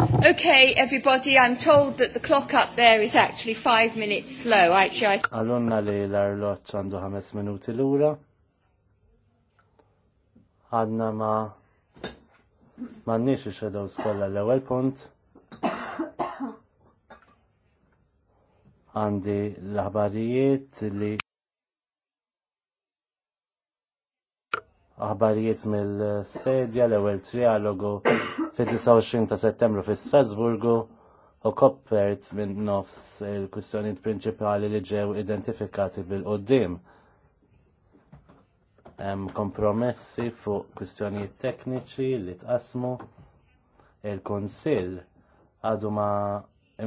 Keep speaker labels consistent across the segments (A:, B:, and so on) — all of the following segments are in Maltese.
A: Okay, everybody, I'm told that the clock up there is actually five minutes slow. Actually, I...
B: Għallonna li l-arloċ għandu ħames minuti l-ura. Għadna ma... Ma nix iċedaw skolla l-ewel punt. Għandi l-ħabarijiet li aħbarijiet mill-sedja l-ewwel trialogu fi 29 ta' Settembru fi Strasburgu u koppert minn nofs il-kwistjonijiet prinċipali li ġew identifikati bil-qoddim. Hemm kompromessi fuq kwistjonijiet tekniċi li tqasmu il-Kunsill għadu ma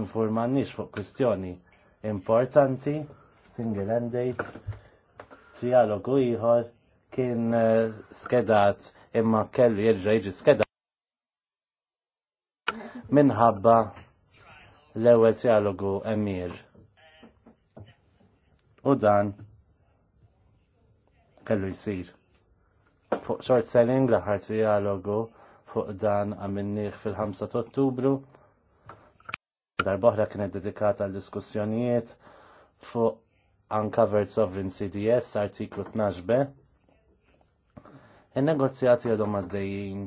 B: informannix fuq kwistjoni importanti, single mandate, trialogu ieħor kien eh, skedat imma kellu jirġa jiġi skedat minħabba l-ewwel trialogu emir. U dan kellu jsir. Fuq short selling l-aħħar trialogu fuq dan għamminniħ fil-5 ta' Ottubru. Darboħra kienet dedikata għal diskussjonijiet fuq Uncovered Sovereign CDS artiklu 12b Il-negozjati għadhom għaddejjin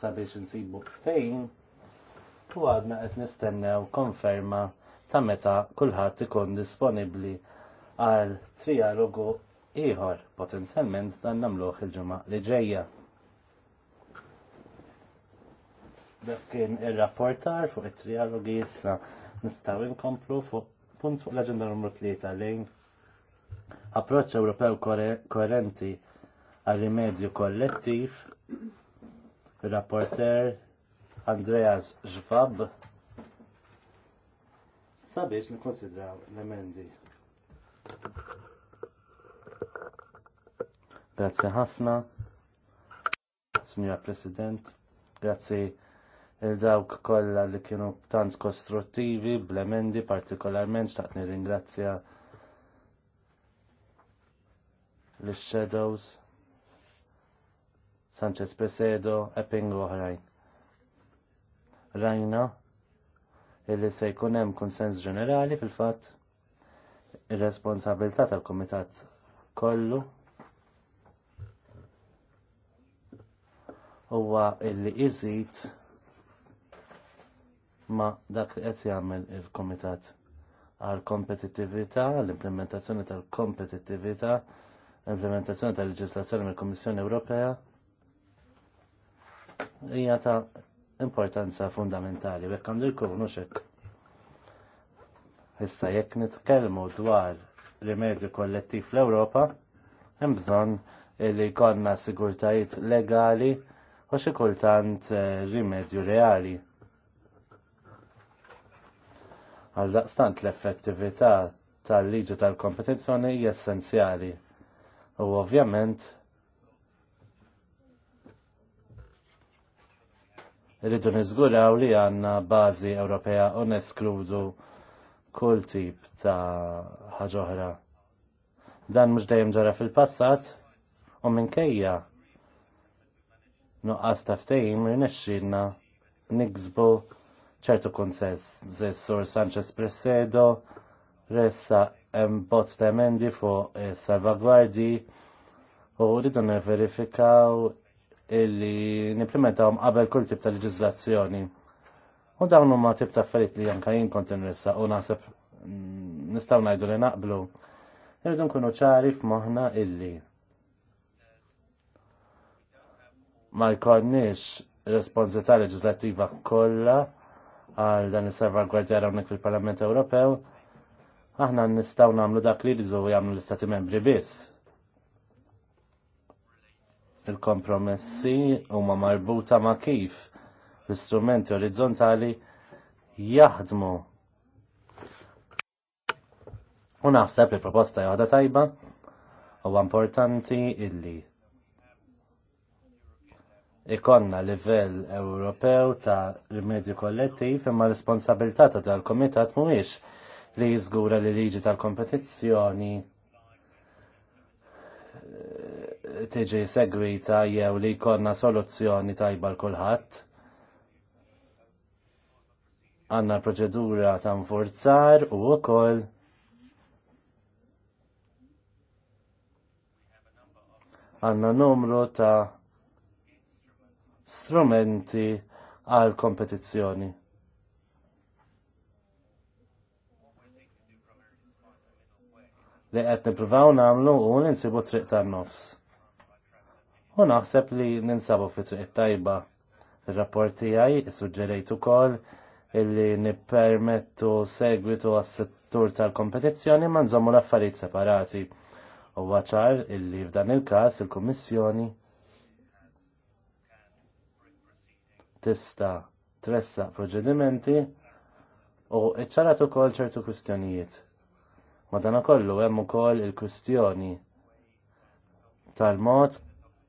B: sabiex nsibu ftejn u għadna qed nistennew konferma ta' meta kulħadd ikun disponibbli għal trialogu ieħor potenzjalment dan nagħmluh il ġumma li ġejja. Dak kien ir-rapportar fuq it-trialogi issa nistgħu inkomplu fuq punt fuq l-aġenda numru tlieta lejn approċċ Ewropew koherenti għal rimedju kollettiv rapporter Andreas Žvab sabiex nikkonsidraw l-emendi. Grazie ħafna, Signora President, grazie il-dawk kollha li kienu tant kostruttivi, bl-emendi partikolarment, xtaqt ringrazja l-Shadows Sanchez Presedo, Epping uħrajn. Rajna illi se jkun hemm konsens ġenerali fil-fatt ir-responsabilità tal-Kumitat kollu huwa illi iżid ma dak li qed jagħmel il-Kumitat għal kompetittività, l-implementazzjoni tal-kompetittività, l-implementazzjoni tal-leġislazzjoni mill-Kummissjoni Ewropea hija ta' importanza fundamentali, bekk għandu jkunu xek. Issa jekk nitkellmu dwar rimedju kollettiv fl-Ewropa, hemm bżonn li konna sigurtajiet legali u xi kultant eh, rimedju reali. Għal daqstant l-effettività tal-liġi tal-kompetizzjoni hija essenzjali u ovvjament Rridu niżguraw li għandna bażi Ewropea u neskludu kull tip ta' ħaġa oħra. Dan mhux dejjem ġara fil-passat u minkejja nuqqas ta' ftehim rinexxilna niksbu ċertu konsens Zessur Sanchez Presedo ressa bozz ta' emendi fuq salvagwardi u rridu verifikaw illi nimplementawhom qabel kull tip ta' leġizlazzjoni. U dawn huma tip ta' affarijiet li anke jien kont nrissa u naħseb mm, nistgħu ngħidu li naqblu. Irridu nkunu ċari f'moħħna illi ma jkollniex responsità leġislattiva kollha għal dan is Gwardjar hawnhekk fil-Parlament Ewropew, aħna nistgħu nagħmlu dak li jridu jagħmlu l-Istati Membri biss il-kompromessi huma marbuta ma' kif l-istrumenti orizzontali jaħdmu. U naħseb li proposta jaħda tajba u importanti illi ikonna livell Ewropew ta' rimedju kollettiv imma responsabilità ta' dal-komitat mhuwiex li jiżgura li liġi tal-kompetizzjoni tiġi segwita jew li jkollna soluzzjoni tajba l kulħadd. Għanna proċedura ta' nfurzar u wkoll għanna numru ta' strumenti għal kompetizzjoni. li qed nippruvaw nagħmlu u ninsibu triq tan-nofs. U naħseb li ninsabu fi triq tajba il-rapport tiegħi suġġerejtu ukoll illi nippermettu segwitu għas-settur tal-kompetizzjoni ma nżommu l-affarijiet separati. U ċar illi f'dan il-każ il-Kummissjoni tista' tressa proċedimenti u iċċarat ukoll ċertu kwistjonijiet. Madana kollu hemm ukoll il-kwistjoni tal-mod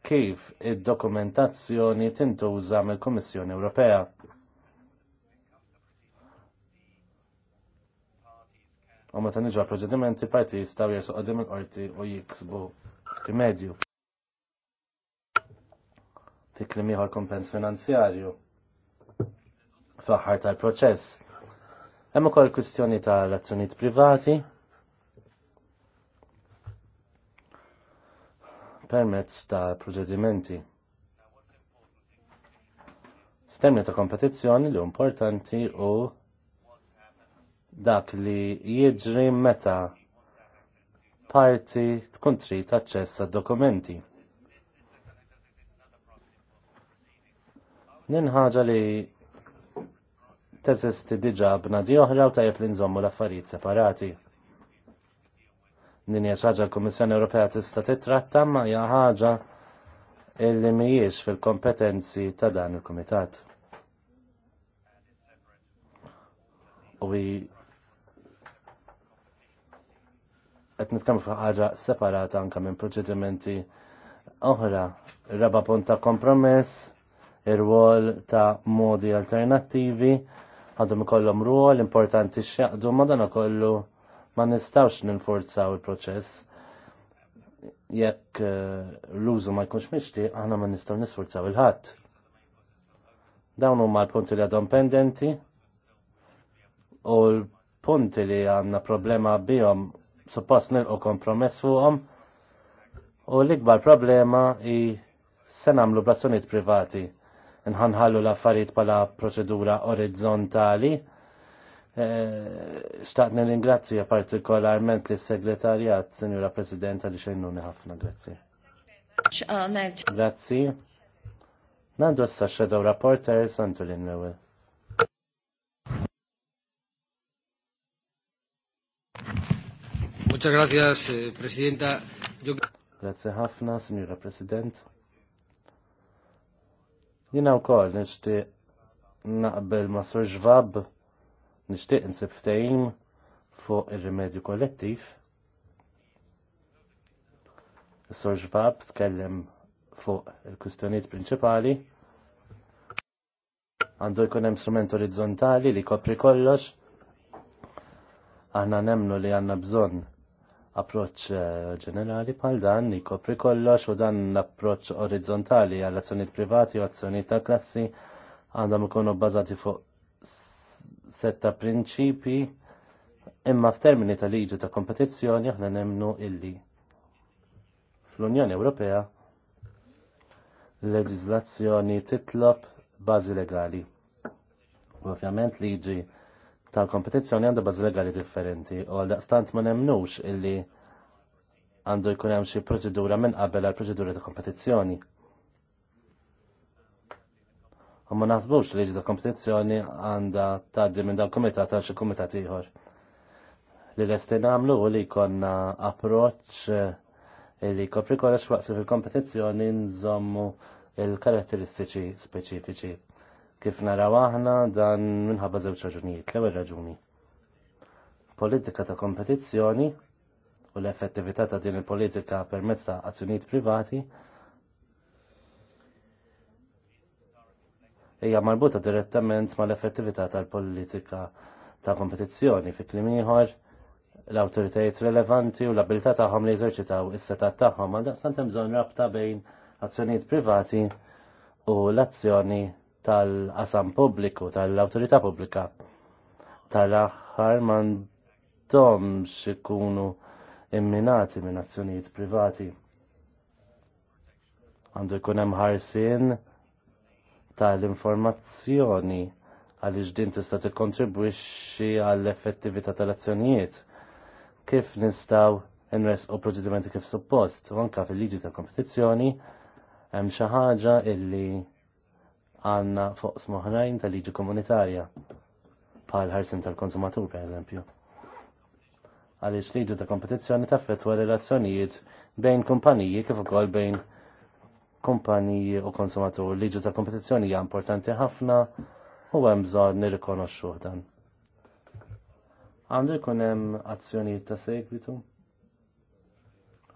B: kif id-dokumentazzjoni tintuża mill-Kummissjoni Ewropea. U meta niġu proċedimenti parti jistgħu jersu qudiem il-qorti u jiksbu rimedju. Tikli ieħor kompens finanzjarju fl-aħħar tal-proċess. Hemm ukoll kwistjoni ta' relazzjonijiet privati, permezz ta' proċedimenti. F'termini ta' kompetizzjoni li importanti u dak li jiġri meta parti tkun trid aċċess għad dokumenti. Ninħaġa li teżisti diġa b'nadi oħra u tajjeb li nżommu l-affarijiet separati. Din hija ħaġa l-Kummissjoni Ewropea tista' titratta ma hija ħaġa illi mhijiex fil-kompetenzi ta' dan il-Kumitat. U qed nitkellmu fuq ħaġa separata anke minn proċedimenti oħra. Raba punt ta' kompromess, ir-rwol ta' modi alternattivi, għadhom ikollhom rwol importanti x'jaqdu ma dan kollu ma nistawx ninforzaw il-proċess. Jekk eh, l-użu ma jkunx miċti, aħna ma nistaw nisforzaw il-ħadd. Dawn huma l-punti li għadhom pendenti u l-punti li għandna problema bihom suppost nilqu kompromess fuqhom u l-ikbar problema i se nagħmlu blazzjonijiet privati nħanħallu l-affarijiet bħala proċedura orizzontali Xtaqna eh, ringrazzja partikolarment lis segretarjat Senjura Presidenta li xejnuni ħafna, grazzi. Grazzi. Nandu issa Shadow Rapporter Santu Linnewel. Muchas gracias, eh, Presidenta. Yo... Grazie ħafna, Signora President. Jina u kol, nishti naqbel ma' Sur Nixtieq nsib ftehim fuq ir-rimedju kollettiv. Is-Sor tkellem fuq il-kustjonijiet prinċipali. Għandu jkun hemm strument orizzontali li kopri kollox. Aħna nemnu li għandna bżonn approċċ eh, ġenerali bħal dan li kopri kollox u dan l-approċċ orizzontali għall azzjonijiet privati u azzjonijiet ta' klassi għandhom ikunu bbażati fuq setta prinċipi imma f'termini ta' liġi ta' kompetizzjoni aħna nemnu illi fl-Unjoni Ewropea leġizlazzjoni titlob bażi legali. U ovvjament liġi tal-kompetizzjoni għandha bażi legali differenti u għal daqstant ma nemnux illi għandu jkun hemm xi proċedura minn qabel għal proċedura ta' kompetizzjoni. U ma naħsbux li ġda kompetizzjoni għanda taddi minn dal-komitat għal xi komitat ieħor. Li l-estin għamlu li konna approċ eh, li kopri kolla xwaqsi fil-kompetizzjoni nżommu il-karatteristiċi speċifiċi. Kif naraw aħna dan minħabba żewġ raġunijiet, l-ewwel raġuni. Politika ta' kompetizzjoni u l-effettività ta' din il-politika permezz ta' azzjonijiet privati hija marbuta direttament mal-effettività tal-politika ta' kompetizzjoni fi klim ieħor l-awtoritajiet relevanti u l-abilità tagħhom li jeżerċitaw is-setat tagħhom għal daqstant hemm bżonn rabta bejn azzjonijiet privati u l-azzjoni tal-qasam pubbliku, tal-awtorità pubblika. Tal-aħħar m'għandhomx ikunu imminati minn azzjonijiet privati. Għandu jkun hemm ħarsien tal-informazzjoni għaliex din tista' tikkontribwixxi għall-effettività tal-azzjonijiet. Kif nistgħu inres u proċedimenti kif suppost, u anka fil-liġi tal kompetizzjoni, hemm xi ħaġa illi għandna fuq smoħrajn tal liġi komunitarja bħal ħarsin tal-konsumatur pereżempju. Għaliex liġi ta' kompetizzjoni taffettwa relazzjonijiet bejn kumpaniji kif ukoll bejn kumpaniji u konsumatur. Liġu ta' kompetizzjoni hija importanti ħafna u hemm bżonn nirrikonoxxu dan. Għandu jkun hemm azzjonijiet ta' segwitu?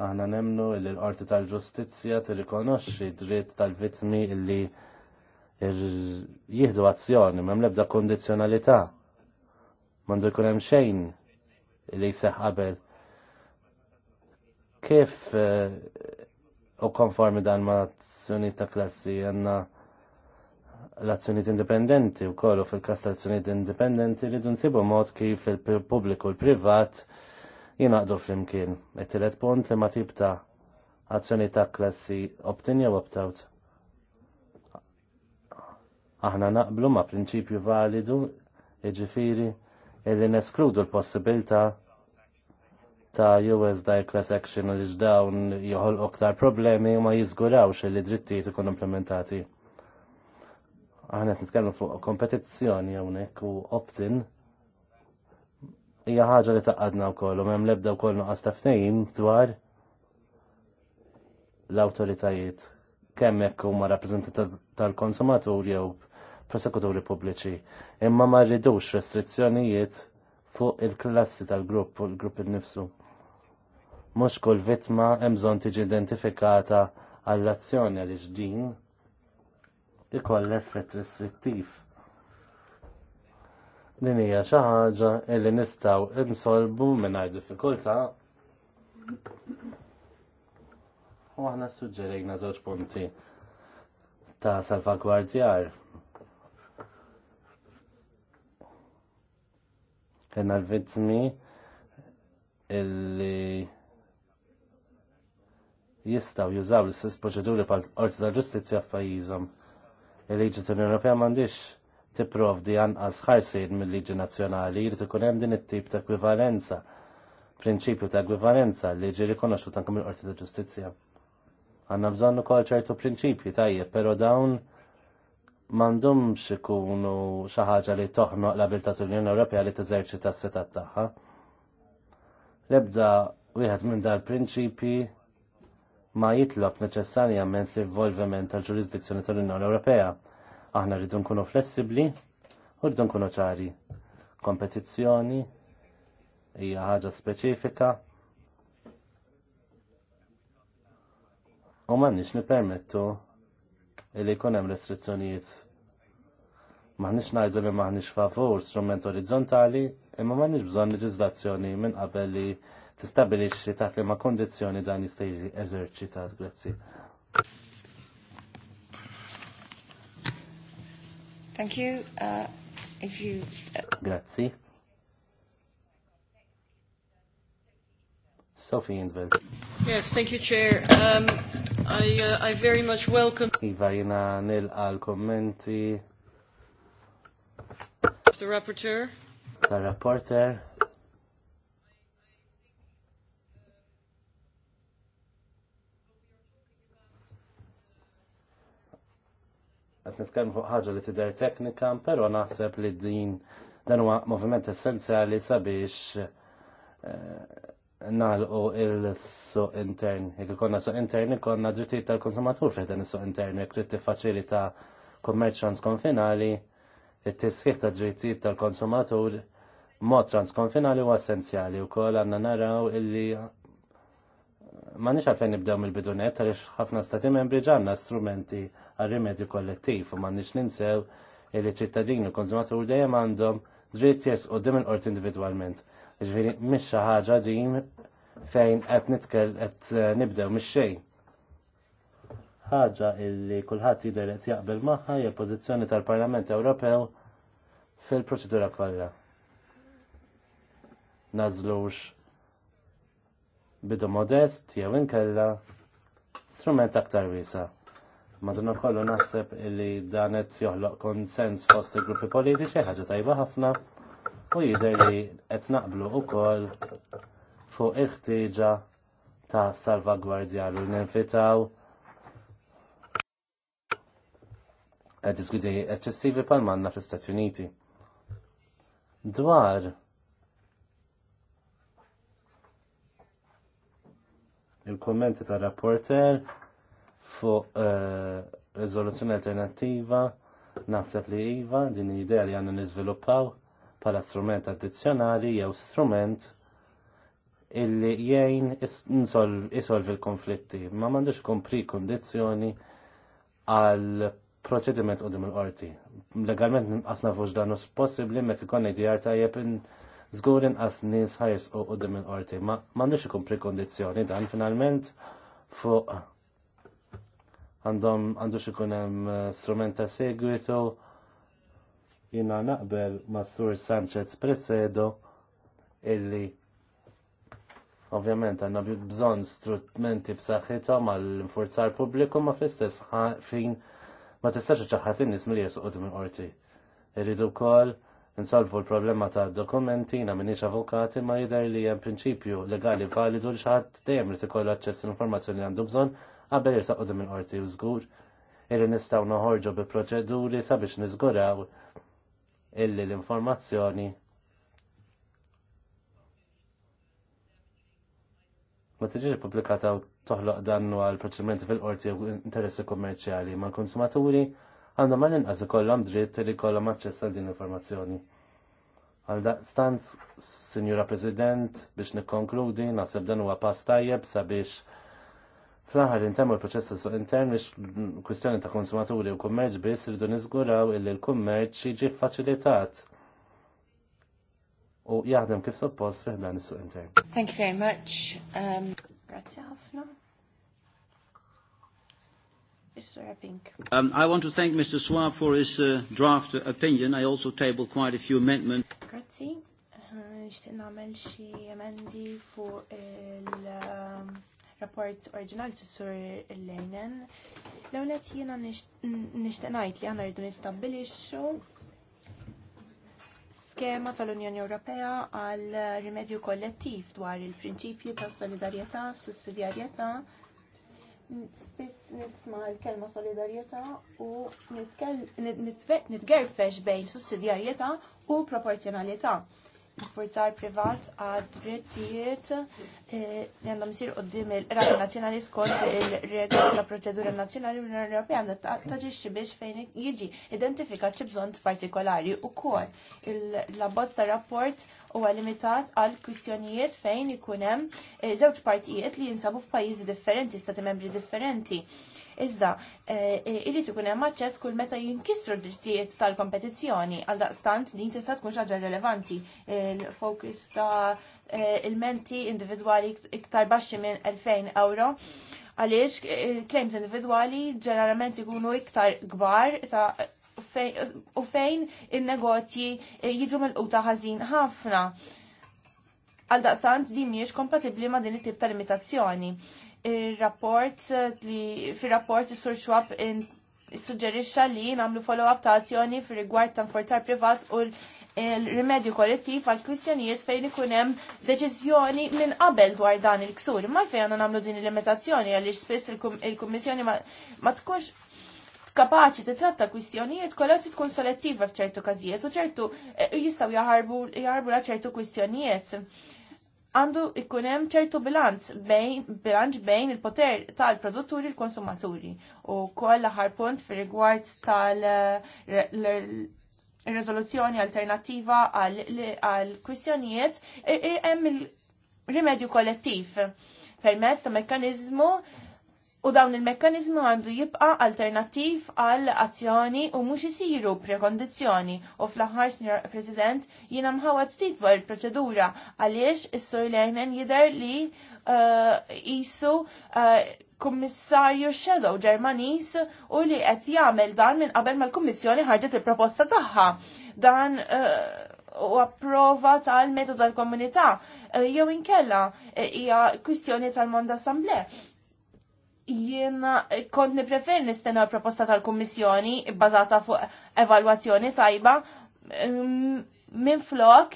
B: Aħna nemnu li l-Qorti tal-Ġustizzja tirrikonoxxi dritt tal-vittmi li jieħdu azzjoni m'hemm l-ebda kondizzjonalità. M'għandu jkun hemm xejn li jseħħ qabel kif eh, u konformi dan ma l-azzjoniet ta' klassi għanna l-azzjoniet indipendenti u kollu fil-kas l azzjoniet indipendenti li nsibu mod kif il-pubbliku u l-privat jinaqdu fl-imkien. Et-tielet punt li ma tib ta' azzjoni ta' klassi opt-in jew opt-out. Aħna naqblu ma' prinċipju validu, iġifiri, illi neskludu l-possibilta' ta' US Dire Class Action li ġdawn joħol oktar problemi u ma jizgurawx li drittijiet ikun implementati. Aħna nitkellmu fuq kompetizzjoni hawnhekk u opt-in hija ħaġa li taqadna wkoll u hemm lebda wkoll nuqqas ta' dwar l-awtoritajiet kemm hekk huma rappreżentanti tal-konsumatur jew prosekuturi pubbliċi. Imma ma rridux restrizzjonijiet fuq il-klassi tal-grupp u l-grupp innifsu mhux kull vittma hemm bżonn tiġi identifikata għall-azzjoni ġdin li ikoll effett restrittiv. Din hija xi ħaġa li nistgħu insolbu mingħajr diffikultà. U aħna suġġerejna żewġ punti ta' salvagwardjar. Kena l-vittmi illi jistaw jużaw l-istess proċeduri pal qorti tal ġustizzja f'pajjiżhom. Il-liġi tal Ewropea m'għandix tipprovdi anqas ħarsin mill-liġi nazzjonali jrid ikun hemm din it-tip ta' ekwivalenza, prinċipju ta' ekwivalenza li ġi rikonoxxut anke mill-Qorti ta' Ġustizzja. Għandna bżonn ukoll ċertu prinċipji tajjeb, però dawn m'għandhomx ikunu xi ħaġa li toħnoq l-abilità tal-Unjoni Ewropea li teżerċita s-setat tagħha. L-ebda wieħed minn dal-prinċipji ma jitlob neċessarjament l-involviment tal-ġurisdizzjoni tal-Unjoni Ewropea. Aħna rridu nkunu flessibbli u rridu nkunu ċari. Kompetizzjoni hija ħaġa speċifika. U m'għandniex nippermettu li jkun hemm restrizzjonijiet. M'aħniex ngħidu li m'aħniex favur strument orizzontali, imma m'għandniex bżonn leġiżlazzjoni minn qabel li tistabilixxi taħt li ma' kondizzjoni dan jista' jiġi eżerċitat. Grazzi.
A: Thank you. Uh, if you...
B: Uh, Grazzi. Sophie Indveld.
A: Yes, thank you, Chair. Um, I, uh, I very much welcome...
B: Iva jina nil għal kommenti
A: The rapporteur.
B: The rapporteur. nitkellmu fuq ħaġa li tidher teknika, però naħseb li din dan huwa moviment essenzjali sabiex eh, nagħlqu il-suq intern. Jekk ikonna suq intern ikonna drittijiet tal-konsumatur fejn dan is-suq intern jekk trid tiffaċilita kummerċ transkonfinali, it-tisħiħ ta' drittijiet tal-konsumatur mod transkonfinali u essenzjali wkoll għandna naraw illi ma nix għalfejn nibdew mill-bidunet, għalix ħafna stati membri ġanna strumenti għal-rimedju kollettiv u m'għandniex ninsew li ċittadini u konsumatur dejjem għandhom dritt jess u il ort individwalment. Ġifieri mhix xaħġa ħaġa din fejn qed nitkel qed eh, nibdew mix-xejn. Ħaġa illi kulħadd jidher qed jaqbel magħha hija pożizzjoni tal-Parlament Ewropew fil-proċedura kollha. Nażlux bidu modest jew inkella strument aktar wiesa. Madonna kollu naħseb li danet joħloq konsens fost il-gruppi politiċi ħaġa tajba ħafna u jidher li qed naqblu wkoll fuq il-ħtieġa ta' salvagwardja li ninfitaw diskwidi eċċessivi pal manna fl-Istati Uniti. Dwar il-kommenti tar rapporter fuq eh, riżoluzzjoni alternattiva naħseb li iva din idea li għandna niżviluppaw bħala strument addizzjonali jew strument illi jgħin isolvi l-konflitti, ma m'għandux kompri kondizjoni għal proċediment dim il-qorti. Legalment asna fux dan possibbli mek ikon idjar tajjeb żgur inqas nies ħajs u dim il-qorti, ma m'għandux ikun kondizjoni dan finalment fuq għandhom għandux ikun hemm eh, strument ta' segwitu jiena naqbel ma' Sur Sanchez Presedo illi ovvjament għandna bżonn strumenti b'saħħithom għall infurzar pubbliku ma fl-istess fin ma tistax iċaħħat in-nies milli jesuqu minn qorti. Irridu wkoll insolvu l-problema ta' dokumenti jiena m'iniex avukati ma jidher li hemm prinċipju legali validu li xi ħadd dejjem rid ikollu aċċess l-informazzjoni li għandu bżonn qabel jirsaq qudiem il-qorti u zgur, illi nistgħu noħorġu bi proċeduri sabiex niżguraw illi l-informazzjoni ma tiġiġi pubblikata u toħloq dannu għal proċedimenti fil-qorti u interessi kummerċjali ma' konsumaturi għandhom ma inqas ikollhom dritt li jkollhom aċċess għal din l-informazzjoni. Għal daqstant, Sinjura President, biex nikkonkludi, naħseb dan huwa pass tajjeb sabiex Fl-aħħar intemmu l-proċess intern biex kwistjoni ta' konsumaturi u kummerċ biss rridu niżguraw illi l-kummerċ jiġi faċilitat u jaħdem kif suppost fih dan is-suq intern.
C: Thank you very much. Um, Grazie ħafna.
B: Um, I want to thank Mr. Swab for his uh,
C: draft opinion. I also tabled quite a few amendments. Grazie. Uh, Nishtiq namel xie emendi fuq il um, rapport oriġinali sur l-lejnen. L-ewlet jiena nishtenajt li għanna rridu nistabilixxu skema tal-Unjoni Ewropea għal rimedju kollettiv dwar il-prinċipju ta' solidarjetà, sussidjarjetà. Spiss nisma l-kelma solidarjetà u nitgerfex bejn sussidjarjetà u proporzjonalità il forzar privat għad drittijiet eh, li għandhom d-dim il raħi Nazjonali skont il-regoli ta' proċedura nazjonali l-Unjoni Ewropea għandha taġixxi biex fejn jiġi identifikat xi partikolari u wkoll il-labbozz ta' rapport huwa limitat għal kwistjonijiet fejn ikun hemm eh, żewġ partijiet li jinsabu f'pajjiżi differenti, stati membri differenti. Iżda, eh, eh, irrid ikun hemm aċċess kull meta jinkistru d-drittijiet tal-kompetizzjoni għal daqstant din tista' tkun xi ħaġa rilevanti. Il-fokus ta' il-menti individwali iktar baxxi minn 2000 euro għaliex claims individwali ġeneralment ikunu iktar gbar ta' u fejn il-negozji eh, jiġu mill-quta ħażin ħafna. Għal daqsant din mhijiex kompatibbli ma' din it-tip ta' limitazzjoni. Il-rapport eh, li fir-rapport is-sur xwab suġġerixxa li nagħmlu follow-up ta' azzjoni fir-rigward ta' nfortar privat u il-rimedju kollettiv għal kwistjonijiet fejn ikun hemm deċiżjoni minn qabel dwar dan il-ksur. Ma fejn għandna nagħmlu din il-limitazzjoni għaliex spiss il-Kummissjoni ma tkunx kapaċi titratta kwistjonijiet kollha tkun solettiva f'ċertu każijiet u ċertu eh, jistgħu jaħarbu jaħarbu ċertu kwistjonijiet. Għandu ikun hemm ċertu bilanz bejn bilanċ bejn il-poter tal-produtturi l konsumaturi u koll aħħar punt fir-rigward tal eh, rezoluzzjoni alternativa għal kwistjonijiet eh, hemm il-rimedju kollettiv permezz ta' mekkanizmu U dawn il-mekkanizmu għandu jibqa alternattiv għal azzjoni u mhux isiru prekondizzjoni u fl-aħħar Sinjor President jina mħawad ftit dwar il-proċedura għaliex is-Sur Lejnen jidher li qisu eh, eh, kummissarju Shadow Ġermanis u li qed jagħmel dan minn qabel mal-Kummissjoni ħarġet il-proposta tagħha. Dan eh, u approva tal-metodu tal-komunità jew inkella hija kwistjoni tal-mond Assemblee jiena kont nipreferi nistenna proposta tal-Kummissjoni bbażata fuq evalwazzjoni tajba ehm, minn flok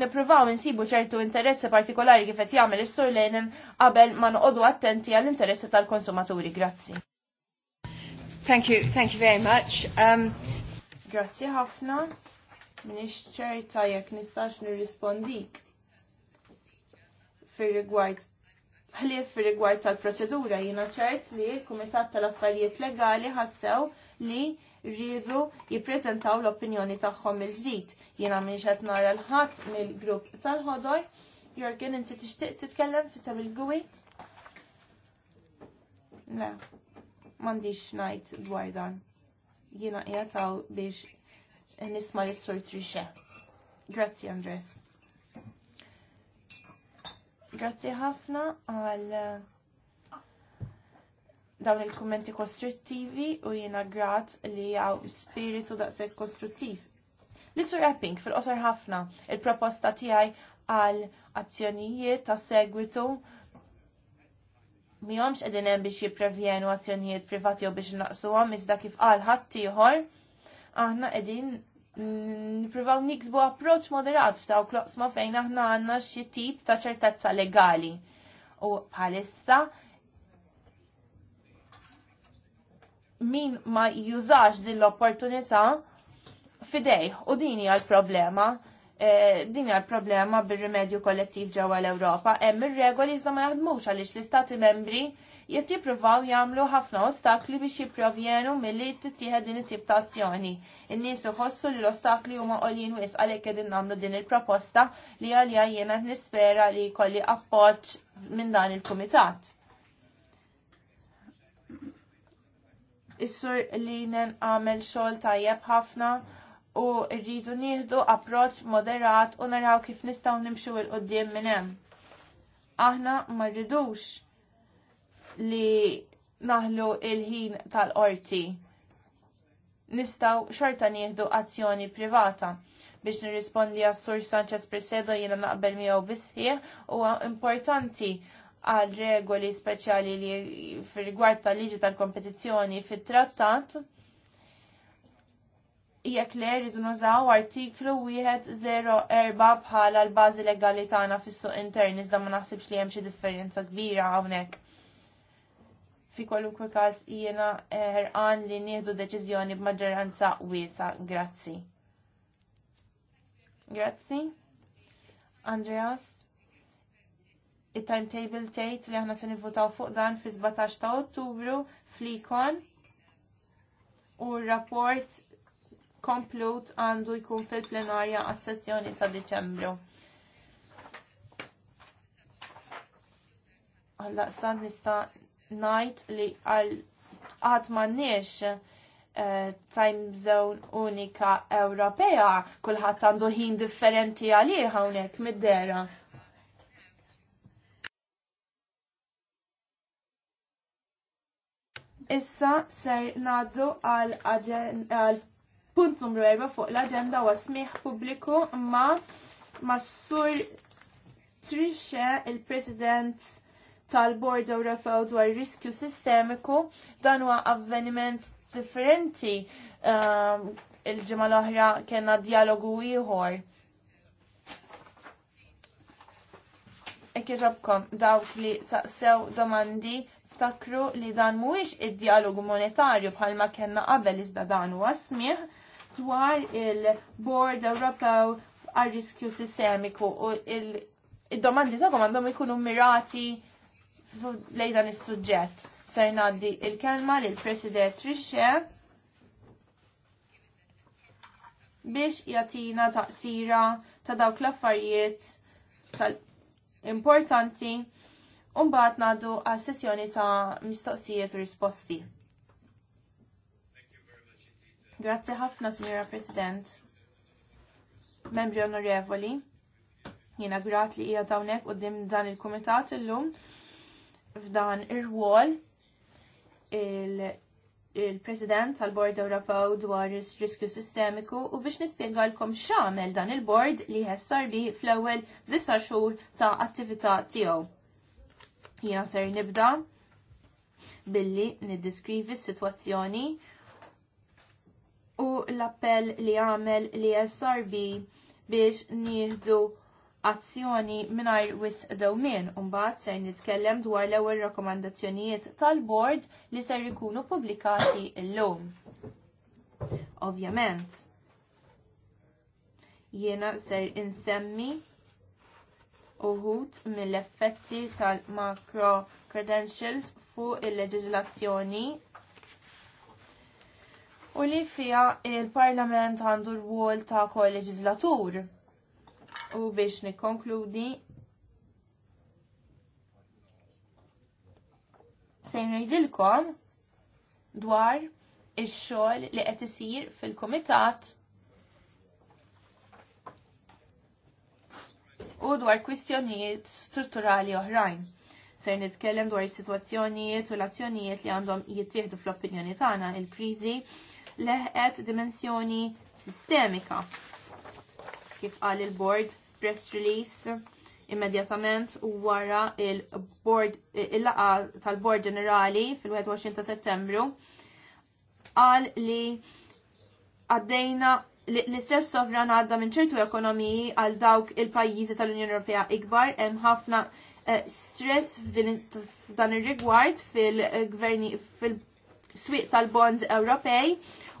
C: nippruvaw insibu ċertu interessi partikolari kif qed jagħmel is-sur lejnen qabel ma noqogħdu attenti għall-interessi tal-konsumaturi. Grazzi. Thank you, thank you very much. Um... Grazzi ħafna. Nix ċerta jekk nistax nirrispondik fir-rigward ħlief rigward tal-proċedura jiena ċert li l-Kumitat tal-Affarijiet Legali ħassew li rridu jippreżentaw l-opinjoni tagħhom il-ġdid. Jiena minn qed nara l-ħadd mill-grupp tal ħodoj Jorgen, inti tixtieq titkellem fisem il-gwi? Le, m'għandix ngħid dwar dan. Jiena qiegħed biex nisma' lis-sur Trixe. Grazzi, Andres. Grazzi ħafna għal eh, dawn il-kummenti kostruttivi u jiena grat li għaw spiritu daqseg kostruttiv. L-Isur Epping fil-qosor ħafna il-proposta tiegħi għal azzjonijiet ta' segwitu mi għomx hemm biex jiprevjenu azzjonijiet privati u biex għom, iżda kif qal ħadd ieħor aħna qegħdin Mm, niprivaw niksbu approċ moderat f'taw kloqsma fejn aħna għanna xi tip ta' ċertezza legali. U bħalissa min ma jużax din l-opportunità fidejh u dini għal problema Eh, din hija l-problema bir-rimedju kollettiv ġewwa l-Ewropa. Hemm ir-regoli iżda ma jaħdmux għaliex l-istati membri jekk jagħmlu ħafna ostakli biex jipprovjenu milli tittieħed din it-tip ta' azzjoni. In-nies iħossu li l-ostakli huma qolin wis għalhekk qegħdin nagħmlu din il-proposta li għalija jiena nispera li jkolli appoġġ minn dan il-kumitat. Is-sur li nen għamel xogħol tajjeb ħafna u rridu nieħdu approċċ moderat u naraw kif nistgħu nimxu il qudiem minn hemm. Aħna ma rridux li naħlu il-ħin tal-qorti. Nistgħu xorta nieħdu azzjoni privata biex nirrispondi għas Sur Sanchez Presedo jiena naqbel miegħu bisħieħ huwa importanti għal regoli speċjali li fir-rigward tal-liġi tal-kompetizzjoni fit-trattat jekk le rridu nużaw artiklu 104 bħala l-bażi legali tagħna fis-suq intern iżda ma naħsibx li hemm xi differenza kbira hawnhekk. Fi kwalunkwe każ jiena ħerqan li nieħdu deċiżjoni b'maġġoranza wiesa. Grazzi. Grazzi. Andreas, it-timetable tgħid li aħna se nivvutaw fuq dan fi 17 ta' Ottubru f'likon u r-rapport komplut għandu jkun fil-plenarja għas-sessjoni ta' Deċembru. san nista najt li għal għad eh, time zone unika Ewropea, kullħat għandu ħin differenti għalih hawnhekk mid-dera. Issa ser naddu għal Punt numru 4 fuq l-agenda wa smih pubbliku ma Massur Trisha il-President tal-Bord Ewropew dwar riskju sistemiku dan huwa avveniment differenti um, il-ġimgħa l-oħra kena dialogu ieħor. Ekkeġobkom dawk li saqsew domandi ftakru li dan mhuwiex id-dialogu monetarju bħalma kellna qabel iżda dan huwa smih dwar il-Board Ewropew għal-riskju sistemiku u il-domandi tagħkom għandhom ikunu mirati lejn dan is-suġġett. Ser ngħaddi il-kelma lill President Trixxe biex jatina taqsira ta' dawk l-affarijiet tal-importanti un mbagħad nadu għal sessjoni ta' mistoqsijiet u risposti. Grazzi ħafna, Signora President. Membri onorevoli, jiena grat li hija dawnek u dan il-Kumitat illum f'dan ir-rwol il-President tal-Bord Ewropew dwar riskju sistemiku u biex nispjegalkom x'għamel dan il-bord li jessar bi fl-ewwel disa xhur ta' attività tiegħu. Jiena ser nibda billi niddiskrivi s-sitwazzjoni u l-appell li għamel li SRB biex nieħdu azzjoni mingħajr wisq dewmien u mbagħad ser nitkellem dwar l-ewwel rakkomandazzjonijiet tal-bord li ser ikunu pubblikati llum. Ovvjament, jiena ser insemmi uħud mill-effetti tal-macro credentials fuq il-leġiżlazzjoni u li fija il-Parlament għandu r-wol ta' kol-leġizlatur. U biex nikkonkludi se rridilkom dwar il xogħol li qed isir fil-kumitat u dwar kwistjonijiet strutturali oħrajn. Se nitkellem dwar is-sitwazzjonijiet u l-azzjonijiet li għandhom jittieħdu fl-opinjoni tagħna il-kriżi leħqet dimensjoni sistemika. Kif qal il-board press release immedjatament wara il-board il tal-board ġenerali fil-21 ta' settembru qal li għaddejna l-istess sovran għadda minn ċertu ekonomiji għal dawk il-pajjiżi tal-Unjoni Ewropea ikbar hemm ħafna eh, stress f'dan ir-rigward fil-gverni fil swieq tal-bonds Ewropej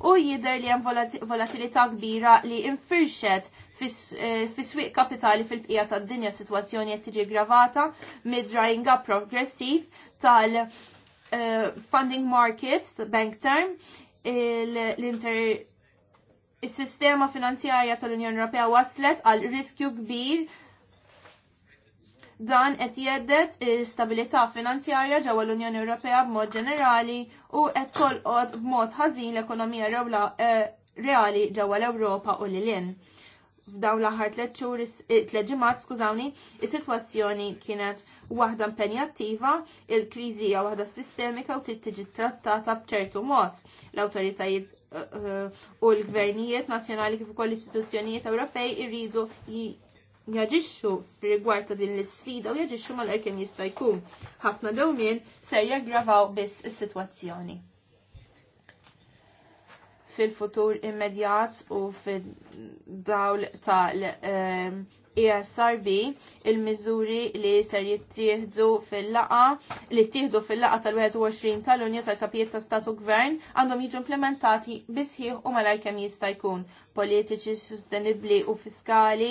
C: u jidher li hemm volatilità kbira li infirxet fis-swieq eh, kapitali fil-bqija tad-dinja sitwazzjoni qed tiġi gravata mid-drying up progressiv tal- eh, funding markets, bank term, l-inter is-sistema finanzjarja tal-Unjoni Ewropea waslet għal riskju kbir Dan qed jeddet stabilità finanzjarja ġewwa l-Unjoni Ewropea b'mod ġenerali u qed tolqot b'mod ħażin l-ekonomija eh, reali ġewwa l-Ewropa u lilin. F'dawn l-aħħar tliet xhur eh, tliet ġimgħat skużawni, is-sitwazzjoni kienet waħda impenjattiva, il-kriżi hija waħda sistemika u trid tiġi trattata b'ċertu mod. L-awtoritajiet eh, u l-gvernijiet nazzjonali kif ukoll l-istituzzjonijiet Ewropej irridu jaġixxu f'rigward ta' din l-isfida u jaġixxu mal-għar kemm jista' jkun. Ħafna dawmien ser jaggravaw biss is-sitwazzjoni. Fil-futur immedjat u fid-dawl ta' ehm, ESRB il-miżuri li ser jittieħdu fil-laqa li jittieħdu fil-laqa tal-21 tal-Unju tal-Kapijiet ta' Statu Gvern għandhom jiġu implementati bisħiħ u malar kemm jista' jkun politiċi sostenibbli u fiskali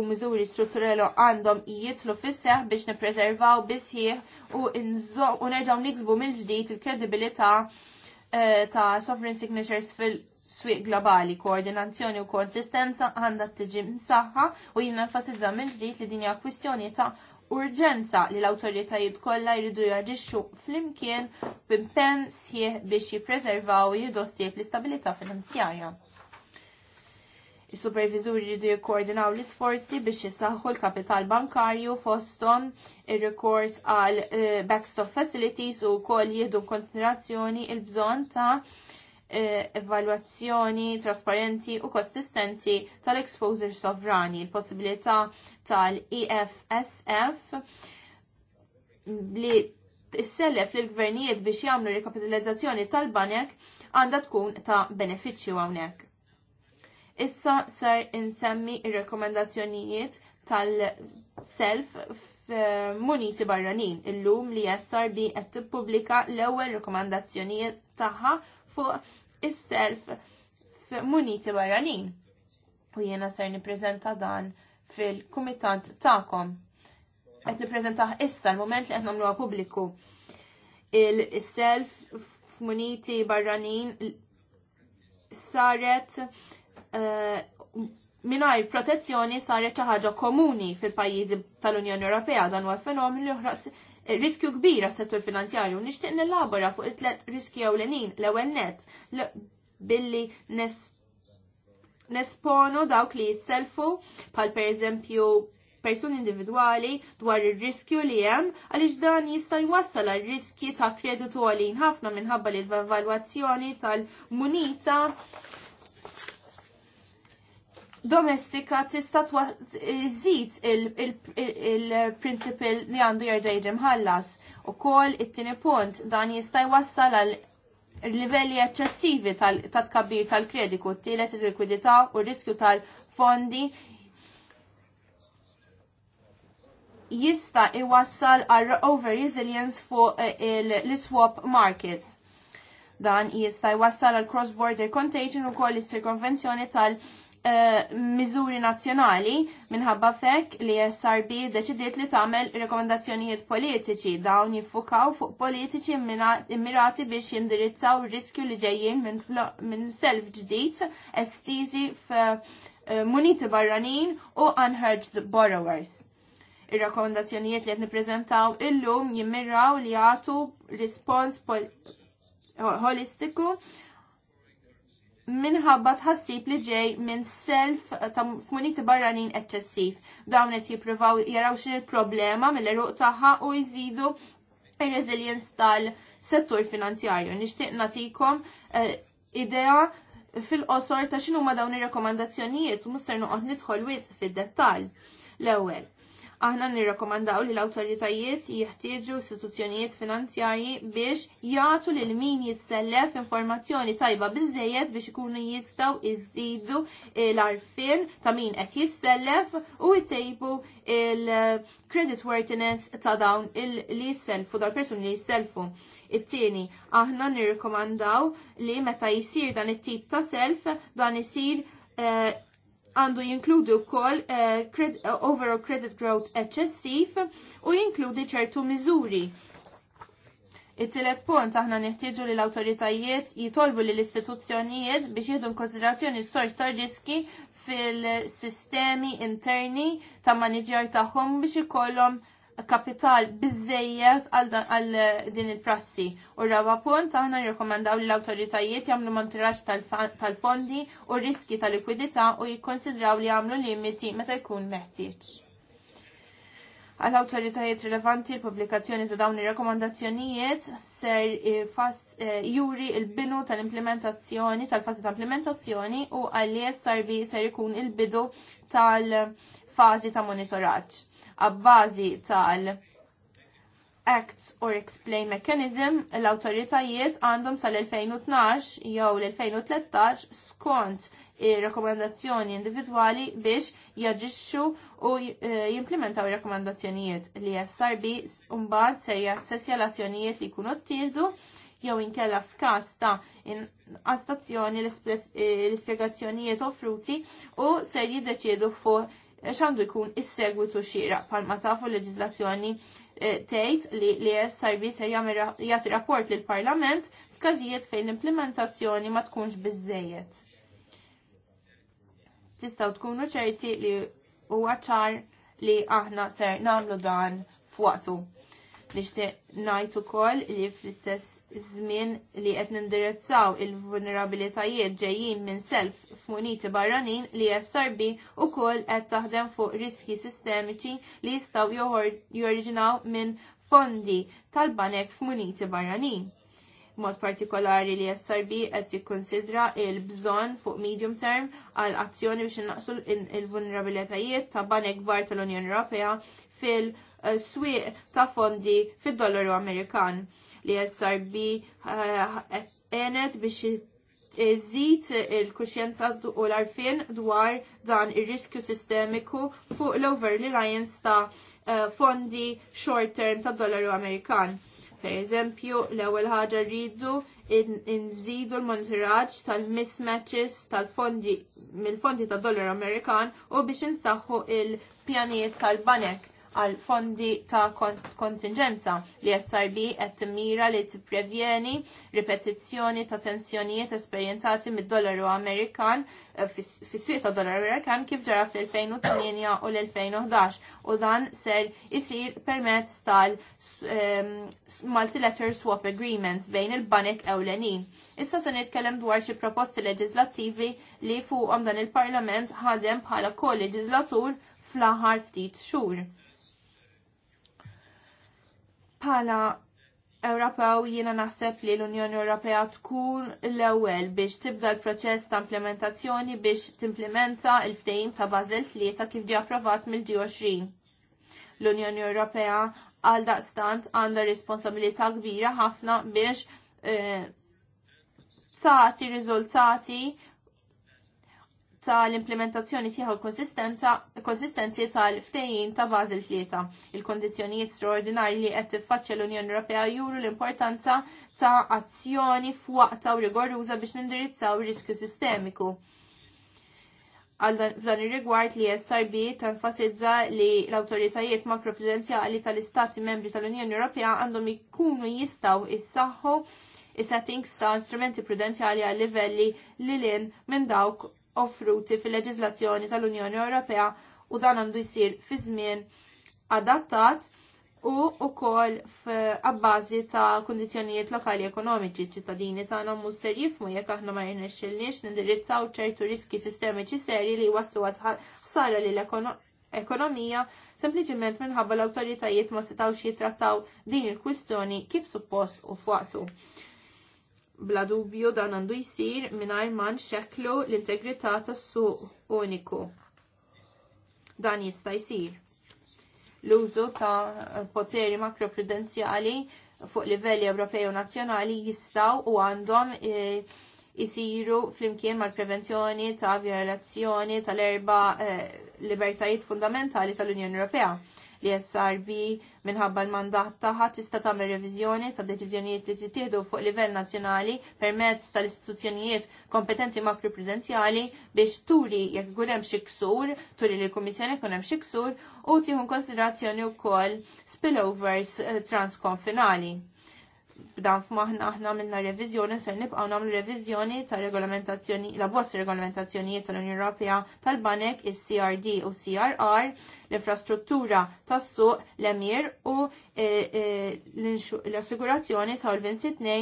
C: u miżuri strutturali għandhom jitlu fis biex nippreservaw bisħiħ u nerġgħu niksbu mill-ġdid il-kredibilità eh, ta' sovereign signatures fil- swieq globali, koordinazzjoni u konsistenza għandha tiġi msaħħa u jien nfasizza mill-ġdid li dinja kwistjoni ta' urġenza li l-autoritajiet kollha jridu jaġixxu flimkien b'impenn sħiħ biex jippreservaw u jidostieb l-istabilità finanzjarja. Is-supervizuri jridu jikkoordinaw l-isforzi biex jisaħħu l-kapital bankarju fosthom ir rekors għal eh, backstop facilities u wkoll jieħdu konsiderazzjoni l bżonn ta' E, evalwazzjoni trasparenti u konsistenti tal-exposure sovrani, il-possibilità tal-EFSF li li lill gvernijiet biex jagħmlu rikapitalizzazzjoni tal-banek għandha tkun ta' benefiċċju hawnhekk. Issa ser insemmi r rekomendazzjonijiet tal-self Muniti barranin illum li SRB qed tippubblika l-ewwel rikomandazzjonijiet tagħha fuq is-self f'muniti barranin. U jiena ser nippreżenta dan fil-kumitat tagħkom. Qed nippreżentah issa l-mument li qed nagħmluha pubbliku. Il-self f'muniti barranin saret uh, Minaj protezzjoni saret xi ħaġa komuni fil-pajjiżi tal-Unjoni Ewropea dan huwa fenomen li joħraq riskju kbira s settur finanzjarju. Nixtieq nillabora fuq it-tlet riskju ewlenin l-ewwel nett billi nesponu dawk li jisselfu bħal pereżempju persuni individwali dwar ir-riskju li hemm għaliex dan jista' jwassal għal riskju ta' kreditu għalin ħafna minħabba li l-valwazzjoni tal-munita domestika tista' zid il-prinċipil li għandu jerġa' jiġi mħallas. kol it-tieni punt dan jista' jwassal għal livelli eċċessivi ta' tkabbir tal-krediku, t-tielet il-likwidità u r-riskju tal-fondi jista' iwassal għal over resilience fuq eh, l-swap markets. Dan jista' jwassal għal cross-border contagion u koll is-sirkonvenzjoni tal- -convention Eh, miżuri nazzjonali minħabba fekk li SRB deċidiet li tagħmel rekomendazzjonijiet politiċi dawn jiffukaw fuq politiċi immirati biex jindirizzaw riskju li ġejjin minn self ġdid estiżi f'muniti eh, barranin u unhedged borrowers ir-rakkomandazzjonijiet li qed nippreżentaw illum jimmirraw li jagħtu rispons holistiku minħabba tħassib li ġej minn self ta' muniti barranin eċċessiv. Dawn qed jippruvaw jaraw xin il-problema mill-eruq tagħha u jżidu ir-resilience tal-settur finanzjarju. Nixtieq nagħtikom eh, idea fil-qosor ta' x'inhuma dawn ir-rekomandazzjonijiet u muster noqgħod nidħol wisq fid-dettall. L-ewwel, Aħna nirrakomandaw li l-awtoritajiet jeħtieġu istituzzjonijiet finanzjarji biex jagħtu lil min jissellef informazzjoni tajba biżejjed biex ikunu jistgħu iżidu l-arfin ta' min qed jissellef u jtejbu il-credit worthiness ta' dawn li jisselfu, dal persuni li jisselfu. It-tieni, aħna nirrekomandaw li meta jisir dan it-tip ta' self dan isir eh, għandu jinkludi wkoll uh, eh, cred, uh, overall credit growth eċċessiv u jinkludi ċertu miżuri. It-tielet punt aħna nieħtieġu li l-awtoritajiet jitolbu li l-istituzzjonijiet biex jieħdu konsiderazzjoni s-sors ta' riski fil-sistemi interni ta' maniġjar tagħhom biex ikollhom kapital bizzejjes għal eh, din il-prassi. U raba punt, aħna nirrekomendaw li l-autoritajiet jagħmlu monitoraġġ tal-fondi u riski tal-likwidità u jikkonsidraw li jagħmlu limiti meta jkun meħtieġ. Għal autoritajiet rilevanti l-pubblikazzjoni ta' dawn ir-rekomandazzjonijiet ser eh, juri il-binu tal-implementazzjoni tal-fazi ta' implementazzjoni u għalli SRB ser jkun il-bidu tal-fazi ta' monitoraġġ għabbażi tal- Act or Explain Mechanism l-autoritajiet għandhom sal-2012 jew l-2013 skont il rekomendazzjoni individwali biex jaġixxu u e, jimplementaw il rekomendazzjonijiet li SRB mbagħad ser jassessja l-azzjonijiet li jkunu ttieħdu jew inkella f'każ ta' astazzjoni e, l-ispjegazzjonijiet offruti u ser jiddeċiedu fuq xandu jkun is-segwitu xira palma tafu l-leġizlazzjoni eh, tgħid li li SRB ser jagħti rapport lil parlament f'każijiet fejn l-implementazzjoni ma tkunx biżejjed. Tistgħu tkunu ċerti li huwa ċar li aħna ser nagħmlu dan f'waqtu. Nixtieq ngħid ukoll li fl-istess żmien li qed nindirizzaw il-vulnerabilitajiet ġejjin minn self f'muniti barranin li SRB ukoll qed taħdem fuq riski sistemiċi li jistgħu joriġinaw minn fondi tal-banek f'muniti barranin. Mod partikolari li SRB qed jikkonsidra l bżonn fuq medium term għal azzjoni biex innaqsu il-vulnerabilitajiet ta' banek gbar tal-Unjoni Ewropea fil-swieq eh, ta' fondi fid-dollaru Amerikan li SRB għenet eh, biex iżid il-kuxjenza u l-arfin dwar dan ir-riskju sistemiku fuq l-over-reliance ta' eh, fondi short-term ta' dollaru Amerikan. Per eżempju, l-ewwel ħaġa rridu nżidu l-monitoraġġ tal-mismatches tal-fondi mill-fondi ta' dollaru Amerikan u biex insaħħu il-pjanijiet tal-banek għal fondi ta' kontingenza li e SRB qed timmira li tipprevjeni ripetizzjoni ta' tensjonijiet esperjenzati mid-dollaru Amerikan eh, fis-swieq ta' dollaru Amerikan kif ġara fl-2008 u l-2011 u dan ser isir permezz tal ehm, multilateral swap agreements bejn il-banek ewlenin. Issa se nitkellem dwar xi proposti leġislattivi li fuqhom dan il-Parlament ħadem bħala kol leġislatur fl-aħħar ftit xhur. Pala Ewropew jiena naħseb li l-Unjoni Ewropea tkun l-ewwel biex tibda l-proċess ta' implementazzjoni biex timplementa l-ftehim ta' Basel tlieta kif ġie approvat mill-G20. L-Unjoni Ewropea għal daqstant għandha responsabilità kbira ħafna biex eh, tagħti riżultati tal-implementazzjoni sieħu konsistenti tal-ftejjin ta' Basel tlieta. Il-kondizjonijiet straordinarji li qed tiffaċċja l-Unjoni Ewropea juru l-importanza ta' azzjoni f'waqta u rigoruża biex nindirizzaw riskju sistemiku. F'dan ir-rigward li SRB tenfasizza li l-awtoritajiet makroprudenzjali tal-Istati membri tal-Unjoni Ewropea għandhom ikunu jistgħu issaħħu is-settings ta' strumenti prudenzjali għal livelli li l-in minn dawk offruti fil-leġiżlazzjoni tal-Unjoni Ewropea u dan għandu jsir fi żmien adattat u wkoll f'abbażi ta' kundizzjonijiet lokali ekonomiċi ċittadini tagħna mhux ser jifmu jekk aħna ma jirnexxilniex nindirizzaw ċertu riski sistemiċi serji li jwassu ħsara lil ekonomija sempliċiment minħabba l-awtoritajiet ma setawx jitrattaw din il-kwistjoni kif suppost u f'waqtu. Bla dubju dan għandu jisir mingħajr ma nxekklu l-integrità tas-suq uniku. Dan jista' jsir. L-użu ta' poteri makroprudenzjali fuq livelli Ewropej u nazzjonali jistgħu u għandhom e, jisiru flimkien mal-prevenzjoni ta' violazzjoni tal-erba e, libertajiet fundamentali tal-Unjoni Ewropea li SRB minħabba l-mandat taħħa tista' tagħmel reviżjoni ta' deċiżjonijiet li titieħdu fuq livell nazzjonali permezz tal-istituzzjonijiet kompetenti makroprudenzjali biex turi jekk ikun hemm xi ksur, turi li l-Kummissjoni jkun hemm xi ksur u tieħu konsiderazzjoni wkoll spillovers eh, transkonfinali Dan f'maħna aħna minna reviżjoni ser nibqgħu nagħmlu reviżjoni tar regolamentazzjoni la bost regolamentazzjonijiet tal-Unjoni Ewropea tal-Banek is-CRD u CRR, l-infrastruttura tas-suq, l-emir u e, e, l-assigurazzjoni Solvency 2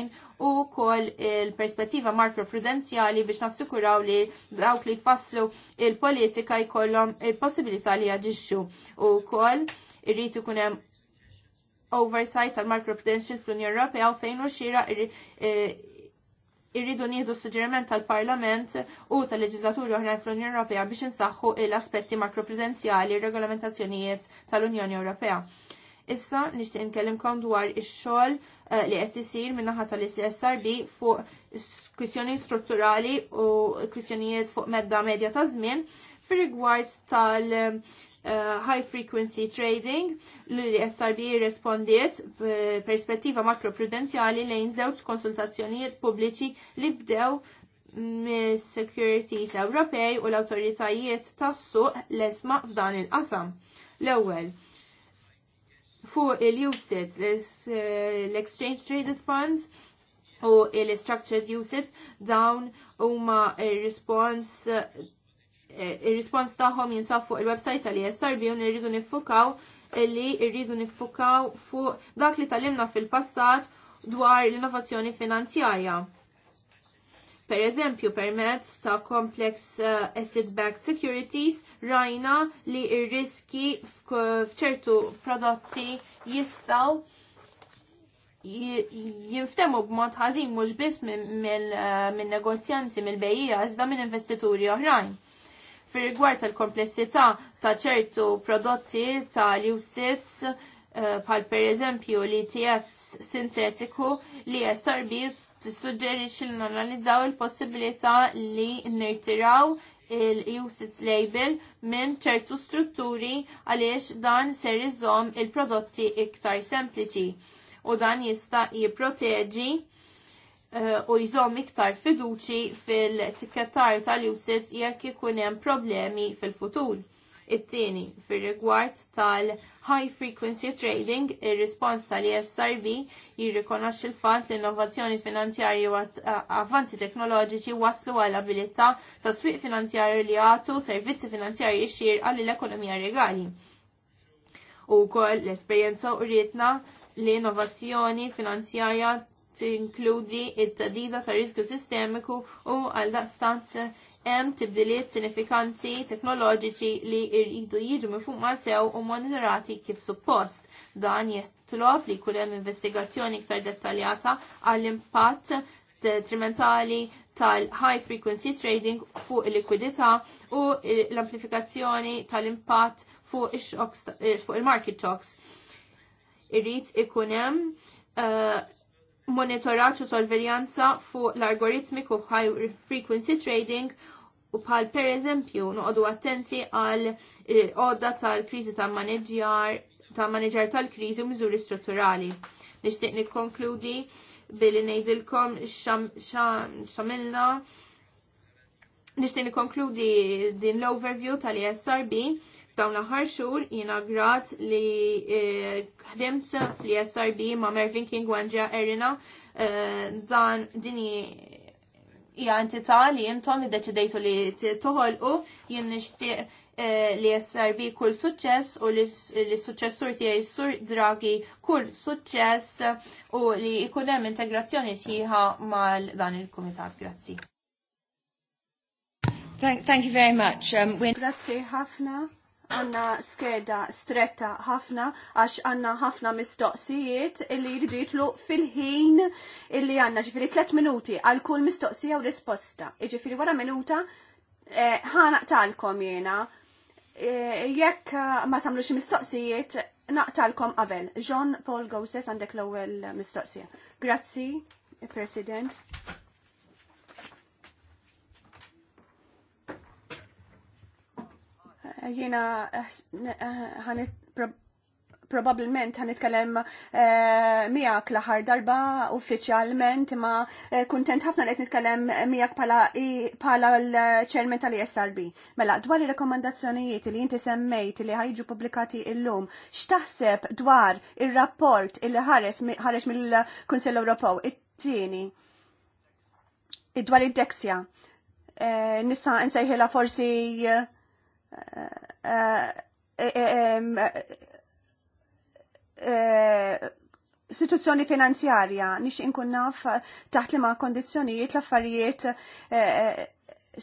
C: u wkoll il-perspettiva makroprudenzjali biex nassikuraw li dawk li jfasslu il-politika jkollhom il-possibilità li jaġixxu u wkoll irrid ikun hemm oversight tal-macroprudential fl-Unjoni Ewropea u fejn u xira eh, irridu nieħdu suġġeriment tal-Parlament u tal-Leġislaturi oħrajn fl-Unjoni Ewropea biex insaħħu l-aspetti makroprudenzjali u regolamentazzjonijiet tal-Unjoni Ewropea. Issa nixtieq inkellimkom dwar ix-xogħol eh, li qed isir min-naħa tal issrb fuq kwistjoni strutturali u kwistjonijiet fuq medda medja ta' żmien fir-rigward tal- Eh, high frequency trading li SRB respondiet eh, perspettiva makroprudenzjali lejn żewġ konsultazzjonijiet pubbliċi li bdew mis-Securities Ewropej u l-awtoritajiet tas-suq l-esma f'dan il-qasam. L-ewwel, fuq il-USIT, l-Exchange Traded Funds, u il-Structured USIT, dawn huma il-response Eh, ir-rispons tagħhom jinsab fuq il-website tal-ISRB u nirridu niffukaw li rridu niffukaw fuq dak li talimna fil-passat dwar l-innovazzjoni finanzjarja. Per eżempju, permezz ta' complex uh, asset-backed securities rajna li r-riski f'ċertu prodotti jistaw jinftemu b'mod ħażin mhux biss eh, minn negozjanti mill-bejjija iżda minn investituri oħrajn fir rigward tal-komplessità ta' ċertu prodotti ta' usits eh, bħal per eżempju li TF sintetiku li t tissuġġerixxi li nanalizzaw il-possibilità li nirtiraw il-usage label minn ċertu strutturi għaliex dan ser iżomm il-prodotti iktar sempliċi u dan jista' jipproteġi Eh, u jżomm iktar fiduċi fil-tikketar tal-usage jekk ikun hemm problemi fil-futur. It-tieni fir-rigward tal-high frequency trading, ir-rispons tal isrb jirrikonoxxi l-fatt li innovazzjoni finanzjarji u avanzi teknoloġiċi waslu għal abilità ta' swieq finanzjarju li għatu servizzi finanzjarji xierqa lill-ekonomija regali. U kol l-esperjenza u rietna l-innovazzjoni finanzjarja tinkludi it-tadida ta' riskju sistemiku u għal daqstanz hemm tibdiliet sinifikanti teknoloġiċi li jridu jiġu ma' sew u monitorati kif suppost. Dan jitlob li jkun hemm investigazzjoni iktar dettaljata għall impatt detrimentali tal-high frequency trading fuq il-likwidità u l-amplifikazzjoni tal-impatt fuq eh, il-market shocks. Irrid ikun hemm eh, monitoraċ u sorveljanza fuq l algoritmiku u high frequency trading u bħal per eżempju noqogħdu attenti għal eh, għodda tal-kriżi ta' maneġjar ta' maneġjar tal-kriżi u miżuri strutturali. Nixtieq nikkonkludi billi ngħidilkom x'għamilna nixtieq nikkonkludi din l-overview tal-ESRB Dawn l-aħħar xhur jiena grat li eh, ħdimt fl-SRB ma' Mervin King Wanja Erina eh, dan dini hija entità li intom iddeċidejtu li toħolqu jien nixtieq eh, li e SRB kull suċċess u li suċċessur tiegħi sur dragi kull suċċess u li jkun hemm integrazzjoni sħiħa mal dan il-kumitat. Grazzi.
D: Thank, you very much. Um, Grazzi ħafna għanna skeda stretta ħafna għax għanna ħafna mistoqsijiet illi jridu jitlu fil-ħin illi għanna ġifiri 3 minuti għal kull mistoqsija u risposta. Ġifiri wara minuta eh, ħana talkom jena. Eh, jekk eh, ma xie mistoqsijiet naqtalkom qabel. John Paul Goses għandek l-ewwel mistoqsija. Grazzi, President. Jena eh, probabilment għan itkellem eh, miegħek l-aħħar darba uffiċjalment ma eh, kuntent ħafna li qed nitkellem miegħek bħala l-ċermen tal-ISRB. Mela, dwar ir-rekomandazzjonijiet li inti semmejt li ħajġu pubblikati llum, x'taħseb dwar ir-rapport il illi ħareġ mill-Kunsell Ewropew it-tieni dwar id-deksja. Nista' nsejħilha forsi istituzzjoni finanzjarja nix inkun naf taħt li ma' kondizjonijiet l-affarijiet eh, eh,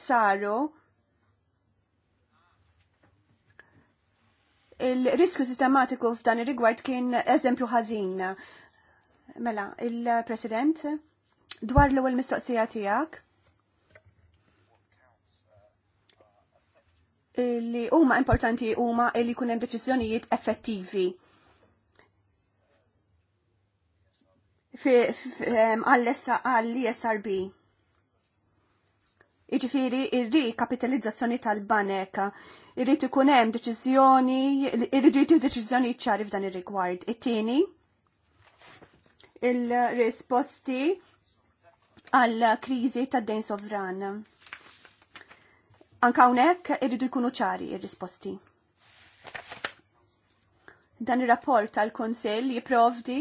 D: saru il-riskju sistematiku f'dan ir-rigward kien eżempju ħażin. Mela, il-President, dwar l-ewwel mistoqsija tiegħek, li huma importanti huma li jkun hemm deċiżjonijiet effettivi. għall-ISRB. Iġifiri, ir-rikapitalizzazzjoni tal-banek, irrid ikun hemm deċiżjoni, irridu jtieħ deċiżjoni ċari f'dan ir-rigward. It-tieni, il-risposti għall kriżi tad-dejn sovran Anka hawnhekk irridu jkunu ċari ir-risposti. Dan ir-rapport tal-Kunsill jipprovdi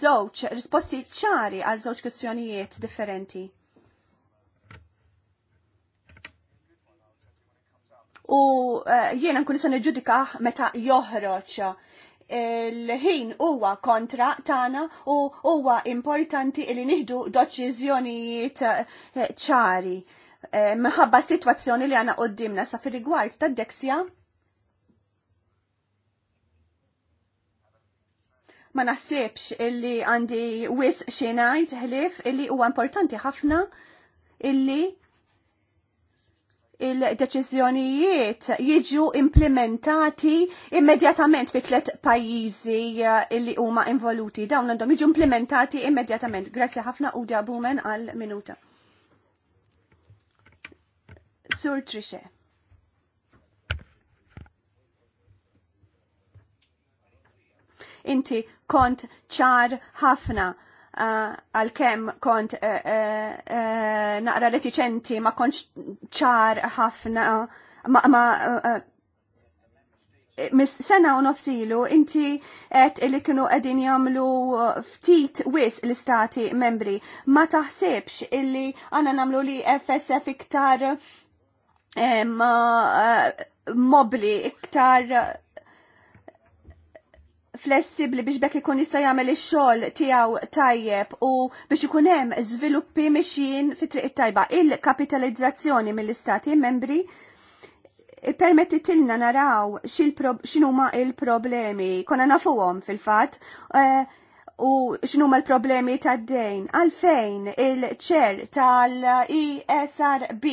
D: żewġ risposti ċari għal żewġ kwestjonijiet differenti. U eh, jiena nkun se niġġudika meta joħroġ il-ħin huwa kontra tagħna u huwa importanti li nieħdu doċiżjonijiet eh, ċari. Uh, Eh, minħabba situazzjoni li għana qoddimna sa fil rigward ta' deksja. Ma naħsibx illi għandi wis xinajt ħlif illi huwa importanti ħafna illi il-deċizjonijiet jiġu implementati immedjatament fi tliet pajjiżi eh, li huma involuti. Dawn għandhom jiġu implementati immedjatament. Grazzi ħafna Uda Bumen għal minuta. Sur Trixe. Inti kont ċar ħafna uh, għal kem kont uh, uh, naqra reticenti ma kontx ċar ħafna ma mis sena u nofsilu inti għet li kienu għedin jamlu ftit wis l-istati membri ma taħsibx illi għana namlu li FSF iktar Eh, ma eh, mobli iktar eh, flessibli biex bekk ikun jista' jagħmel ix-xogħol tiegħu tajjeb u biex ikun hemm żviluppi mixjin fi triq it-tajba. Il-kapitalizzazzjoni mill-istati membri permettitilna naraw x'inhuma il-problemi, konna nafuhom fil-fatt, u ma l-problemi tad-dejn. Għalfejn il-ċer tal-ISRB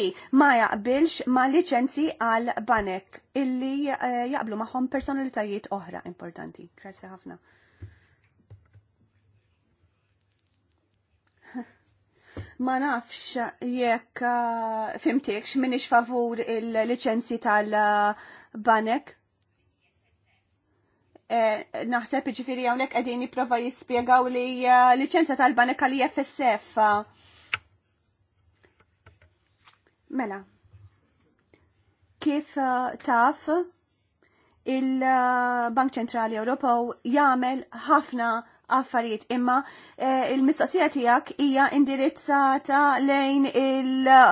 D: ma jaqbilx ma liċenzi għal banek illi eh, jaqblu magħhom personalitajiet oħra importanti. Grazzi ħafna. ma nafx jekk uh, eh, fimtekx minix favur il-licenzi tal-banek. Eh, Eh, naħseb ġifiri għonek għedin jiprofa jispiegaw li eh, licenza tal-banek għal FSF. Mela, kif eh, taf il-Bank Ċentrali Ewropew jagħmel ħafna affarijiet imma il-mistoqsija tiegħek hija indirizzata lejn il-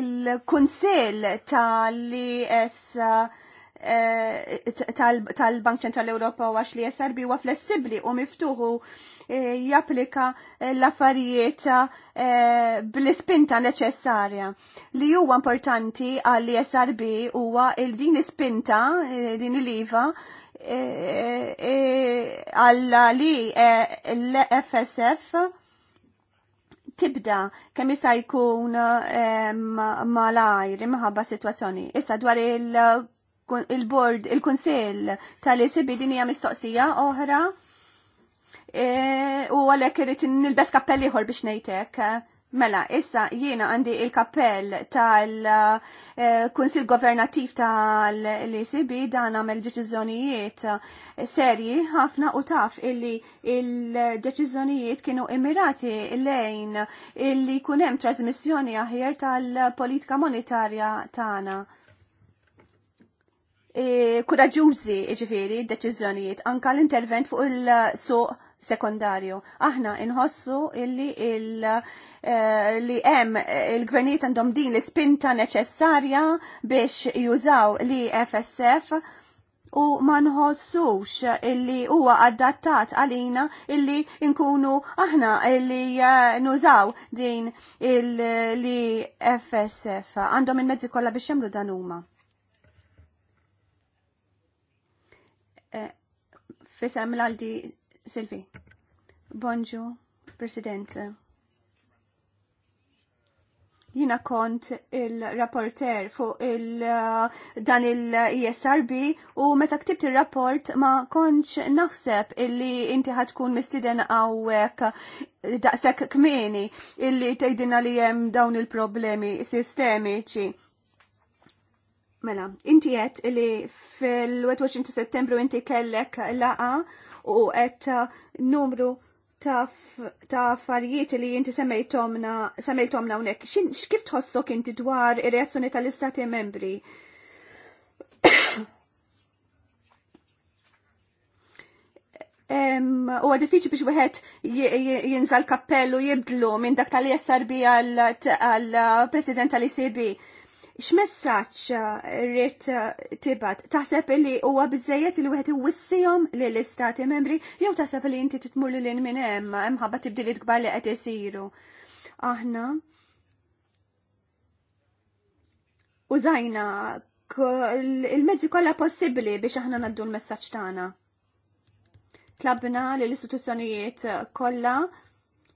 D: il-kunsil tal li Eh, tal-Bank Ċentral Ewropa għax li SRB huwa flessibbli u miftuħu eh, japplika eh, l-affarijiet bl-ispinta neċessarja. Li huwa importanti għal SRB huwa il din l-ispinta, din il iva għalla li l-FSF tibda kemm jista' jkun malajr imħabba sitwazzjoni. Issa dwar il- il-bord, il-konsil tal-ECB din hija mistoqsija oħra. E, u għalhekk irid nilbes kappell ieħor biex ngħidlek. Mela, issa jiena għandi il-kappell tal-Kunsil Governattiv tal-ECB dan għamel deċiżjonijiet serji ħafna u taf illi il-deċiżjonijiet kienu immirati lejn illi kunem trasmissjoni aħjar tal-politika monetarja tagħna. Ta E, kuraġużi ġifiri deċiżjonijiet anka l-intervent fuq il-suq sekondarju. Aħna inħossu illi il, e, li hemm il-gvernijiet għandhom din l-spinta neċessarja biex jużaw li FSF u ma nħossux illi huwa adattat għalina illi nkunu aħna illi e, nużaw din il-li FSF għandhom il-mezzi kollha biex jagħmlu dan huma. Eh, fisem l-għaldi Silvi. Bonġu, President. Jina kont il-rapporter fuq il eh, dan il isrb u meta ktibt il-rapport ma konċ naħseb illi inti ħatkun mistiden għawek daqsek kmini illi tejdina li jem dawn il-problemi sistemiċi Mela, inti qed li fil-21 settembru inti kellek laqa u qed numru ta' affarijiet li inti semmejtomna unek. X'kif tħossok inti dwar ir-reazzjoni tal-Istati membri? u għad diffiċi biex wieħed jinżal kappellu jibdlu minn dak tal-ISRB għal-president tal-ICB. X'messaġġ eh, rrid eh, tibad? Taħseb li huwa biżejjed li wieħed iwissihom lill istati membri jew taħseb li inti titmur lil minn hemm imħabba tibdiliet kbar li qed isiru. Aħna użajna il-mezzi kollha possibbli biex aħna naddu l-messaġġ tagħna tlabna l-istituzzjonijiet kollha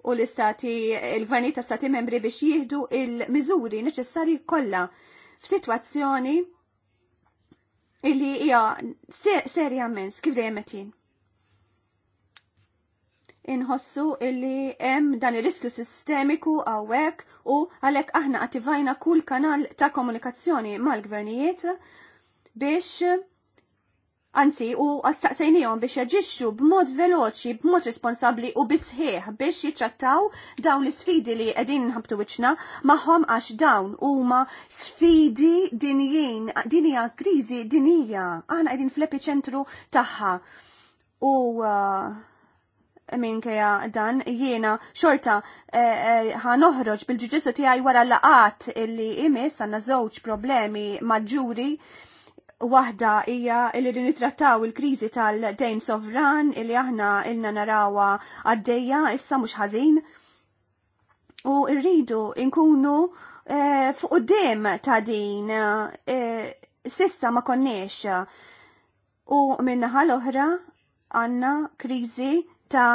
D: u l-istati, il-gvernijiet ta' stati membri biex jieħdu il-miżuri neċessarji kollha f'sitwazzjoni illi hija serjament kif dejjem qed Inħossu illi hemm dan ir-riskju sistemiku hawnhekk u għalhekk aħna attivajna kull kanal ta' komunikazzjoni mal-gvernijiet biex anzi u għastaqsajnijom biex jaġixxu b'mod veloċi, b'mod responsabli u bisħieħ biex jitrattaw dawn l-sfidi li qegħdin nħabtu wiċċna magħhom għax dawn huma sfidi dinjin, dinija kriżi dinija. Aħna qegħdin fl ċentru tagħha. U uh, minn minkejja dan jiena xorta ħanoħroġ eh, eh bil-ġuġizzu tiegħi wara laqat illi imis għandna żewġ problemi maġġuri Waħda hija li nitrattaw il-kriżi tal-dejn sovran illi aħna ilna narawa għaddejja issa mhux ħażin. U rridu nkunu eh, fuq dem ta' din eh, sissa ma konniex. U minnaħa l-oħra għandna kriżi ta'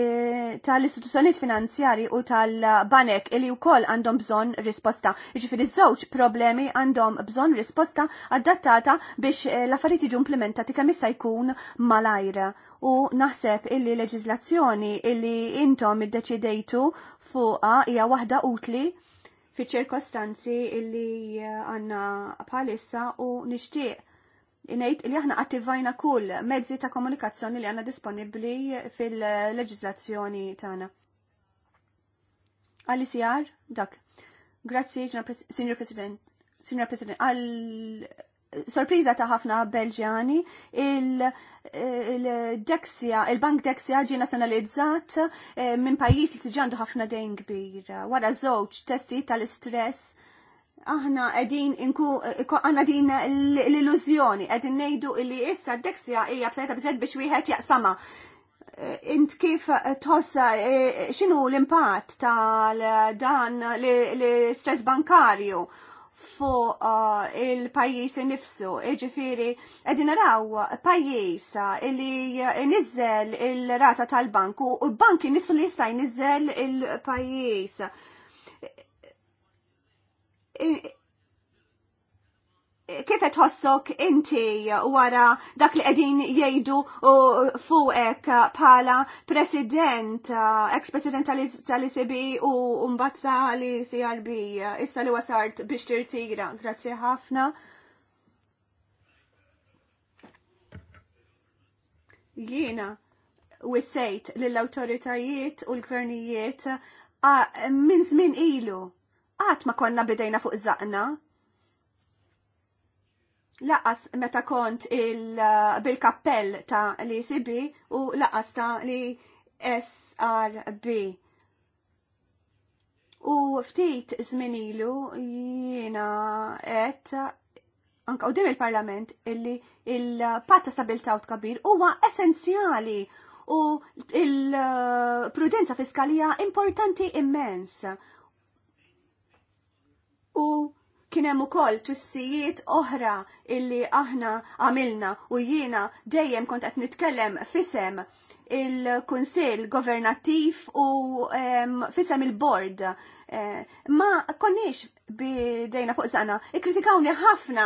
D: Eh, tal-istituzzjoniet finanzjari u tal-banek li wkoll għandhom bżonn risposta. Jiġifieri żewġ problemi għandhom bżonn risposta adattata biex eh, l-affarijiet iġu implementati kemm issa jkun malajr. U naħseb illi leġiżlazzjoni illi intom iddeċidejtu fuqha hija waħda utli fi ċirkostanzi illi eh, għanna bħalissa u nixtieq ngħid li aħna attivajna kull mezzi ta' komunikazzjoni li għandna disponibbli fil-leġiżlazzjoni tagħna. Għalli sijar, dak. Grazzi, Signor President. Signor President, għal sorpriza ta' ħafna Belġjani, il-Dexia, il-Bank Dexia ġi nazjonalizzat eh, minn pajjiż li tiġandu ħafna dejn kbir. Wara żewġ testi tal-istress aħna għedin inku, eh, għanna din l-illużjoni, għedin nejdu illi issa d-deksja hija b'sajta bżed biex wieħed jaqsama. Eh, int kif tossa eh, xinu l impat tal dan l-stress bankarju fuq il-pajis nifsu, iġifiri għedin raw pajis illi nizzel il-rata tal-banku u banki nifsu li jista' nizzel il-pajis. il il pajis kif tħossok inti wara dak li qegħdin jgħidu fuqek bħala president, ex-president tal-ICB u mbagħad tal CRB issa li wasart biex tirtira. Grazzi ħafna. Jiena wissejt lill-awtoritajiet u l-gvernijiet minn żmien ilu qatt ma konna bidejna fuq zaqna. Laqas meta kont uh, bil-kappell ta' li ecb u laqas ta' li SRB. U ftit zminilu jiena qed anka u il-parlament illi il-patta stabilta u tkabir huwa essenzjali u il-prudenza uh, fiskalija importanti immens u kienem u koll twissijiet oħra illi aħna għamilna u jiena dejjem kont qed nitkellem fisem il konsil Governattiv u um, fisem il-Bord. Uh, ma konniex bidejna fuq zana. Ikkritikawni ħafna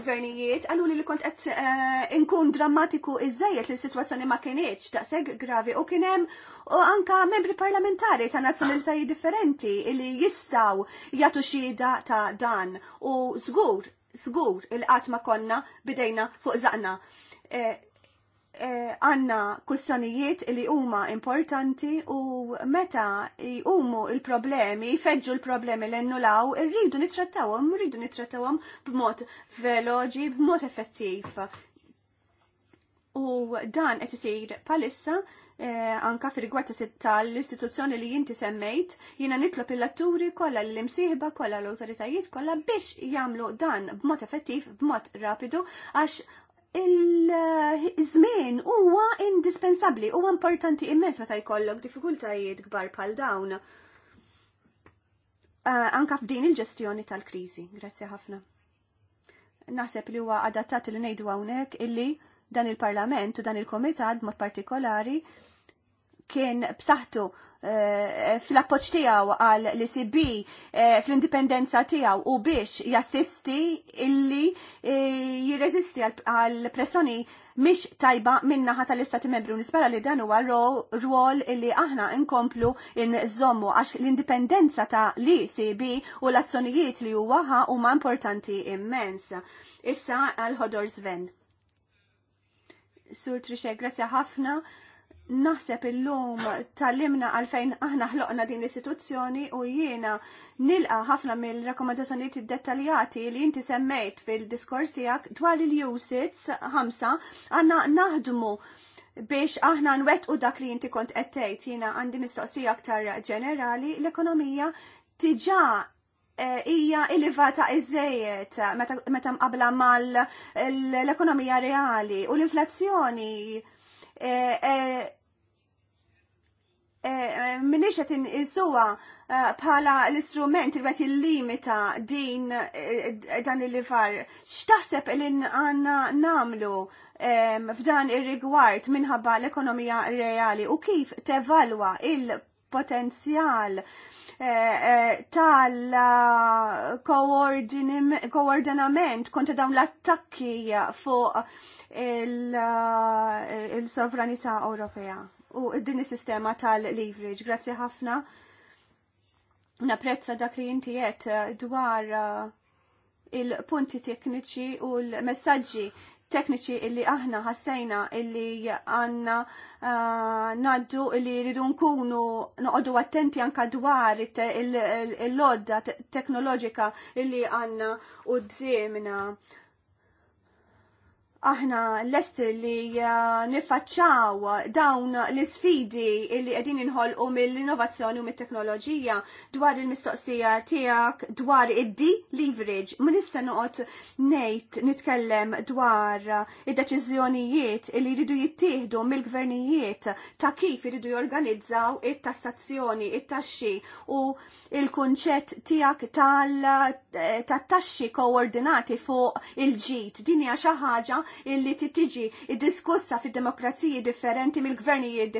D: gvernijiet, għallu li kont qed eh, inkun drammatiku iżejjed li situazzjoni sitwazzjoni ma kienieċ daqshekk gravi u kien hemm u anka membri parlamentari ta' nazzjonalitajiet differenti li jistgħu jagħtu xhieda ta' dan u żgur, żgur il qatma ma konna bidejna fuq zaqna. Eh, Eh, għanna kustjonijiet li huma importanti u meta jqumu il-problemi, jfeġġu il-problemi l nulaw irridu nittrattawhom, irridu nittrattawhom b'mod veloġi, b'mod effettiv. U dan qed isir palissa eh, anka fir-rigward tal-istituzzjoni li jinti semmejt, jiena nitlob il-atturi kollha l-imsieħba kollha l-awtoritajiet kollha biex jagħmlu dan b'mod effettiv, b'mod rapidu għax il-żmien huwa indispensabbli, huwa importanti immens meta jkollok diffikultajiet kbar bħal dawn. Uh, anka f'din il-ġestjoni tal-kriżi. Grazzi ħafna. Naħseb li huwa adattat li ngħidu hawnhekk illi dan il-Parlament u dan il-Komitat mod partikolari kien b'saħħtu eh, fl-appoċ tijaw għal l-ICB eh, fl-indipendenza tijaw u biex jassisti illi eh, jirreżisti għal pressjoni mish tajba ħata tal-istati membri. Nispera li dan huwa rwol illi aħna inkomplu nżommu għax l-indipendenza ta' Li icb e u l-azzjonijiet li huwaha huma importanti immens. Issa għal ħodor Sven. Sur Trixe, grazzi ħafna naħseb illum tal-limna għalfejn aħna ħloqna din l-istituzzjoni u jiena nilqa ħafna mill-rakkomandazzjonijiet dettaljati li inti semmejt fil-diskors tiegħek dwar il-usits ħamsa għandna naħdmu biex aħna nwettqu dak li inti kont qed tgħid jiena għandi mistoqsija aktar ġenerali l-ekonomija tiġa eh, hija ilivata iżejiet meta mqabla mal l-ekonomija reali u l-inflazzjoni eh, eh, Eh, eh, minix qed insuwa eh, bħala l-istrument li il illimita din dan il-livar. X'taħseb li għanna nagħmlu f'dan ir-rigward minħabba l-ekonomija reali u kif tevalwa il-potenzjal tal-koordinament kontra dawn l-attakki fuq il-sovranità Ewropea u din is-sistema tal-leverage. Grazzi ħafna. Naprezza dak li inti qed eh, dwar eh, il-punti tekniċi u l-messaġġi tekniċi illi aħna ħassejna illi għanna eh, naddu illi rridu nkunu noqdu attenti anka dwar il-lodda teknoloġika illi għanna u d aħna lest li uh, nifacċaw dawn l-sfidi li għedin u mill-innovazzjoni u mill-teknoloġija dwar il-mistoqsija tijak dwar id leverage. Ma nista nuqot nejt nitkellem dwar id-deċizjonijiet li jridu jittieħdu mill-gvernijiet ta' kif ridu jorganizzaw it-tassazzjoni, it-taxxi u il-kunċett tijak tal-taxxi koordinati fuq il-ġit. Dini għaxa ħaġa illi titiġi diskussa fid demokraziji differenti mill-gvernijiet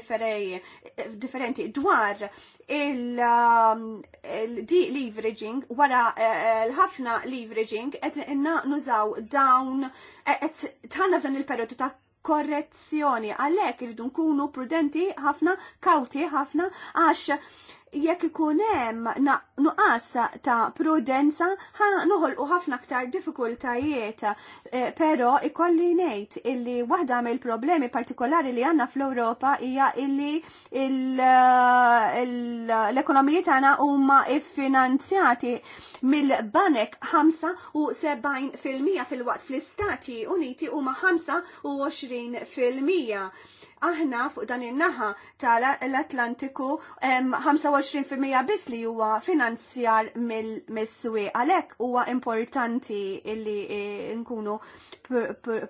D: differenti dwar il-de-leveraging, um, wara eh, eh, l-ħafna leveraging, et nużaw dawn, eh, et tħanna f'dan il-periodu ta' korrezzjoni. Għalek irridu nkunu prudenti ħafna, kawti ħafna, għax jekk ikun hemm nuqqas ta' prudenza ħa noħolqu ħafna aktar diffikultajiet, eh, però ikolli ngħid illi waħda mill-problemi partikolari li għandna fl-Ewropa hija illi l-ekonomiji tagħna huma iffinanzjati mill-banek 5 u 70% fil-waqt fl-Istati Uniti huma 25% aħna fuq dan in-naħa tal-Atlantiku 25% biss li huwa finanzjar mill-misswi. Għalhekk huwa importanti illi e, nkunu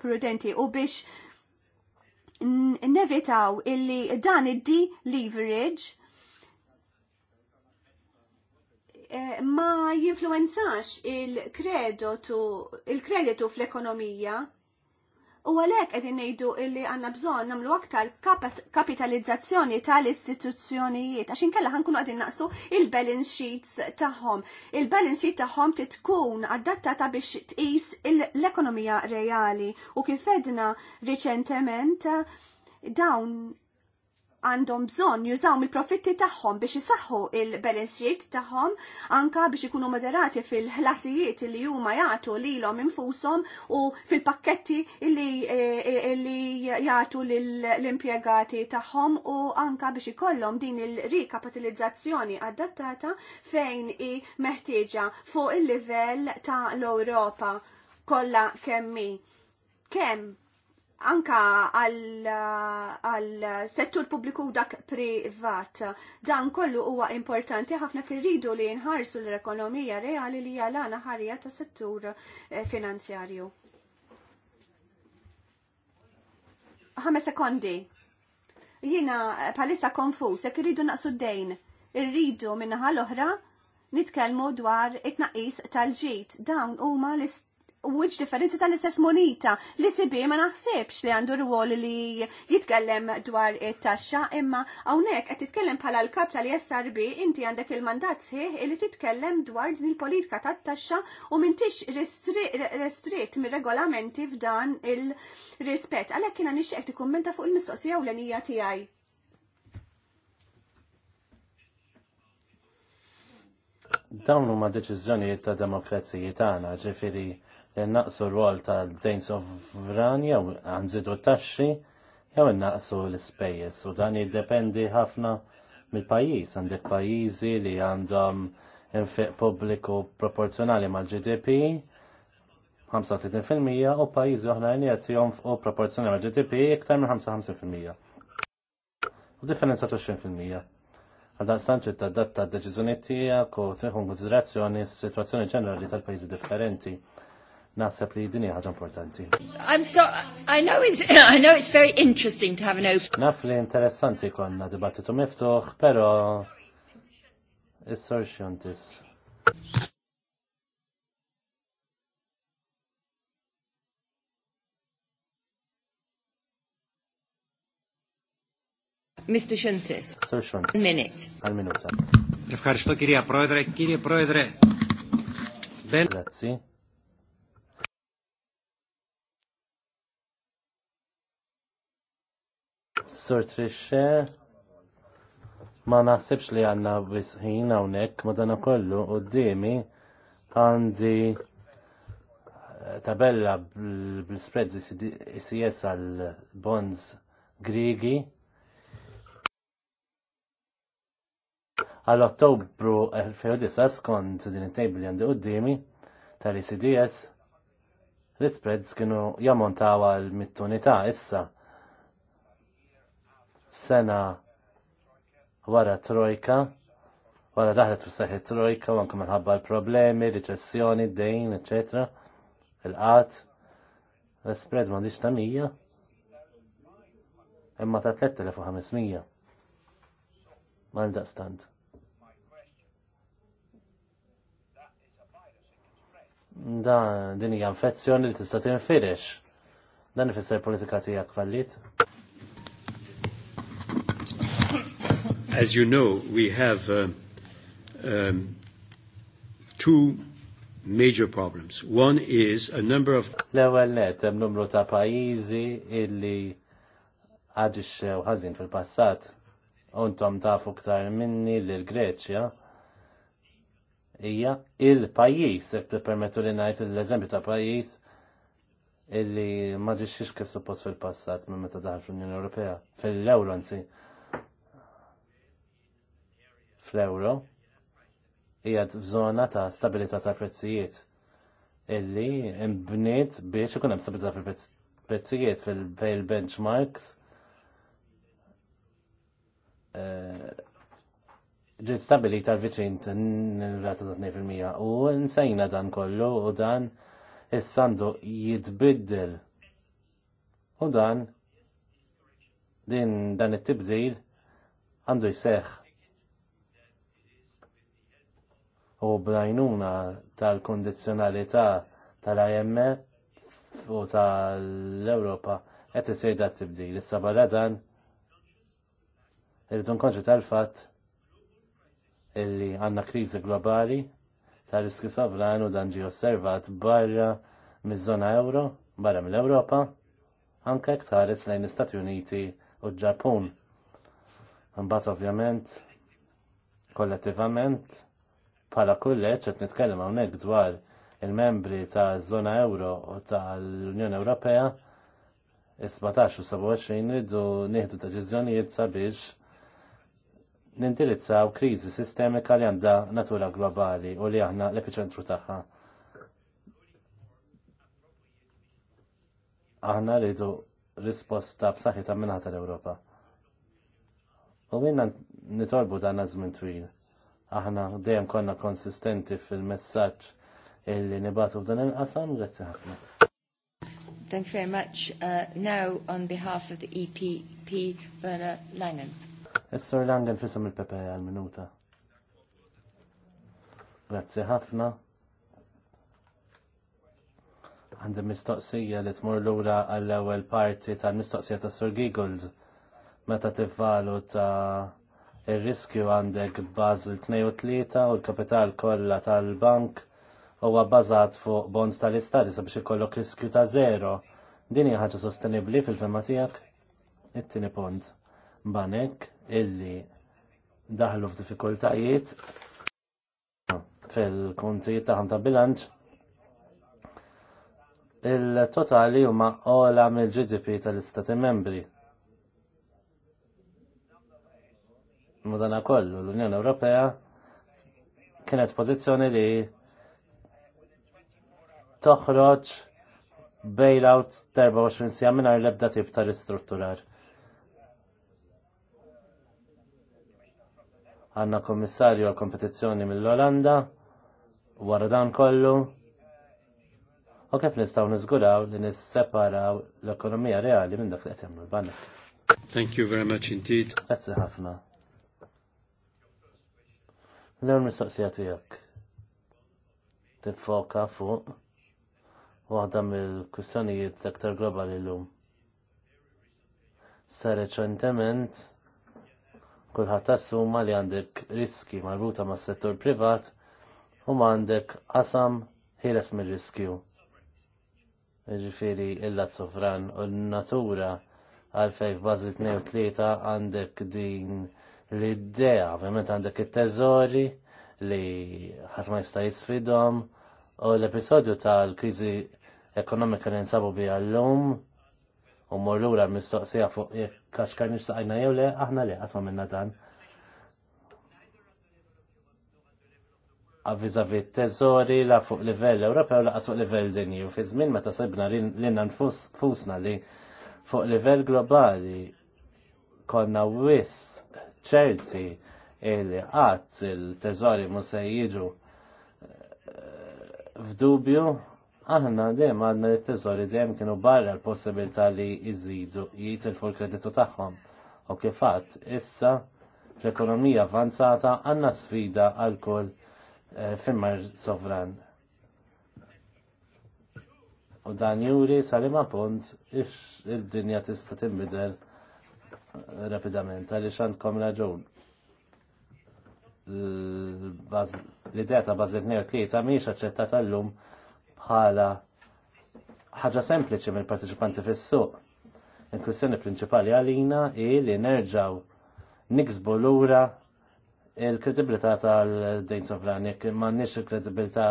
D: prudenti u biex nevitaw illi dan id-di leverage e, ma jinfluenzax il-kreditu il-kreditu fl-ekonomija U għalek edin nejdu illi għanna bżon namlu aktar kapitalizzazzjoni tal-istituzzjonijiet, għaxin kella ħankunu għadin naqsu il-balance sheets taħħom. Il-balance sheet taħħom titkun adattata biex tqis l-ekonomija reali u kif edna riċentement dawn għandhom bżonn jużaw mill-profitti tagħhom biex isaħħu il-balance sheet tagħhom anka biex ikunu moderati fil-ħlasijiet li huma jagħtu lilhom infushom u fil-pakketti li e, e, jagħtu l-impjegati tagħhom u anka biex ikollhom din il-rikapitalizzazzjoni adattata fejn i meħtieġa fuq il-livell ta' l-Ewropa kollha kemmi. Kemm anka għal settur pubbliku dak privat. Dan kollu huwa importanti ħafna kirridu li nħarsu l-ekonomija reali li għalana ħarja ta' settur eh, finanzjarju. Ħame sekondi. Jina palissa konfus, jek irridu naqsu d-dejn, irridu min-naħa l-oħra nitkelmu dwar it-naqis tal-ġit. Dawn huma l-ist wiċ differenzi tal-istess monita. Li sibi ma naħsibx li għandu rwol li jitkellem dwar it-taxxa, imma hawnhekk qed titkellem bħala l-kap tal srb inti għandek il-mandat sħiħ li titkellem dwar din il-politika tat-taxxa u m'intix restritt mir-regolamenti f'dan il-rispett. Għalhekk kiena nixtieq tikkummenta fuq il-mistoqsija u l-enija tiegħi.
B: Dawn huma deċiżjonijiet ta' demokrazija tagħna, ġifieri naqsu l-wol tal of Vran, jew għanżidu t-taxxi jew naqsu l spejjes u dan jiddependi ħafna mill-pajjiż. Għandek pajjiżi li għandhom infiq pubbliku proporzjonali mal-GDP 35% u pajjiżi oħrajn li qed jonfqu proporzjonali mal-GDP iktar minn 55%. U differenza 20% għadda sanċi ta' datta d-deċizjoni tijak u tiħun konsiderazzjoni s-situazzjoni ġenerali tal pajizi differenti naħseb li din hija ħaġa importanti.
A: I'm so I know it's I know it's very
B: interesting to have an open. Naf li interessanti konna dibattitu miftuħ, però is-sor xjontis.
A: Mr. Shuntis. Sir Shuntis. One Minute.
B: Al minuta. Ευχαριστώ κυρία Πρόεδρε. Κύριε Πρόεδρε. Grazie. Sur Trisce, ma naħsibx li għanna wisħin hawnhekk dana kollu d-dimi għandi tabella bl-spreads ICS għal bonds grigi għal ottobru 2009 skont din it-tejbli għandi d-dimi tal-ICDS l-spreads kienu jammontaw għal mittunita issa sena wara trojka, wara daħlet fis seħi trojka, u anke minħabba l-problemi, riċessjoni, dejn, eċetera, il-qat, l-spread m'għandix ta' mija, imma ta' 3500. M'għandha stand. Da, din hija infezzjoni li tista' tinfirex. Dan ifisser politika tiegħek fallit.
D: as you know, we have
B: uh, um, two major problems. One is a number of... L-ewel net, hemm numru ta' pajjiżi illi għadixxew ħażin fil-passat. Untom tafu ktar minni l-Greċja hija il-pajjiż, jekk tippermettu li ngħid l-eżempju ta' pajjiż illi ma ġixxix kif suppost fil-passat minn meta daħal fl-Unjoni Ewropea, fil-Euro fl-euro hija f'żona ta' stabilità ta' prezzijiet illi mbniet biex ikun hemm stabilità fil-prezzijiet fil-benchmarks eh, ġiet stabilita viċin rata ta' 2% u nsejna dan kollu u dan is-sandu jitbiddel. U dan din dan it-tibdil għandu jseħħ u blajnuna tal-kondizjonalità tal-IMF u tal-Europa qed isir dat tibdil. Issa barra dan irridu nkonġu tal-fatt illi għandna kriżi globali tal-riski sovran u dan ġi osservat barra miż-żona euro, barra mill-Ewropa, anke aktar lejn l-Istati Uniti u l-Ġappun. Mbagħad ovvjament kollettivament Pala kulleċ qed nitkellem hawnhekk dwar il-membri ta' zona euro u tal-Unjoni Ewropea 17 u 27 rridu nieħdu deċiżjonijiet sabiex nindirizzaw kriżi sistemika li għandha natura globali u li aħna l-epiċentru tagħha. Aħna rridu risposta b'saħħitha minħata l-Ewropa. U minna nitolbu dan żmien twil aħna dejjem konna konsistenti fil-messaġġ illi nibatu f'dan il-qasam, grazzi ħafna.
A: Thank you very much. Uh, now, on behalf of the EPP, Werner Langen.
B: is Langen fisem il pepe għal-minuta. Grazzi ħafna. Għandi mistoqsija li tmur lura għall-ewwel parti tal-mistoqsija ta' sur Giggles meta tivvalu ta' ir-riskju għandek Basel 2 u l-kapital kollha tal-bank huwa bbażat fuq bonds tal-istati sabiex ikollok riskju ta' zero. Din hija ħaġa sostenibbli fil-fema tiegħek? It-tieni punt. Banek illi daħlu f'diffikultajiet fil-kunti tagħhom ta' bilanċ il-totali huma ola mill-GDP tal-Istati Membri Madana kollu l-Unjoni Ewropea kienet pożizzjoni li toħroġ bailout 24 sija minar ebda tip ta' ristrutturar. Għanna komissarju għal kompetizzjoni mill-Olanda, wara dan kollu, u kif nistaw nizguraw li nisseparaw l-ekonomija reali minn dak li qed l-banek. Thank you very much indeed. Grazie ħafna. L-għor mistoqsija tijak. Tifoka fuq waħda mill-kussjonijiet l-aktar globali l-lum. Sa reċentement kulħadd assuma li għandek riski marbuta mas settur privat u ma għandek qasam ħieles mir-riskju. Iġifiri illa sofran u l-natura għalfej bazit 2 u 3 għandek din l-idea, ovvjament għandek it-teżori li ħadd ma jista' jisfidhom u l-episodju tal-kriżi ekonomika li nsabu biha llum u mor lura mistoqsija fuq jekk għax kan jew le aħna le qatt ma minna dan. Avviżavi t-teżori la fuq livell Ewropew laqas fuq livell dinji u fi żmien meta sebna lilna nfusna li fuq livell globali konna wis ċerti li qatt il-teżori ma se jiġu eh, f'dubju, aħna dejjem għandna il teżori dejjem kienu barra l-possibilità li jiet il fur kreditu tagħhom. U kif issa l-ekonomija avanzata għandna sfida għal kull eh, fimmar sovran. U dan juri salima punt ix il-dinja tista' tinbidel rapidament, għaliex għandkom raġun. L-idea ta' bażit neoklieta mhix aċċettata llum bħala ħaġa sempliċi mill-partiċipanti fis-suq. Il-kwistjoni prinċipali għalina hi li nerġaw niksbu lura il-kredibilità tal-dejn sovran, ma nix il-kredibilità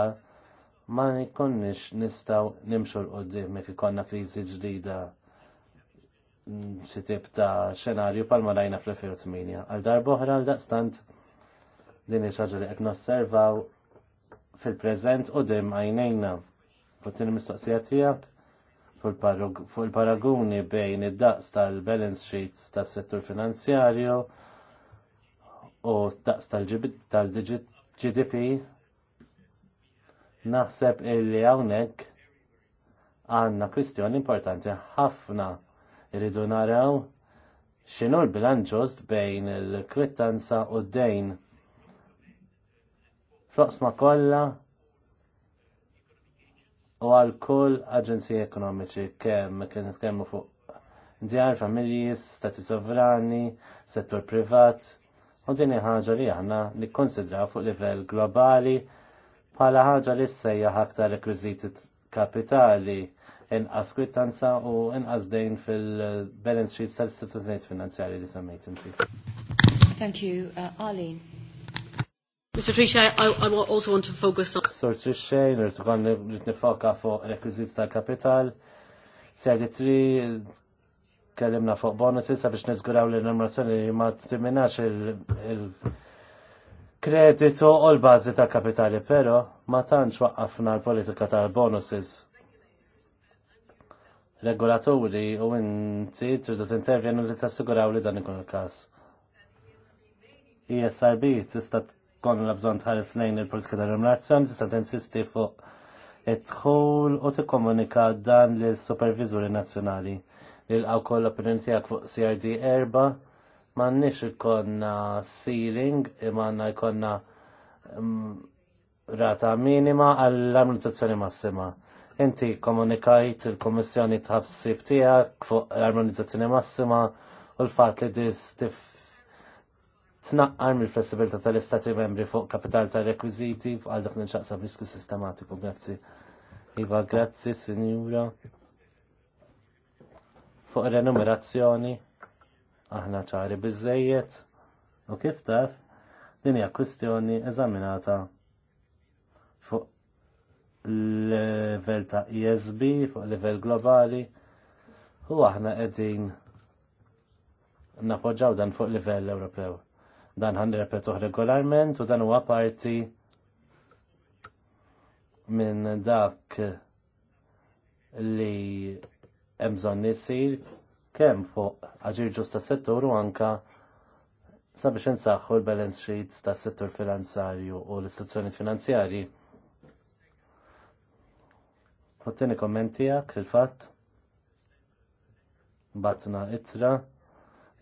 B: ma nkunniex nistgħu nimxu l-qoddim jekk ikollna kriżi ġdida xi tip ta' xenarju palma rajna fl-2008. Għal darba oħra għal daqstant din il-xaġa li qed nosservaw fil-preżent u dim għajnejna. Kont mistoqsija tiegħek fuq il-paraguni bejn id-daqs tal-balance sheets tas-settur finanzjarju u daqs tal-GDP naħseb illi hawnhekk għandna kwistjoni importanti ħafna Irridu naraw xinu l-bilanċ bejn il-kwittanza u d-dejn. Floqsma kollha u għal kull aġenziji ekonomiċi kemm kien kemmu fuq djar, familji, stati sovrani, settur privat, u din ħaġa li aħna nikkonsidraw fuq livell globali bħala ħaġa li sejja aktar rekwiżiti kapitali inqas kwittanza u inqas dejn fil-balance sheet tal-istituzzjonijiet finanzjarji li semmejt inti.
A: Thank you, uh, Arlene.
B: Mr. Trisha, I, I also want to focus on... Sir Trisha, nirtu kon nifoka fuq rekwiziti tal-kapital. Sjadi tri, kellimna fuq bonuses biex nizguraw l-normazzjoni li ma timinax il-kreditu u l-bazi tal-kapitali, pero ma tantx waqqafna l-politika tal-bonuses regolatori u inti tridu intervjenu li tassiguraw li dan ikun il-każ. E ISRB tista' tkun la bżonn tħares lejn il-politika tal-remunerazzjoni tista' tinsisti fuq idħol u tikkomunika dan l supervizuri nazzjonali li l-għaw koll opinjoni tiegħek fuq CRD erba m'għandniex ikonna ceiling imma għandna jkollna mm, rata minima għall amministrazzjoni massima Inti komunikajt il-Kommissjoni tħabsib tiegħek fuq l-armonizzazzjoni massima u l-fatt li dis tnaqqar mill-flessibilità tal-Istati membri fuq kapital tal-rekwiziti għal dak nċaqsa risku sistematiku. Grazzi. Iva, grazzi, Sinjura. Fuq renumerazzjoni, aħna ċari bizzejiet, u kif taf, din hija kwistjoni eżaminata level ta' ESB fuq level globali u aħna qegħdin napoġġaw dan fuq level Ewropew. Dan ħan repetuh regolarment u dan huwa parti minn dak li hemm bżonn isir kemm fuq aġir ġusta tas settur u anka sabiex nsaħħu l-balance sheets tas settur finanzarju u l istituzzjoni finanzjarji U kommenti għak kommentijak fil-fat batna itra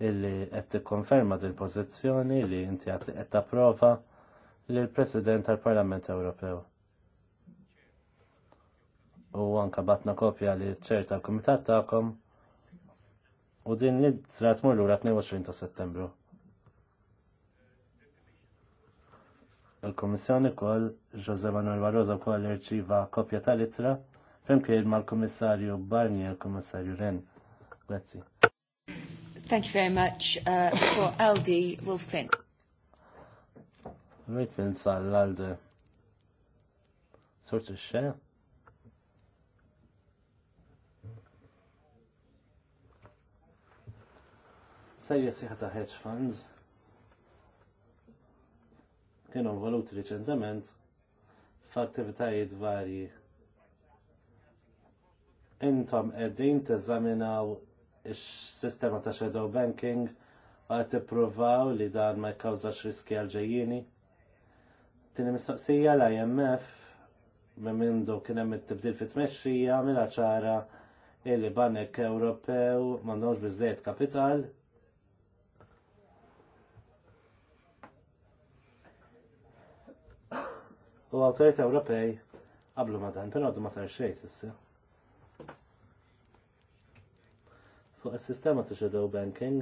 B: illi qed tikkonferma din pożizzjoni li inti għatli li qed tapprova lill president tal-Parlament Ewropew. U anka batna kopja li ċer tal-Kumitat tagħkom u din li tmur lura 22 ta' Settembru. il komissjoni kol Jose Manuel Barroso kol irċiva kopja tal-itra Femkejl mal-Komissarju Barnier, Komissarju Ren. Grazzi.
A: Thank you very much uh, for Aldi Wolf Clint.
B: Rejt fin sal l-Alde. Sortu xe? Serja siħata hedge funds kienu involuti riċentement f'attivitajiet varji intom qegħdin teżaminaw is-sistema ta' shadow banking għal tippruvaw li dan ma jkawżax riski għal ġejjini. Tieni mistoqsija l-IMF minn mindu kien hemm it-tibdil fit-tmexxija mela ċara illi banek Ewropew m'għandhomx biżżejjed kapital u awtorit Ewropej qablu ma dan, però ma sar xejn s'issa. Fuq is-sistema ta' shadow banking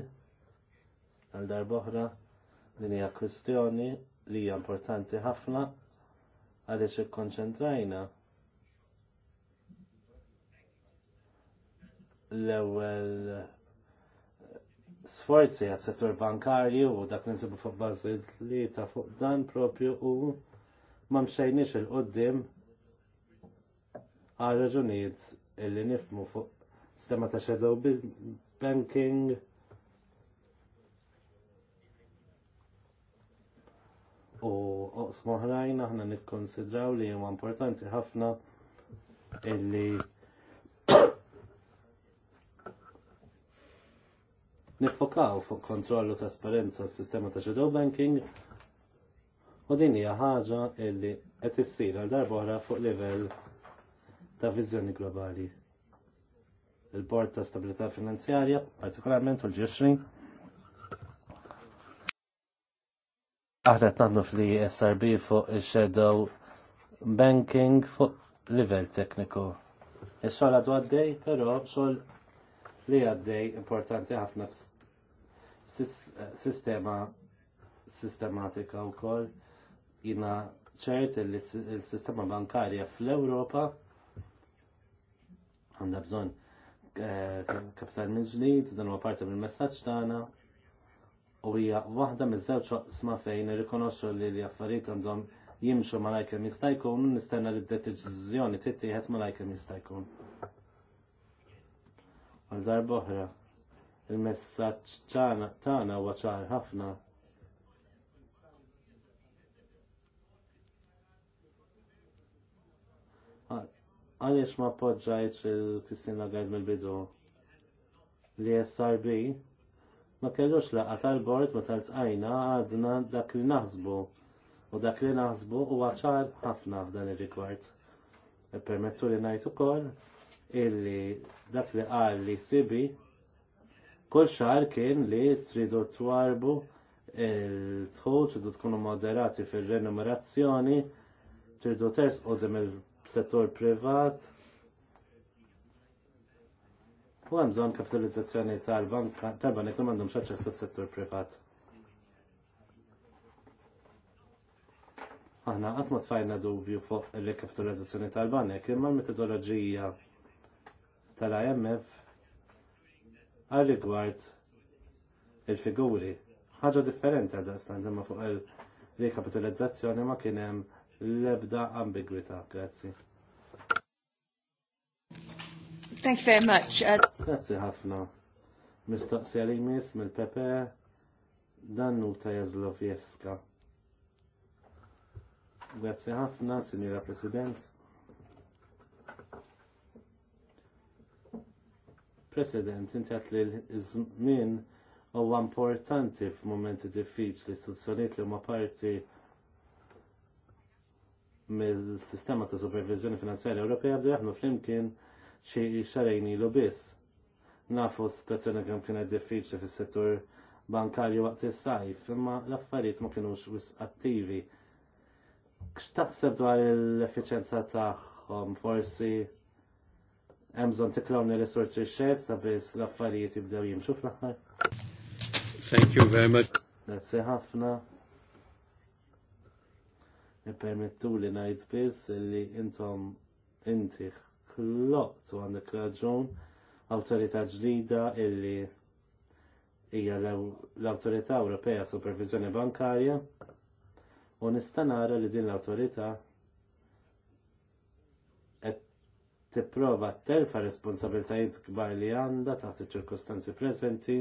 B: għal darboħra din hija kwistjoni li hija importanti ħafna għaliex ikkonċentrajna l-ewwel sforzi għas settur bankarju u dak li nsibu fuq bażi li ta' fuq dan propju u ma mxejniex il-qoddim għal raġunijiet illi nifmu fuq sistema ta' shadow banking u oqs moħrajn aħna nikkonsidraw li huma importanti ħafna illi nifokaw fuq kontrollu trasparenza s-sistema ta' shadow banking u din hija ħaġa illi qed issir għal darba fuq livell ta' viżjoni globali il-Bord ta' Stabilità Finanzjarja, partikolarment u l-ġifrin. Aħna t nagħmlu fl-SRB fuq il-Shadow Banking fuq livell tekniku. Ix-xogħol għadu għaddej, però xogħol li għaddej importanti ħafna sistema sistematika wkoll jiena ċert li s-sistema bankarja fl-Ewropa għandha bżonn kapital minn ġlid, dan huwa parti mill-messaġġ tagħna u hija waħda miż-żewġ sma fejn irrikonoxxu li l-affarijiet għandhom jimxu ma kemm jista' jkun nistenna li d-deċiżjoni tittieħed ma' kemm jista' jkun. Għal darba oħra, il-messaġġ tagħna huwa ċar ħafna għaliex ma poġġajt il-Kristin Lagarde mill-bidu li SRB ma kellux laqgħa tal-bord ma tal-tqajna għadna dak li naħsbu u dak li naħsbu huwa ċar ħafna f'dan ir rikward e Permettu li ngħid ukoll illi dak li qal li sibi kull xahar kien li tridu twarbu il tħuċ tridu tkunu moderati fir renumerazzjoni tridu u dim il- settur privat. U hemm bżonn kapitalizzazzjoni tal-banka tal-banek li m'għandhomx aċċess għas-settur privat. Aħna qatt ma tfajna dubju fuq il-rekapitalizzazzjoni tal-banek, imma l-metodoloġija tal-IMF għal rigward il-figuri. ħaġa differenti għal dan ma fuq il-rekapitalizzazzjoni ma kien hemm l-ebda ambigwità. Grazzi.
A: Thank you very much. Uh,
B: grazzi ħafna. Mistoqsija li jmiss mill-Pepe dannu ta' Jazlovjevska. Grazzi ħafna, Signora President. President, inti għat li l-żmien huwa importanti f'momenti diffiċli, istituzzjonijiet li huma parti mill-sistema ta' supervizjoni finanzjarja Ewropea bdew jaħdmu flimkien xi xarejn ilu biss. Nafu situazzjoni kemm kienet diffiċli fis-settur bankarju waqt is-sajf, imma l-affarijiet ma kienux wis attivi. taħseb dwar l-effiċenza tagħhom forsi hemm bżonn tikraw tiklawni risorsi xejn sabiex l-affarijiet jibdew jimxu fl-aħħar.
C: Thank you very much.
B: Grazie ħafna. Permettu li ngħid biss li intom inti xloqt għandek raġun awtorità ġdida illi hija l-Awtorità Ewropea Supervizjoni Bankarja u nista' nara li din l-awtorità qed tipprova terfa' responsabiltajiet kbar li għandha taħt iċ-ċirkostanzi preżenti.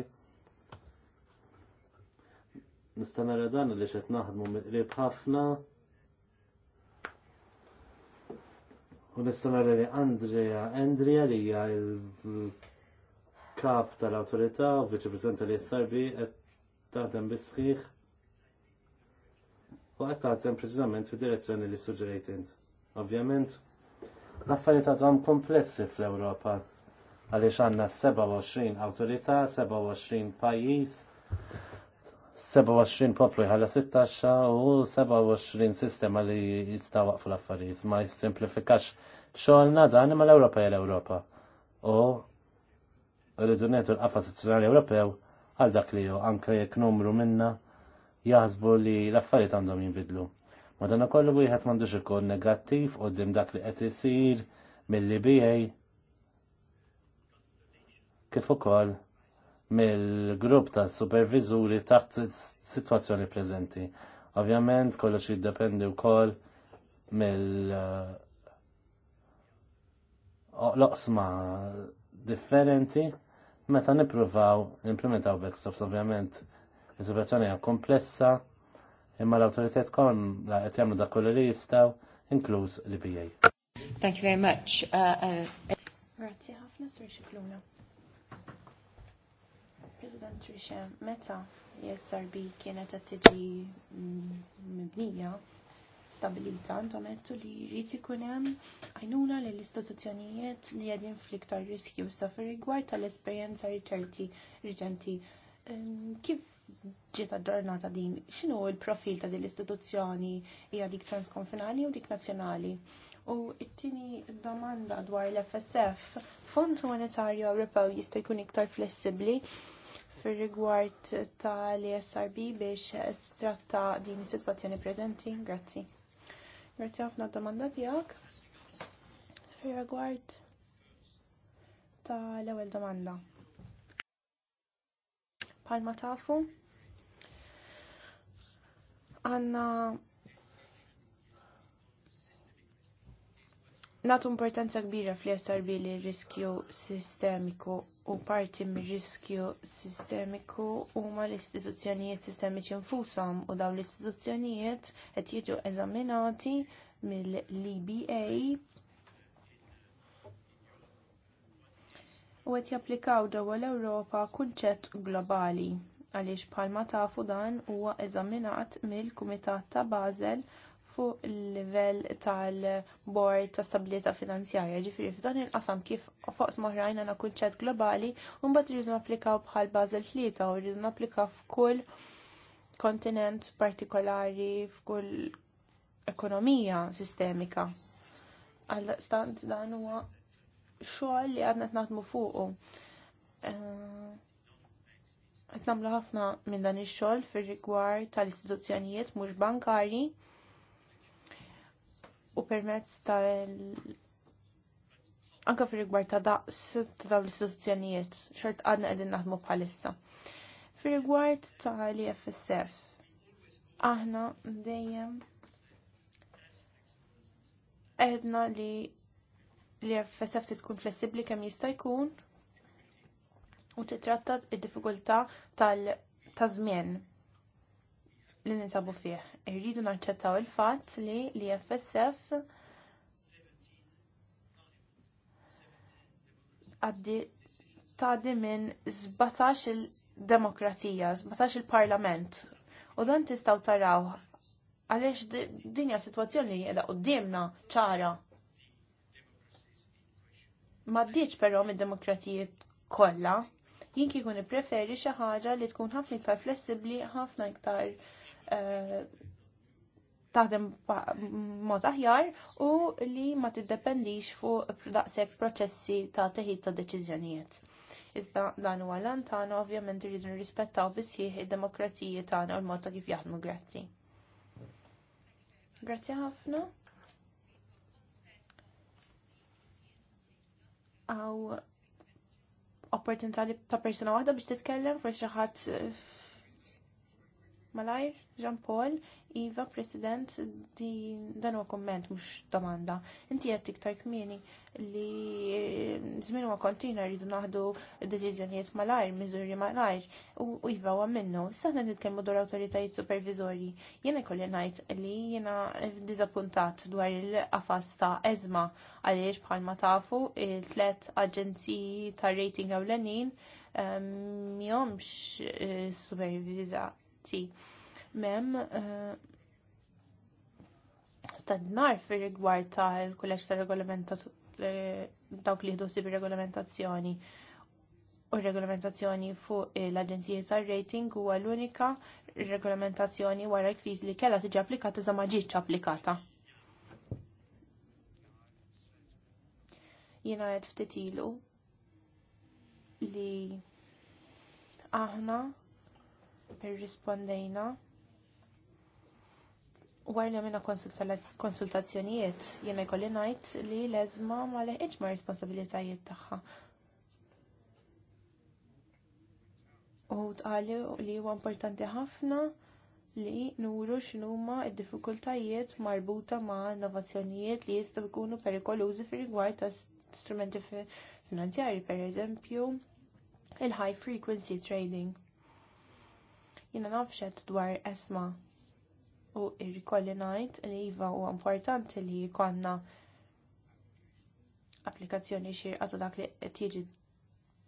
B: Nista' nara dan li xed naħdmu miqrib ħafna U nistanara li Andrea, Andrea li hija il-kap tal-autorità u viċi-prezidenta li s-sarbi qed taħdem bisħiħ u qed tagħtem preċiżament fid-direzzjoni li suġġerejt int. Ovvjament, l-affarijiet għadhom komplessi fl-Ewropa għaliex għandna 27 awtorità, 27 pajjiż 27 poplu ħala 16 u 27 sistema li jistawaq fl-affarijiet ma jissimplifikax xogħolna dan imma l-Ewropa hija l-Ewropa. U rridu netu l-qafas istituzzjonali Ewropew għal dak li hu anke jekk numru minna jaħsbu li l-affarijiet għandhom jinbidlu. Madonna kollu wieħed m'għandux ikun negattiv qudiem dak li qed isir mill-li kif ukoll mill-grupp ta' supervizuri taħt situazzjoni preżenti. Ovvjament kollox jiddependi wkoll mill uh, loqsma differenti meta nippruvaw implementaw backstops ovvjament is-situazzjoni hija komplessa imma l-awtoritet kollha qed jagħmlu dak kollu li jistgħu inkluż l-IPA.
A: Thank you very much. Uh,
C: uh, Grazie ħafna, Sir President Trisha, meta l-SRB e kienet qed tiġi mibnija stabilita, għandhom għedtu li jrid ikun hemm għajnuna lill istituzzjonijiet li qegħdin fl-iktar riskju sa rigward tal-esperjenza riċerti riċenti. Ehm, kif ġiet aġġornata din, x'inhu l-profil ta' din l-istituzzjoni hija dik transkonfinali u dik nazzjonali? U t-tieni domanda dwar l-FSF, Fond Monetarju Ewropew jista' jkun iktar flessibbli fir-rigward tal-ESRB biex tratta din is-sitwazzjoni preżenti? Grazzi. Grazzi ħafna domanda tiegħek. Fir-rigward tal-ewwel domanda. Palma tafu? Għanna natu importanza kbira fl-SRB li riskju sistemiku u parti mir riskju sistemiku huma l-istituzzjonijiet sistemiċi nfushom u dawn l-istituzzjonijiet qed jiġu eżaminati mill-EBA u qed japplikaw daw l-Ewropa kunċett globali għaliex bħalma tafu dan huwa eżaminat mill-Kumitat ta' Basel fuq il-level tal-Bord ta' Stabilità Finanzjarja, ġifiri f'dan il-qasam kif fuq na għandna kunċett globali, u mbagħad rridu napplikaw bħal Basel tlieta u rridu napplikaw f'kull kontinent partikolari, f'kull ekonomija sistemika. Għal-stant dan huwa xogħol li għadna t-naħdmu fuqu. Uh eh, qed nagħmlu ħafna minn dan ix-xogħol fir-rigward tal-istituzzjonijiet mhux bankarji u permezz tal anka fir rigward ta' daqs ta' dawn l-istituzzjonijiet xort għadna qegħdin naħdmu bħalissa. Fir rigward ta' l FSF aħna dejjem għedna li li e FSF tkun flessibli kemm jista' jkun u titratta id-diffikultà tal-żmien li ninsabu fih. Irridu naċċettaw il-fatt li li FSF għaddi tgħaddi minn 17 il-demokratija, 17 il-parlament. U dan tistgħu taraw għaliex dinja sitwazzjoni li u dimna ċara. Ma diċ però mid-demokratijiet kollha, jien kieku preferi xi ħaġa li tkun ħafna iktar flessibbli, ħafna iktar Eh, taħdem mod aħjar u li ma tiddependix fuq daqshekk proċessi ta' teħid ta' deċiżjonijiet. Iżda dan huwa lan tagħna ovvjament irridu nirrispettaw bisħieħ id-demokrazija tagħna u l-mod ta' kif jaħdmu grazzi. Grazzi ħafna. Aw opportunità ta' persuna waħda biex titkellem forsi xi ħadd eh, Malajr, Jean Paul, Iva, President, dan huwa komment mhux domanda. Inti qed tiktar kmieni li żmien huwa kontina rridu naħdu deċiżjonijiet malajr, miżuri malajr, u Iva huwa minnu. Saħna nitkellmu dwar awtoritajiet supervizorji. Jiena kolli ngħid li jiena diżappuntat dwar il-qafas ta' eżma għaliex bħalma tafu il-tlet aġenziji tar rating ewlenin eh, mjomx eh, superviza prodotti. Mem eh, stadnar fir rigward tal-kulleġġ ta' regolamentazzjoni eh, dawk li jħdu sibi regolamentazzjoni u regolamentazzjoni fuq eh, l-Aġenzija tar-rating huwa l-unika regolamentazzjoni wara l-kriżi li kellha tiġi applikata za ma ġietx applikata. Jiena qed ftit ilu li aħna irrispondejna. Għar li għamina konsultazzjonijiet jiena jkolli ngħid li l-eżma ma leħqitx ma' responsabilitajiet tagħha. U tqali li huwa importanti ħafna li nuru x'numa d-diffikultajiet marbuta ma' innovazzjonijiet li jistgħu jkunu perikolużi fir-rigward ta' strumenti per pereżempju il-high frequency trading Jiena nafxet dwar esma u irrikolli ngħid li iva huwa importanti li jkollna applikazzjoni xirqa ta' dak li qed jiġi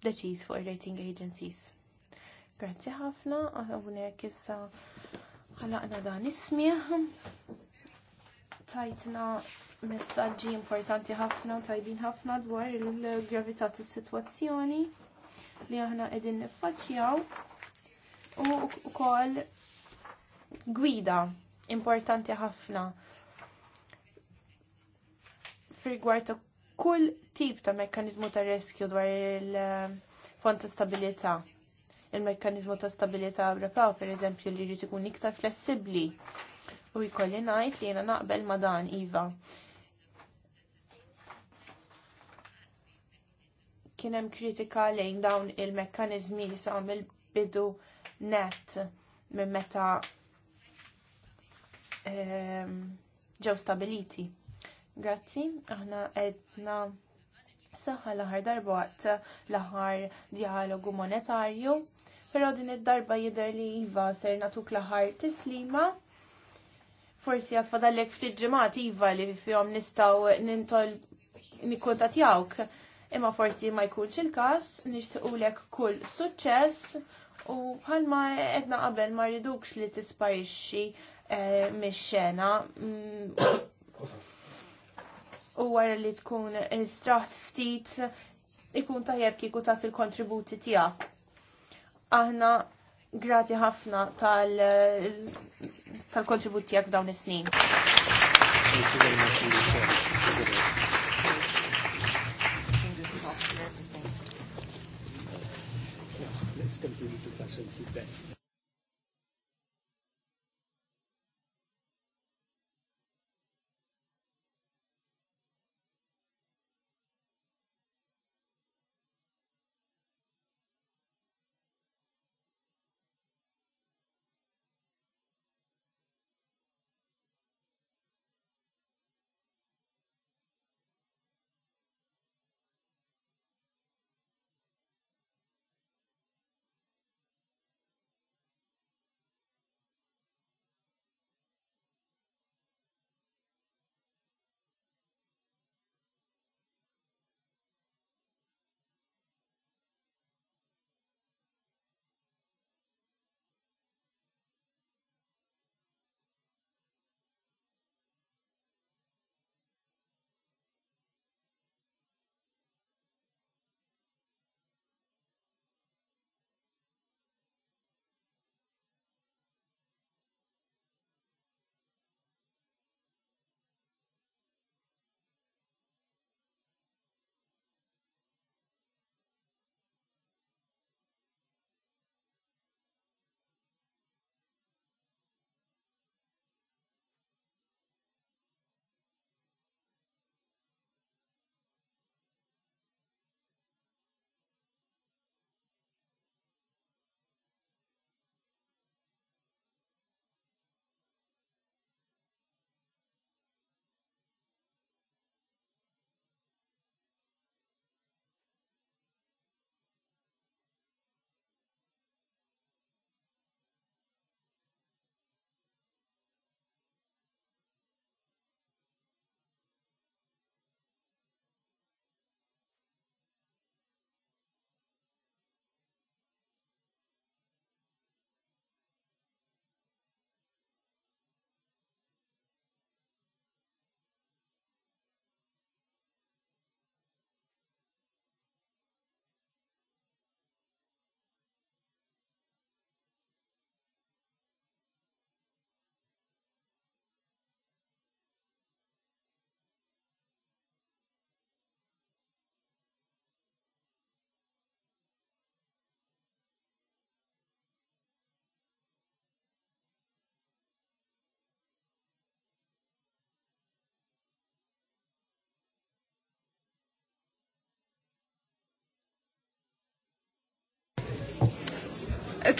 C: deċiż fuq ir-rating agencies. Grazzi ħafna, hawnhekk issa ħalaqna dan ismieħ. Tajtna messaġġi importanti ħafna, tajbin ħafna dwar il-gravità tas-sitwazzjoni li aħna qegħdin niffaċċjaw u kol gwida importanti ħafna fil ta' kull tip ta' mekkanizmu ta' reskju dwar il-fond eh, ta' stabilità il-mekkanizmu ta' stabilità Ewropew, per eżempju, li jrid ikun iktar flessibbli. U jkolli ngħid li jiena naqbel ma' dan iva. Kien hemm kritika lejn dawn il-mekkaniżmi li sa' mill-bidu net minn meta ehm, ġew stabiliti. Grazzi, aħna edna saħħa l-aħħar darba għat l-aħħar dialogu monetarju, però din id-darba jidher li iva ser natuk l-aħħar tislima. Forsi għat fadallek ftit ġimgħat iva li fihom nistgħu nintol jawk, Imma forsi ma jkunx il-każ, nixtiequlek kull suċċess u bħalma edna qabel ma rridux li tisparixxi eh, mix-xena mm, u wara li tkun straħt ftit ikun tajjeb kieku tagħti il-kontributi tiegħek. Aħna grati ħafna tal-kontributi tiegħek dawn is-snin.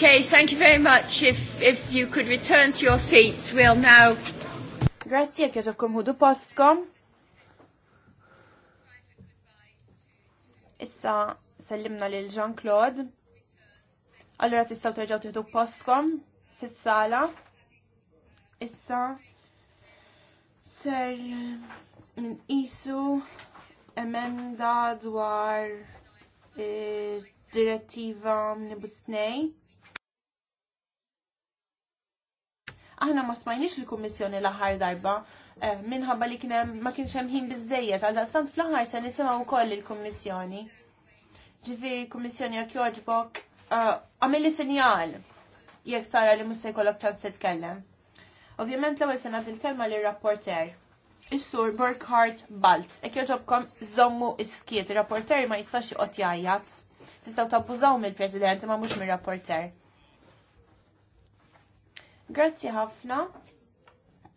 A: Okay, thank you very much. If, if you could return to your seats, we'll now...
C: Grazie, kħeġobkom hudu postkom. Issa, sellimna lil Jean-Claude. Allora tistaw terġaw tieħdu postkom fis-sala. Issa ser min isu emenda dwar eh, direttiva nibus 2 Aħna ma smajniex il-Kummissjoni l-aħħar darba eh, minħabba li kienem ma kienx hemm ħin biżejjed għal stant fl-aħħar se nisimgħu wkoll il-Kummissjoni. Ġifieri Kummissjoni jekk jogħġbok eh, għamilli sinjal jekk tara li mhux se jkollok ċans titkellem. Ovvjament l-ewwel sena fil-kelma lir rapporter Is-sur Burkhardt Balz. Ek joġobkom zommu iskiet, ir-rapporter ma jistax joqgħod jgħajjat. Tistgħu tabbużaw mill-President ma mhux mir-rapporter. Grazzi ħafna,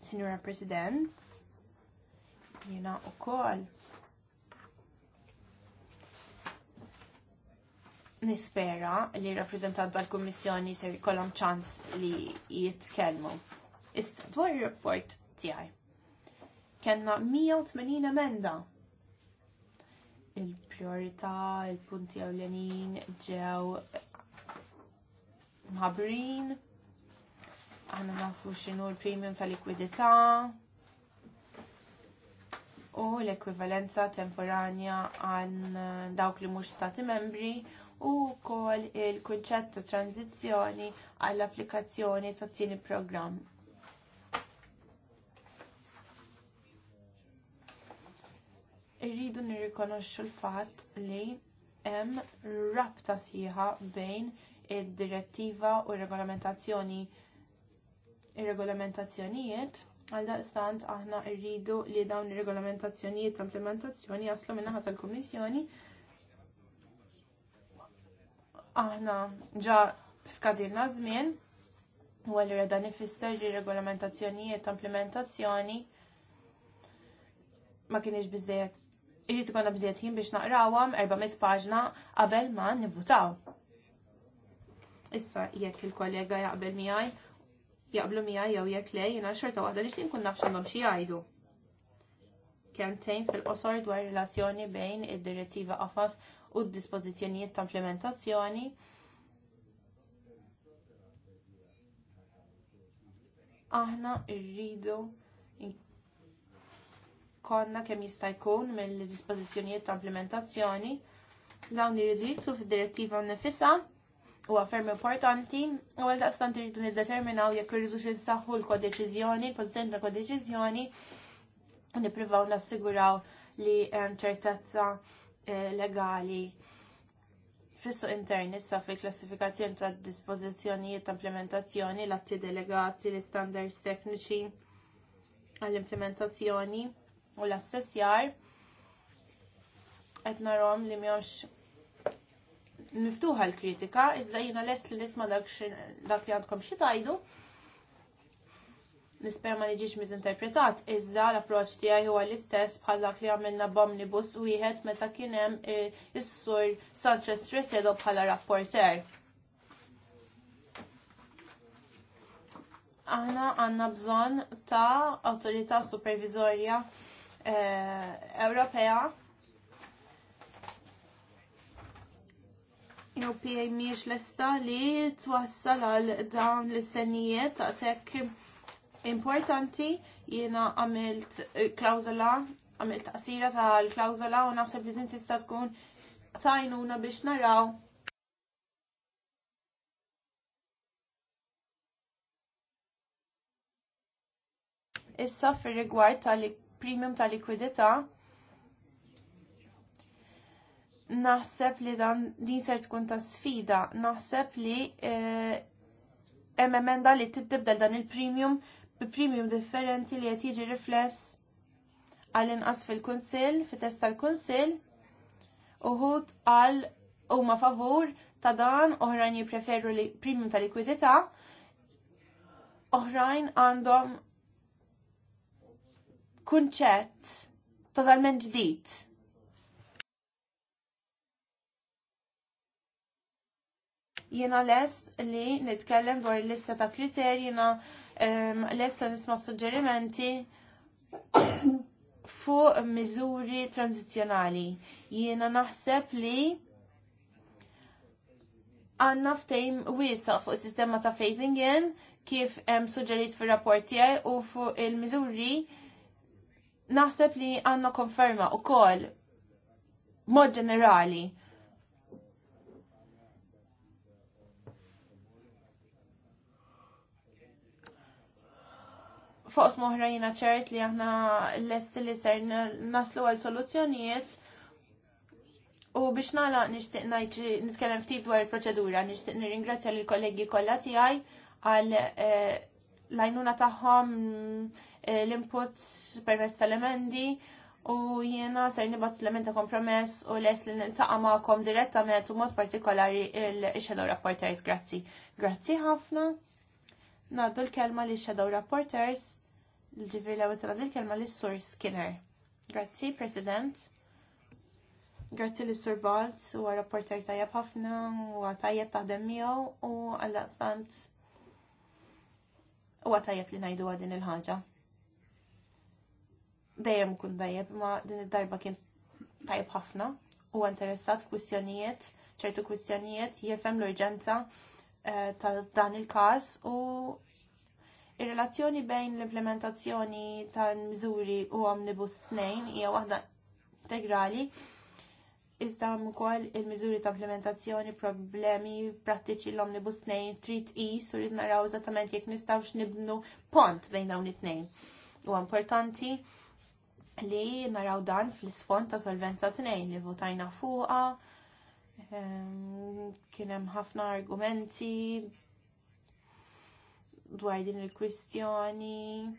C: Signora President, jena u koll. Nispera li rappresentant tal-Kommissjoni ser jkollhom ċans li jitkellmu. Issa dwar ir-rapport tiegħi. Kenna 180 emenda. Il-priorità, il-punti ewlenin ġew mħabrin Aħna nafu x'inhu l-premium ta' likwidità u l-ekwivalenza temporanja għal dawk li mhux stati membri u wkoll il-kunċett ta' tranzizjoni għall applikazzjoni ta' tieni programm. Irridu nirrikonoxxu l-fatt li hemm rabta sħiħa bejn id-direttiva u r regolamentazzjoni ir-regolamentazzjonijiet għal daqstant aħna rridu li dawn ir-regolamentazzjonijiet ta' implementazzjoni jaslu minnaħa tal-Kummissjoni. Aħna ġa skadilna żmien u għal dan ifisser li regolamentazzjonijiet ta' implementazzjoni ma kienx biżejjed irrid ikonna bżejjed ħin biex naqrawhom 400 paġna qabel ma nivvutaw. Issa jekk il-kollega jaqbel miegħi jaqblu mija jew jek le jiena xorta waħda li nkun naf x'għandhom xi jgħidu. tejn fil-qosor dwar relazzjoni bejn id-direttiva qafas u d-dispożizzjonijiet ta' implementazzjoni. Aħna rridu konna kemm jista' jkun mill-dispożizzjonijiet ta' implementazzjoni dawn iridu jitlu fid-direttiva nefisa huwa ferm importanti u għal daqstant irridu niddeterminaw jekk irridu xi nsaħħu l-kodeċiżjoni, l kodeċizjoni ta' kodeċiżjoni u niprivaw nassiguraw li hemm eh, ċertezza eh, legali fissu intern issa fil-klassifikazzjoni ta' dispożizzjonijiet ta' implementazzjoni, l-atti delegati, l-standards tekniċi għall-implementazzjoni u l-assessjar. Qed narhom li mhux miftuħa l-kritika, iżda jiena lest li nisma dak li għandkom xi tajdu. Nisper ma niġix miżinterpretat, iżda l-approċċ tiegħi huwa l-istess bħal dak li għamilna b'omnibus wieħed meta kien hemm eh, is-sur Sanchez Tresedo bħala rapporter. Aħna għandna bżonn ta' autorita' supervizorja eh, Ewropea OPA miex lista li twassal għal dawn l-istennijiet ta' sekk importanti jiena għamilt eh, klawzola, għamilt taqsira tal klawzola u naħseb li din tista' tkun tajnuna biex naraw Issa fir rigward tal-premium tal-likwidità, naħseb li dan din ser tkun ta' sfida, naħseb li eh, hemm emenda li tibdel dan il-premium bi premium differenti li qed jiġi rifless għal inqas fil-kunsill, fit-test tal-kunsill, uħud għal huma favur ta' dan, oħrajn jippreferu li premium ta' likwidità, oħrajn għandhom kunċett totalment ġdid Jiena lest li nitkellem dwar lista ta' kriterji, jiena ehm, lest li nisma' suġġerimenti fuq miżuri tranzizjonali. Jiena naħseb li għanna ftejm wiesa fuq sistema ta' phasing in kif hemm suġġerit fir-rapport tiegħi u fuq il-miżuri naħseb li għanna konferma u kol mod ġenerali fuq moħra jina ċert li aħna l-est li ser naslu għal soluzzjonijiet u biex nala nishtiq najċi nitkellem ftit dwar il-proċedura, nishtiq nirringrazzja li kollegi kollha tiegħi għal eh, lajnuna tagħhom eh, l-input permezz tal-emendi u jiena ser nibat l emendi ta' kompromess u lest li niltaqa' maħkom direttament u mod partikolari il-Shadow Rapporters. Grazzi. Grazzi ħafna. Naddu l-kelma li Shadow Rapporters Ġifri l-ewwel sena kelma lis sur Skinner. Grazzi, President. Grazzi lis sur Balt u rapporter tajjeb ħafna u tajjeb taħdem miegħu u għal-laqsant u tajjeb li najdu din il-ħaġa. Dejjem kun tajjeb ma din id-darba kien tajjeb ħafna u interessat f'kwistjonijiet, ċertu kwistjonijiet, jifem l-urġenza eh, ta' dan il-każ u Ir-relazzjoni bejn l-implementazzjoni tal-miżuri u omnibus tnejn hija waħda integrali iżda mkoll ukoll il-miżuri ta' implementazzjoni problemi prattiċi l-omnibus tnejn trid qis u rid naraw eżattament jekk nistgħux nibnu pont bejn dawn it-tnejn. Huwa importanti li naraw dan fl-isfond ta' solvenza tnejn li votajna fuqha. Kien hemm ħafna argumenti dwar din il-kwistjoni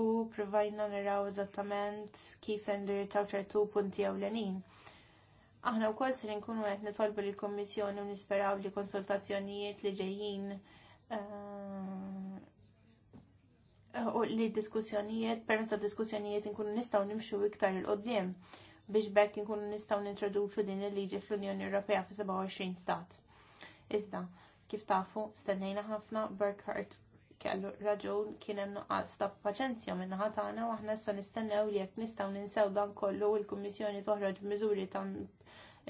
C: u provajna naraw eżattament kif se ndirittaw ċertu punti ewlenin. Aħna wkoll se nkunu qed nitolbu lill kummissjoni u nisperaw li konsultazzjonijiet li ġejjin eh, u li diskussjonijiet, permezz diskussjonijiet inkunu nistgħu nimxu iktar il-qoddim biex bekk inkunu nistgħu nintroduċu din il-liġi fl-Unjoni Ewropea fi 27 stat. Iżda, Kif tafu, stennejna ħafna Burkhardt kellu raġun kien hemm nuqqas ta' paċenzja minn naħa tagħna u aħna issa nistennew li jekk nistgħu ninsew dan kollu u l-Kummissjoni toħroġ miżuri ta'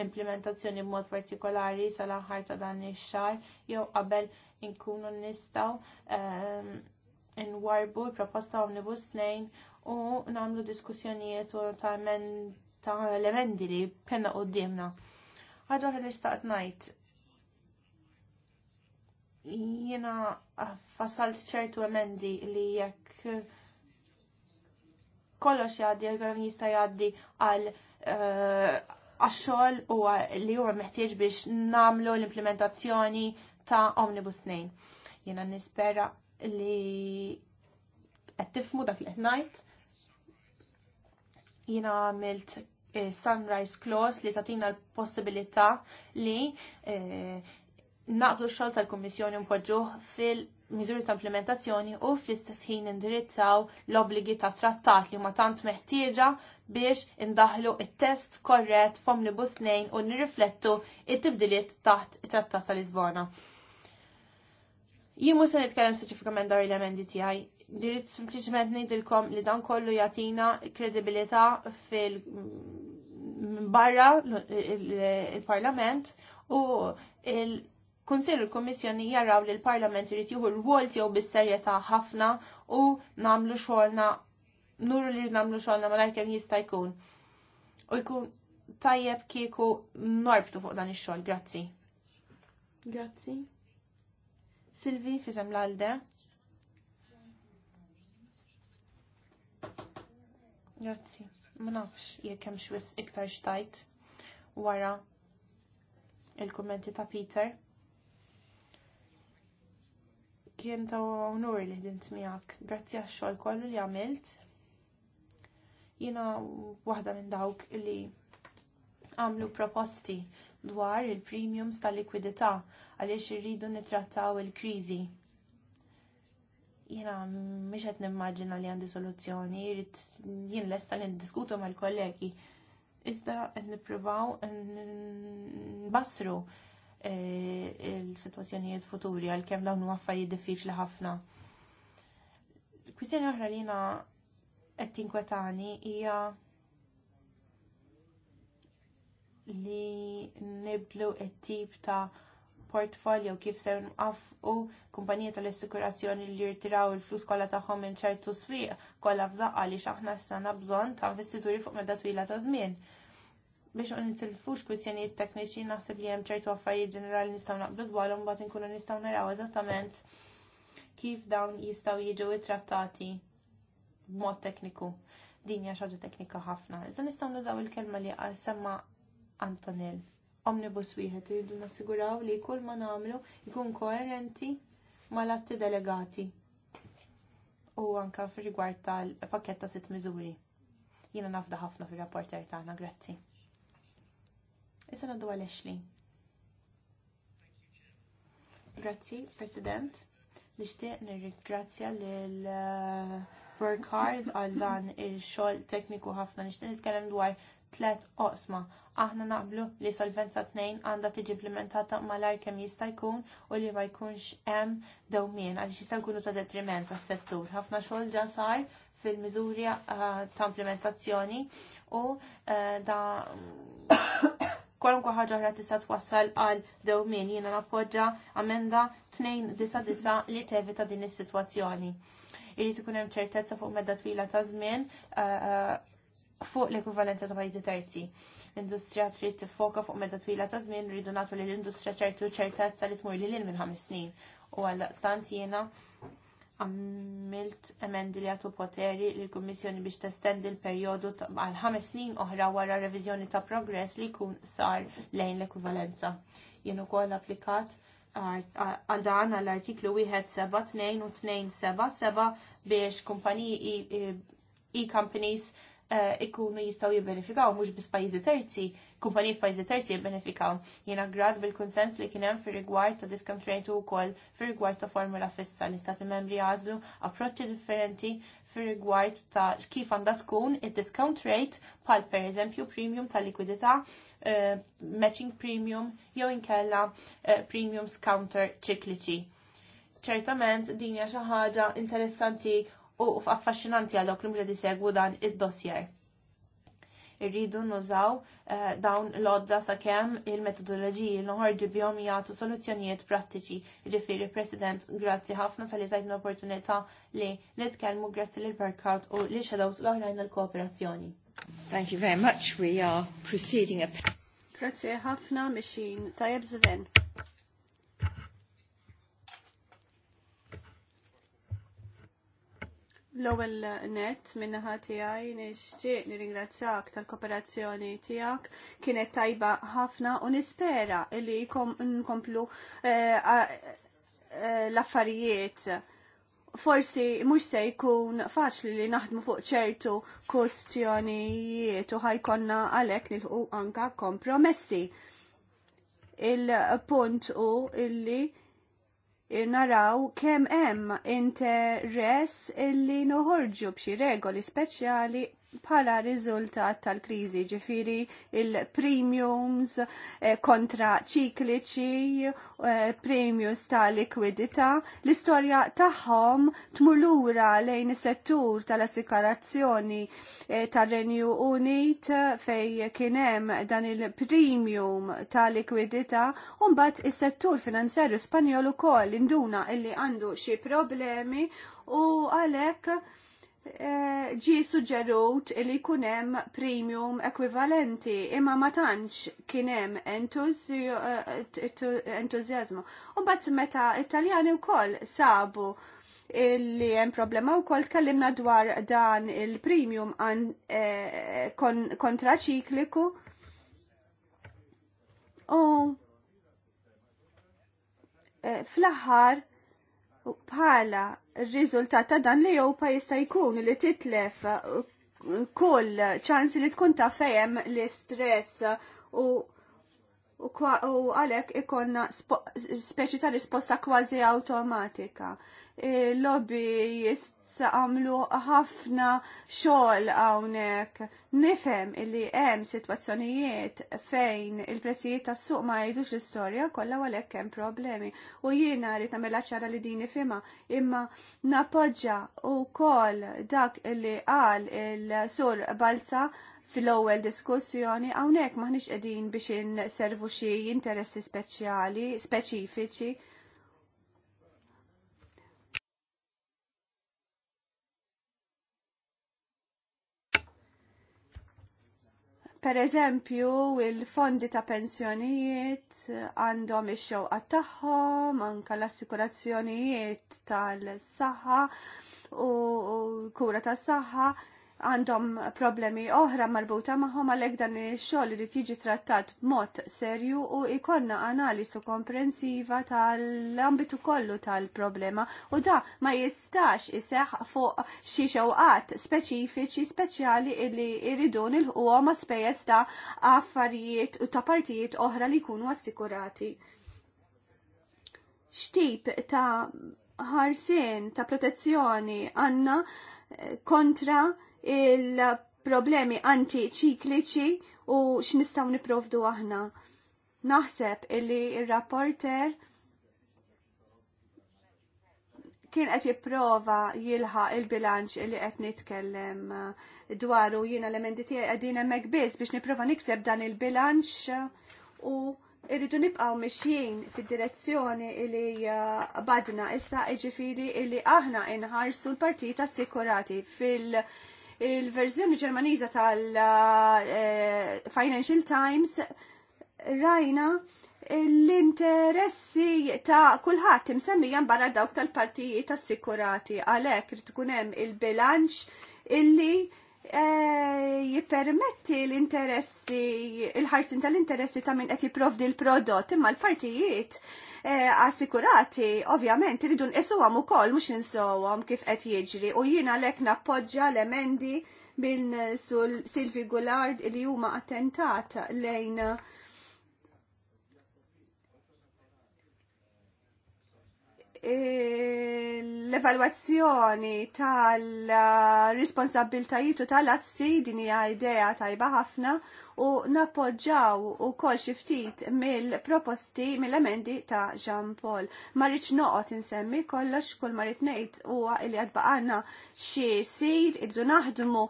C: implementazzjoni b'mod partikolari sal-aħħar ta' dan ix-xahar jew qabel inkunu nistgħu ehm, nwarbu l-proposta omnibus 2 u nagħmlu diskussjonijiet u ta' ta' li penna qudiemna. Ħaġa li ngħid Jiena ah, fassalt ċertu emendi li jekk kollox jgħaddi għal jista jgħaddi għal eh, għaxxol u li huwa meħtieġ biex namlu l-implementazzjoni ta' Omnibus 2. Jiena nispera li qed tifmu dak li qed ngħid. Jiena għamilt eh, Sunrise Clause li tatina l-possibilità li eh, naqblu x tal-Kummissjoni mpoġġuh fil-miżuri ta' implementazzjoni u fl-istess ħin indirizzaw l-obbligi ta' trattat li ma tant meħtieġa biex indaħlu il test korrett nibus 2 u nirriflettu il tibdiliet taħt il trattat ta' Lisbona. Jien mhux se nitkellem speċifikament dwar il emendi tiegħi. Dirit sempliċement ngħidilkom li dan kollu jagħtina kredibilità fil barra il-Parlament u il Konsil il l-Kummissjoni jaraw li l-Parlament irid jieħu l-wol tiegħu bis-serjetà ħafna u nagħmlu xogħolna nuru li nagħmlu xogħolna malajr kemm jista' jkun. U jkun tajjeb kieku norbtu fuq dan ix-xogħol, grazzi. Grazzi. Silvi fizem l-għalde. Grazzi. Ma nafx jekk hemm xwiss iktar xtajt wara il-kummenti ta' Peter kien ta' onur li dint miegħek. Grazzi għax-xogħol kollu li għamilt. Jiena waħda minn dawk li għamlu proposti dwar il-premiums tal-likwidità għaliex irridu nittrattaw il-kriżi. Jiena miexet qed nimmaġina li għandi soluzzjoni, jrid jien lesta li ndiskutu mal-kollegi. Iżda qed nippruvaw nbassru Eh, il-situazzjonijiet futuri għalkemm dawn għaffari affarijiet diffiċli ħafna. Kwistjoni oħra li jiena qed tinkwetani hija li nibdlu t-tip ta' portfolio kif se u kumpanija tal-assikurazzjoni li jirtiraw il-flus kollha tagħhom minn ċertu swieq kollha f'daqqa li x'aħna sana bżonn ta' investituri fuq medda twila ta' żmien biex ma nitilfux kwistjonijiet tekniċi naħseb li hemm ċertu affarijiet ġenerali nistgħu naqblu dwarhom mbagħad inkunu nistgħu naraw eżattament kif dawn jistgħu jiġu ittrattati b'mod tekniku. Din hija xaġa teknika ħafna. Iżda nistgħu nużaw il-kelma li semma Antonil. Omnibus wieħed iridu nassiguraw li kull ma nagħmlu jkun koerenti mal-atti delegati u anke fir rigward tal-pakketta sitt miżuri. Jiena nafda ħafna fir-rapporter tagħna, grazzi. Issa naddu għal Ashley. Grazzi, President. Nixtieq nirringrazzja lill-work uh, hard għal dan il xol tekniku ħafna. Nixtieq nitkellem dwar tliet oqsma. Aħna naqblu li solvenza tnejn għandha tiġi implementata malajr kemm jista' jkun u li ma jkunx hemm dewmien għaliex jista' jkunu ta' detriment għas-settur. Ħafna xogħol ġa sar fil-miżuri uh, ta' implementazzjoni u uh, da kwalunkwa ħaġa ħra tista' twassal għal dewmien jiena nappoġġa amenda 299 li tevita din is-sitwazzjoni. Irid ikun hemm ċertezza fuq medda twila ta' żmien eh, eh, fuq l ekvivalenza ta' pajjiżi terzi. L-industrija trid tiffoka fuq medda twila ta' żmien rridu nagħtu l industrija ċertu ċertezza li tmur lil minn ħames snin. U għal stant jiena għamilt emendi li għatu poteri l-Kummissjoni biex testendi l-perjodu għal ħames snin oħra wara reviżjoni ta' progress li jkun sar lejn l ekvivalenza Jien ukoll applikat għal dan għall artiklu 172 u 277 biex kumpaniji e-companies eh, ikunu jistaw jibbenifikaw mhux bis pajjiżi terzi kumpaniji f'pajjiżi terzi jibbenefikaw. Jiena grad bil-kunsens li kien hemm fir-rigward ta' disconstraint u wkoll fir-rigward ta' formula fissa li stati membri għażlu approċċi differenti fir-rigward ta' kif għandha tkun id-discount rate bħal pereżempju premium ta' likwidità, uh, matching premium jew inkella uh, premiums counter ċikliċi. Ċertament din hija xi ħaġa interessanti u affaxxinanti għal dawk li mhux segwu dan id-dossier irridu nużaw eh, dawn l-odda sakemm il-metodoloġiji il noħorġu bihom jagħtu soluzzjonijiet prattiċi. Ġifieri President, grazzi ħafna tal-li tajt l-opportunità li nitkellmu grazzi lil Berkout u li Shadows l-oħrajn l-kooperazzjoni.
A: Thank you very much. We are proceeding. a
D: Grazie ħafna mixin tajab żven. L-ewwel net minn naħa tiegħi nixtieq nirringrazzjak tal-kooperazzjoni tiegħek kienet tajba ħafna u nispera li nkomplu eh, eh, l-affarijiet. Forsi mhux se jkun faċli li naħdmu fuq ċertu kwestjonijiet u ħajkonna għalhekk nilħu anka kompromessi. Il-punt u illi naraw kemm hemm interess illi noħorġu b'xi regoli speċjali pala riżultat tal-kriżi, ġifiri il-premiums eh, kontra ċikliċi, eh, premiums ta' likwidità. L-istorja tagħhom tmur lura lejn is-settur tal-assikarazzjoni eh, tar-Renju Unit fej kien hemm dan il-premium ta' likwidità u mbagħad is-settur finanzjarju Spanjol ukoll induna illi għandu xi problemi u għalhekk Eh, ġi suġġerut li kunem premium ekwivalenti imma ma tantx kienem entuzjazmu. Eh, U mbagħad meta italjani wkoll sabu li hemm problema wkoll tkellimna dwar dan il-premium eh, kontraċikliku. U fl-aħħar bħala r-riżultat ta' dan li Ewropa jista' jkun li titlef uh, kull ċans li tkun ta' fejem l-istress u u għalek ikonna speċi ta' risposta kważi automatika. E, Lobby għamlu ħafna xogħol hawnhekk. Nifhem illi hemm sitwazzjonijiet fejn il-prezzijiet tas-suq ma jgħidux l-istorja kollha għalhekk hemm problemi. U jiena rrid nagħmilha ċara li din ifhimha, imma napoġġa wkoll dak illi qal il-sur Balza fil-ewwel diskussjoni hawnhekk maħniex qegħdin biex inservu xi interessi speċjali, speċifiċi. Per eżempju, il-fondi ta' pensjonijiet għandhom ix-xewqa tagħhom, anke l-assikurazzjonijiet tal-saħħa u kura tas-saħħa għandhom problemi oħra marbuta maħom għalek dan il-xogħol li tiġi trattat b'mod serju u ikonna analisu komprensiva tal-ambitu kollu tal-problema u da ma jistax iseħ fuq xi xewqat speċifiċi speċjali li jridu nilħuhom ma spejjeż ta' affarijiet u ta' partijiet oħra li jkunu assikurati. Xtip ta' ħarsien ta' protezzjoni għanna eh, kontra il-problemi antiċikliċi u x'nistgħu niprovdu aħna. Naħseb illi ir-rapporter kien qed jipprova jilħaq il-bilanċ li qed nitkellem uh, dwaru jiena l-emendi tiegħi qegħdin hemmhekk biss biex nipprova nikseb dan il-bilanċ u irridu nibqgħu mixjin fid-direzzjoni li uh, badna issa jiġifieri li aħna inħarsu l-partita assikurati fil- il-verżjoni ġermaniża tal-Financial eh, Times rajna l-interessi ta' kulħadd imsemmija barra dawk tal-partijiet assikurati għalhekk għalek tkun hemm il-bilanċ illi jipermetti eh, jippermetti l-interessi il-ħarsin tal-interessi ta' min qed jipprovdi l-prodott imma l-partijiet Eh, assikurati, ovvjament, rridu nqisuhom ukoll mhux ninsowhom kif qed jiġri u jiena lek nappoġġa l-emendi minn Silvi Gullard li huma attentat lejn e, l-evalwazzjoni tal-responsabiltajiet u tal-assi din hija idea tajba ħafna u napoġġaw u kol xiftit mill-proposti mill-emendi ta' Jean Paul. Marriċ noqot insemmi kollox kull marriċ nejt u li għadbaqanna xie sir iddu naħdmu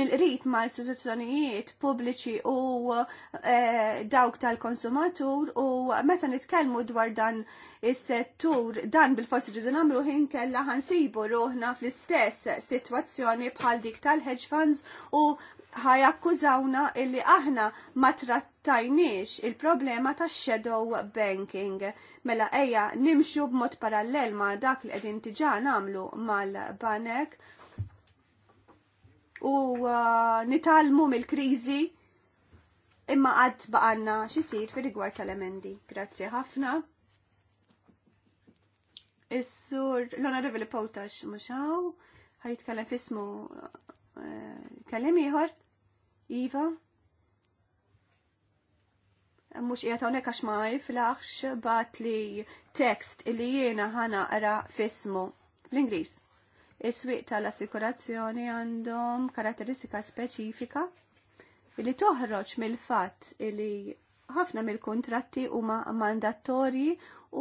D: mill-qrib ma' istituzzjonijiet pubbliċi u e, dawk tal-konsumatur u meta nitkellmu dwar dan is-settur dan bil-forsi rridu nagħmlu ħin kella ħansibu ruħna fl-istess sitwazzjoni bħal dik tal-hedge funds u ħajakkużawna illi aħna ma trattajniex il-problema ta' shadow banking. Mela eja nimxu b'mod parallel ma' dak li qegħdin diġà nagħmlu mal-banek u uh, nitalmu mill-kriżi imma għad baqanna xisir fi rigward tal-emendi. Grazzi ħafna. Is-sur l-Onorevoli Potax mhux hawn ħajtkellem fismu Kellim ieħor? Iva? Mhux qiegħed hawnhekk għax ma jiflaħx bat li tekst li jiena għara fismu fl-Ingliż. Is-swieq tal-assikurazzjoni għandhom karatteristika speċifika li toħroġ mill-fatt li ħafna mill-kontratti huma mandatorji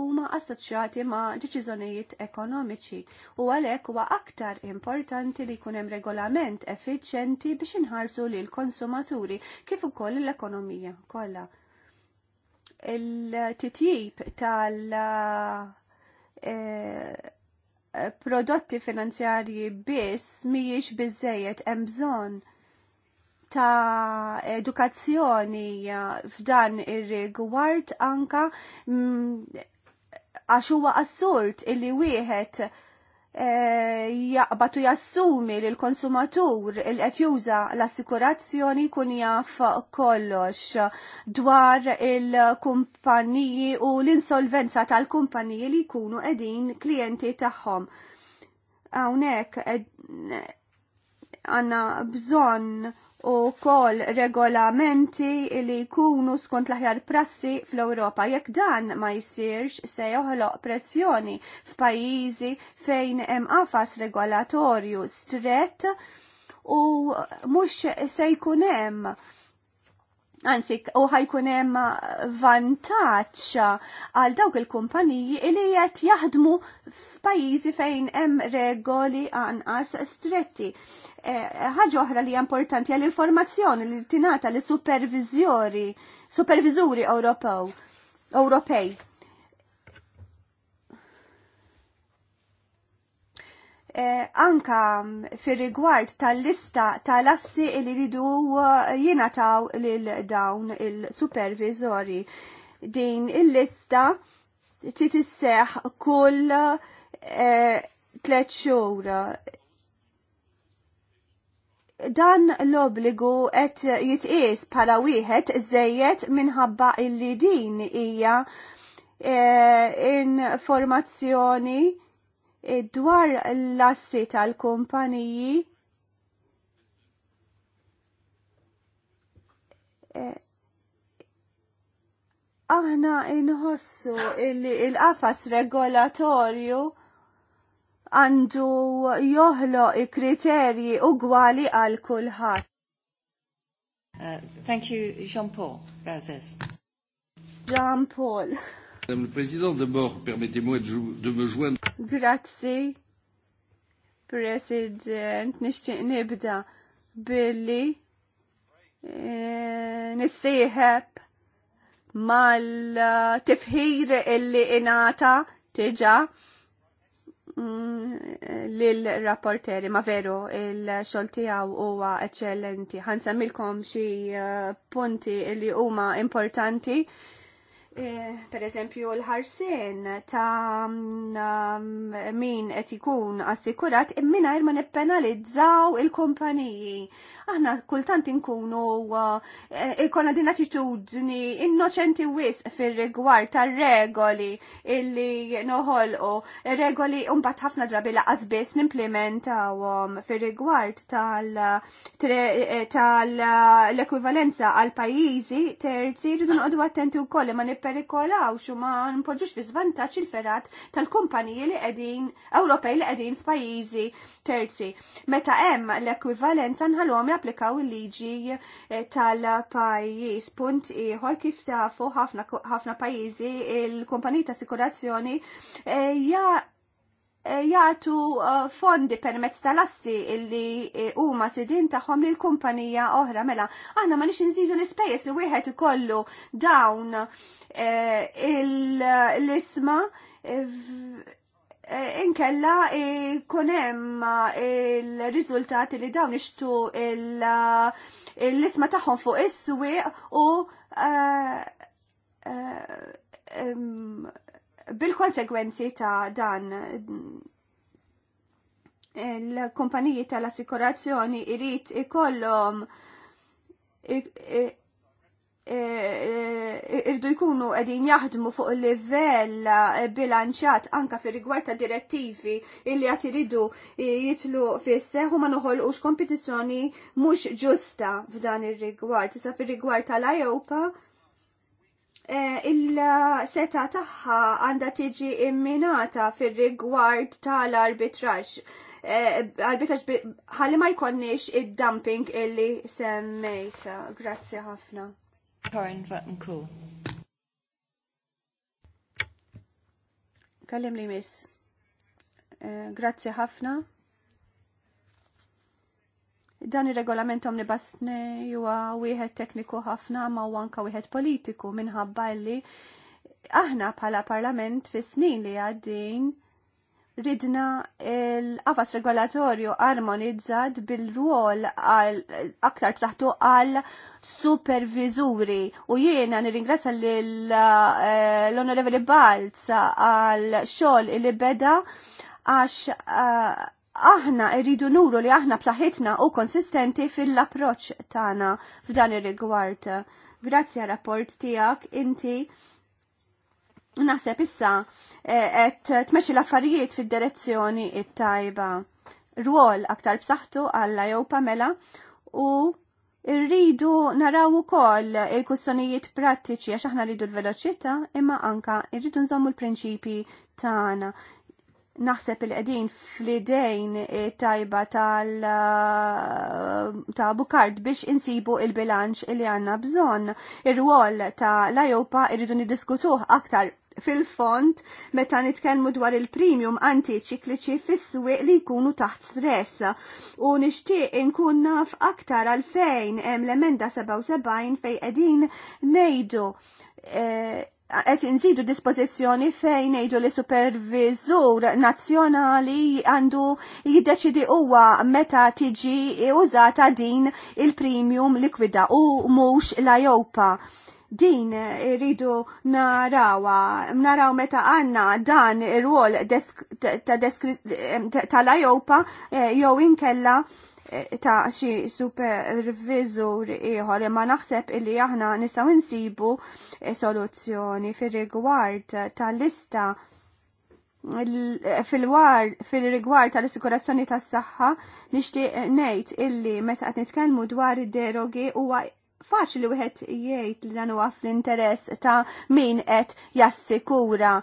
D: huma assoċjati ma' deċiżjonijiet ekonomiċi u għalhekk huwa aktar importanti li jkun hemm regolament effiċjenti biex inħarsu lil konsumaturi kif ukoll l-ekonomija kollha. Il-titjib tal- eh, prodotti finanzjarji biss mhijiex biżejjed hemm bżonn ta' edukazzjoni f'dan ir-rigward anka mm, għax huwa assurd illi wieħed eh, jaqbad jaqbatu jassumi li l-konsumatur il qed juża l-assikurazzjoni kun jaf kollox dwar il-kumpaniji u l-insolvenza tal-kumpaniji li jkunu qegħdin klijenti tagħhom. Hawnhekk eh, għandna bżonn u kol regolamenti li jkunu skont laħjar prassi fl-Europa. Jekk dan ma jisirx se joħloq pressjoni f'pajjiżi fejn hemm afas regolatorju strett u mhux se jkun hemm anzi u ħajkun hemm vantaġġ għal dawk il-kumpaniji li qed jaħdmu f'pajjiżi fejn hemm regoli anqas stretti. E, ħaġa oħra li importanti għall informazzjoni li tingħata li supervizjori supervizuri Ewropew Ewropej eh, anka fir-rigward tal-lista tal-assi li ridu eh, jinataw lil dawn il supervisori Din il-lista titisseħ kull eh, tlet xhur dan l-obligu qed jitqies bħala wieħed żejjed minħabba illi din hija eh, informazzjoni Eh, dwar l-assi tal-kumpaniji eh, aħna inħossu il-qafas regolatorju għandu joħloq kriterji ugwali għal kulħadd. Uh, thank you, Jean-Paul Jean-Paul.
C: Madame le Président, d'abord, permettez-moi de me joindre.
D: Grazie, President. Nishtiq nibda billi eh, nissieħeb mal-tifħir illi inata tiġa mm, lil-rapporteri, ma veru il-xoltijaw huwa eccellenti. Għan semmilkom xie eh, punti illi huma importanti Eh, per eżempju l-ħarsin ta' mm, min qed ikun assikurat mingħajr ma nippenalizzaw il-kumpaniji. Aħna kultant inkunu eh, ikonna din attitudni innoċenti wisq fir-rigward tar-regoli illi noħolqu regoli mbagħad ħafna drabi laqas biss nimplementawhom fir-rigward tal-ekwivalenza eh, għal pajjiżi terzi rridu noqogħdu attenti wkoll ma nippen niperikolawx u ma npoġġux fi żvantaġġ il-ferat tal-kumpaniji li qegħdin Ewropej li qegħdin f'pajjiżi terzi. Meta hemm l-ekwivalenza nħalhom japplikaw il-liġi eh, tal-pajjiż. Punt ieħor kif tafu ħafna pajjiżi il-kumpaniji ta' sikurazzjoni eh, ja eh, jgħatu fondi permezz tal-assi illi huma sidin tagħhom lil kumpanija oħra mela aħna ma nix nżidu l-ispejjeż li wieħed ikollu dawn Eh, l-isma eh, eh, inkella kunem il-rizultati li dawn ixtu l-isma taħħon fuq is-swi u bil konsegwenzi ta' dan il-kumpaniji tal-assikurazzjoni irrit ikollhom Eh, eh, irdu jkunu edin jaħdmu fuq il-level eh, bilanċat anka fi rigwarta direttivi illi għat iridu jitlu fisseħ u ma ux kompetizjoni mux ġusta f'dan il rigward Tisa fi rigward tal-Ajopa il-seta taħħa għanda tiġi imminata fir rigward tal-arbitraġ. Arbitraġ ħalli ma jkonniex id-dumping illi semmejta. Grazzi ħafna.
A: Karin Vatnku.
D: Kallim li miss. Grazie eh, Grazzi ħafna. Dan ir-regolament omnibusni huwa wieħed tekniku ħafna ma huwa anke wieħed politiku minħabba li aħna bħala parlament fis snin li għaddin ridna l-qafas regolatorju armonizzat bil-ruol aktar b'saħħtu għal supervizuri u jiena nirringrazzja eh, l-Onorevoli Balza għal xogħol li beda għax eh, aħna rridu nuru li aħna b'saħħitna u konsistenti fil-approċċ tagħna f'dan ir-rigward. Grazzi għal rapport tiegħek inti naħseb issa eh, qed tmexxi l-affarijiet fid-direzzjoni it-tajba. Rwol aktar b'saħħtu għalla jew Pamela u rridu naraw ukoll il-kustonijiet prattiċi għax aħna rridu l-veloċità imma anka rridu nżommu l-prinċipi tagħna. Naħseb il qedin fl-idejn tajba tal eh, ta' Bukard biex insibu il-bilanċ li għandna bżonn. Ir-rwol ta' l-Ajopa rridu niddiskutuh aktar fil-font meta nitkellmu dwar il-premium antiċikliċi fis-swieq li jkunu taħt stress. U nixtieq inkun naf aktar għalfejn hemm l-emenda 77 fejn qegħdin ngħidu eh, qed inżidu dispożizzjoni fejn ngħidu li supervizur nazzjonali għandu jiddeċidi huwa meta tiġi użata din il-premium likwida u mhux l-Ajopa. Din rridu narawa, naraw meta għanna dan ir-rol tal-Ajopa eh, jew inkella eh, ta' xi supervisur ieħor imma naħseb illi aħna nistgħu insibu eh, soluzzjoni fir-rigward tal-lista fil-rigward tal-assikurazzjoni tas-saħħa nixtieq ngħid illi meta qed nitkellmu dwar id-derogi huwa faċli li wieħed jgħid li dan huwa fl-interess ta' min qed jassikura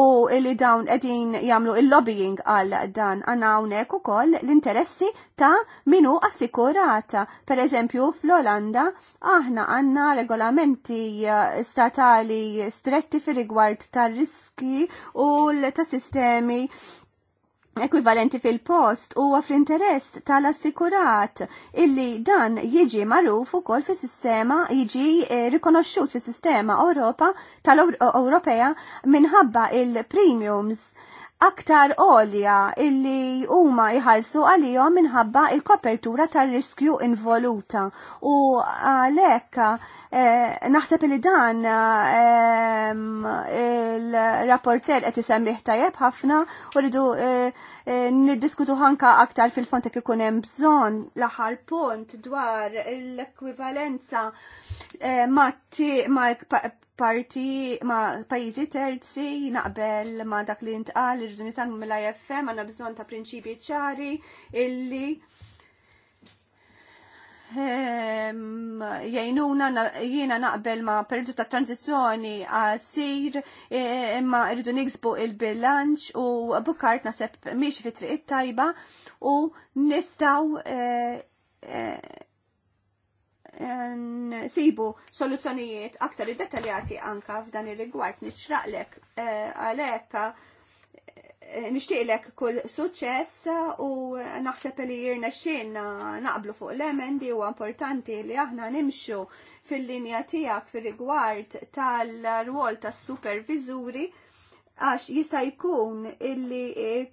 D: u li dawn qegħdin jagħmlu il-lobbying għal dan għandna hawnhekk ukoll l-interessi ta' minu assikurata. Per eżempju fl-Olanda aħna għandna regolamenti eh, statali stretti fir rigward tar riski u ta' sistemi ekwivalenti fil-post huwa fl-interess tal-assikurat illi dan jiġi magħruf ukoll fis-sistema jiġi eh, rikonoxxut fis-sistema Europa tal-Ewropea minħabba il-premiums aktar olja illi huma jħallsu għalihom minħabba il-kopertura tar-riskju involuta u għalhekk eh, naħseb li dan eh, il-rapporter qed isemmih tajjeb ħafna u rridu eh, niddiskutu ħanka aktar fil-fond kif ikun hemm bżonn l-aħħar punt dwar l-ekwivalenza ma' parti ma' pajizi terzi naqbel ma' dak li intqal ir-riżuni tal mill-IFM għandna bżonn ta' prinċipji ċari illi ehm, jajnuna jiena naqbel ma' periodu ta' tranzizjoni għasir eh, imma irridu niksbu il-bilanċ u bukart nasib miex fi triq tajba u nistaw eh, eh, nsibu soluzzjonijiet aktar id-detaljati anka f'dan ir-rigward nixraqlek eh, għalhekk eh, nixtieqlek kull suċċess u naħseb li jirna xinna naqblu fuq l-emendi u importanti li aħna nimxu fil-linja tiegħek fir-rigward tal-rwol tas-supervizuri għax jista' jkun illi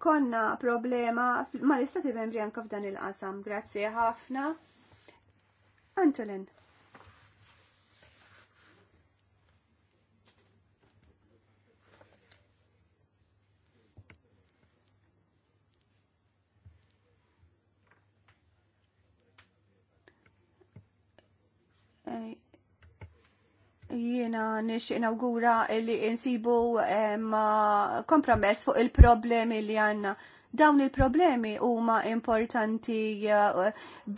D: konna problema mal-istati membri anka f'dan il-qasam. Grazzi ħafna. Antolin. Eh, jiena nix inawgura li insibu eh, kompromess fuq il-problemi li għanna Dawn il-problemi huma importanti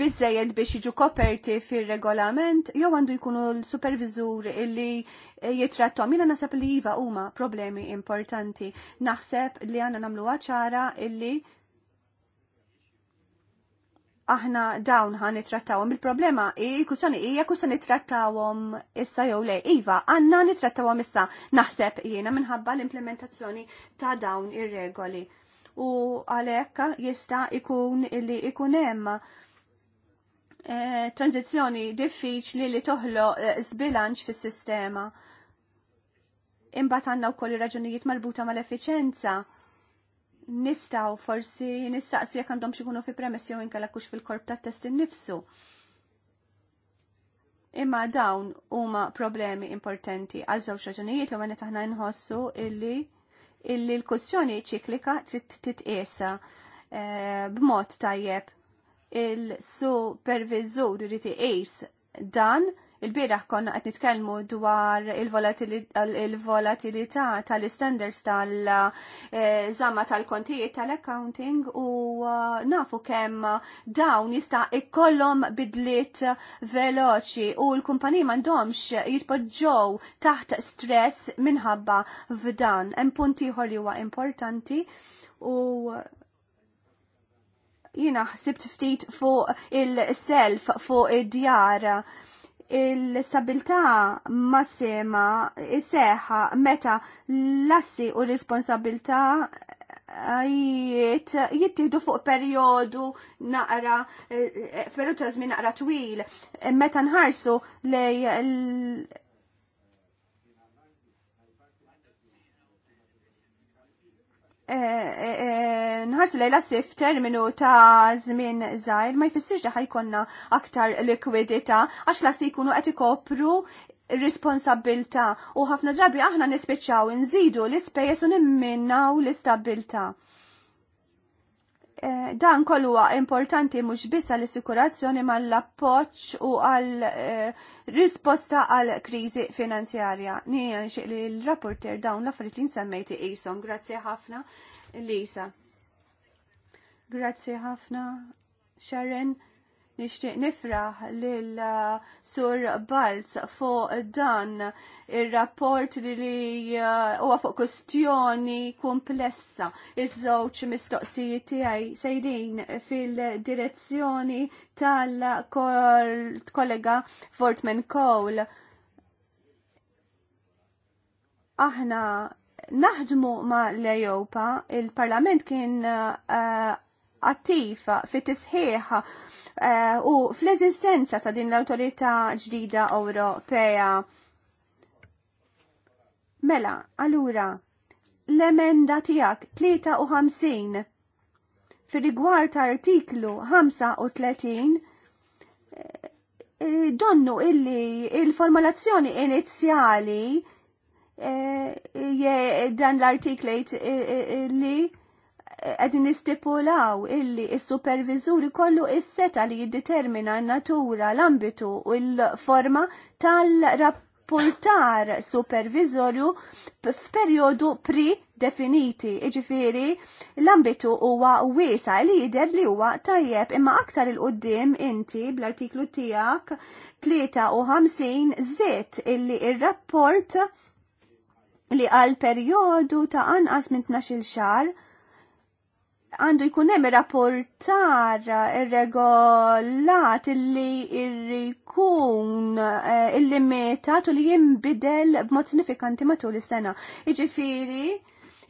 D: bizzejed biex jiġu koperti fil-regolament jew għandu jkunu l-supervizur illi jitrattom. Jina nasab li jiva huma problemi importanti. Naħseb li għanna namlu ċara illi aħna dawn ħan nitrattawhom. Il-problema hi kussjoni hija kussa nitrattawhom issa jew le. Iva, għandna nitrattawhom issa naħseb jiena minħabba l-implementazzjoni ta' dawn ir-regoli u għalhekk jista' ikun illi ikun hemm eh, diffiċli li, li toħloq eh, zbilanċ fis-sistema. Imbagħad għandna wkoll raġunijiet marbuta mal-effiċenza nistaw forsi nistaqsu jekk għandhom xikunu fi premessi u inkalakux kux fil-korp tat test innifsu. Imma dawn huma problemi importanti għal żewġ raġunijiet li għanet aħna nħossu illi illi l-kussjoni ċiklika trid titqiesa eh, b'mod tajjeb il-supervizur irid iqis dan Il-bieraħ konna qed nitkellmu dwar il-volatilità tal-standards tal-żamma tal-kontijiet tal-accounting u uh, nafu kemm dawn jista' ikollhom bidliet veloċi u l-kumpaniji m'għandhomx jitpoġġow taħt stress minħabba f'dan. Hemm punt ieħor li huwa importanti u jina ħsibt ftit fuq il-self fuq id-djar. Il il-stabilità massima seħa meta l-assi u responsabilità eh, jittihdu fuq periodu naqra, eh, eh, periodu ta' żmien naqra twil, meta nħarsu lej Eh, eh, nħarġu lejla sif terminu ta' żmien zaħir, ma jfissirx li ħajkonna aktar likwidità għax la se jkunu qed ikopru responsabilta u ħafna drabi aħna nispiċċaw nżidu l-ispejjeż u nimminaw l-istabilta. Eh, dan kolwa importanti mhux biss għall assikurazzjoni ma l-appoġġ u għal eh, risposta għal kriżi finanzjarja. Nien li l-rapporter dawn l-affarijiet li nsemmejti qishom. Grazzi ħafna Lisa. Grazzi ħafna Sharon. Nixtieq nifraħ lil uh, Sur Balz fuq dan ir-rapport li uh, huwa fuq kustjoni komplessa. Iż-żewġ mistoqsijiet tiegħi sejrin fil-direzzjoni tal-kollega Fortman Cole. Aħna naħdmu ma' l-Ejopa, il-Parlament kien uh, attiv fit tisħiħ uh, eh, u fl-eżistenza ta' din l-autorità ġdida Ewropea. Mela, allura, l-emenda tijak 53 fil-rigward ta' artiklu 35 eh, eh, donnu illi il-formulazzjoni inizjali dan l artiklu li qegħdin nistipulaw illi s-supervizuri kollu is-seta li jiddetermina n-natura, l-ambitu u l-forma tal-rapportar supervizorju f'perjodu pre-definiti, iġifiri l-ambitu huwa wiesa li jider li huwa tajjeb imma aktar il-qoddim inti bl-artiklu tiegħek 53 żiet illi il rapport li għal perjodu ta' anqas minn 12 xar għandu jkun hemm rapportar irregolat illi jkun eh, illimitat u li jinbidel b'mod sinifikanti matul is-sena. Jiġifieri,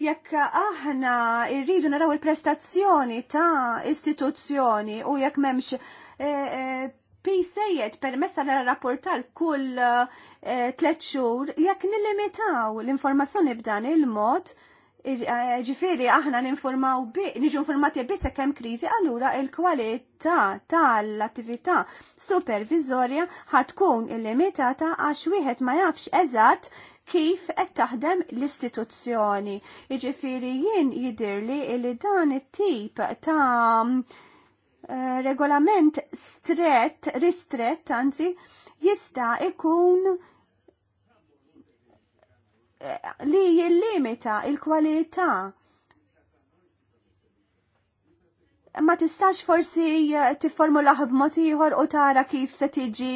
D: jekk aħna rridu naraw il-prestazzjoni ta' istituzzjoni u jekk m'hemmx e, eh, eh, pisejjed permessa l rapportar kull tlet tliet xhur jekk nillimitaw l-informazzjoni b'dan il-mod, Eh, ġifiri aħna ninformaw bi, niġu informati bi se kem krizi, allura il-kwalità tal-attività supervizorja ħatkun illimitata għax wieħed ma jafx eżatt kif qed taħdem l-istituzzjoni. Iġifiri jien jidirli li dan it-tip ta' eh, regolament stret, ristret, anzi, jista' ikun li jillimita il-kwalità ma tistax forsi eh, tifformulaħ b'mod ieħor u tara kif se tiġi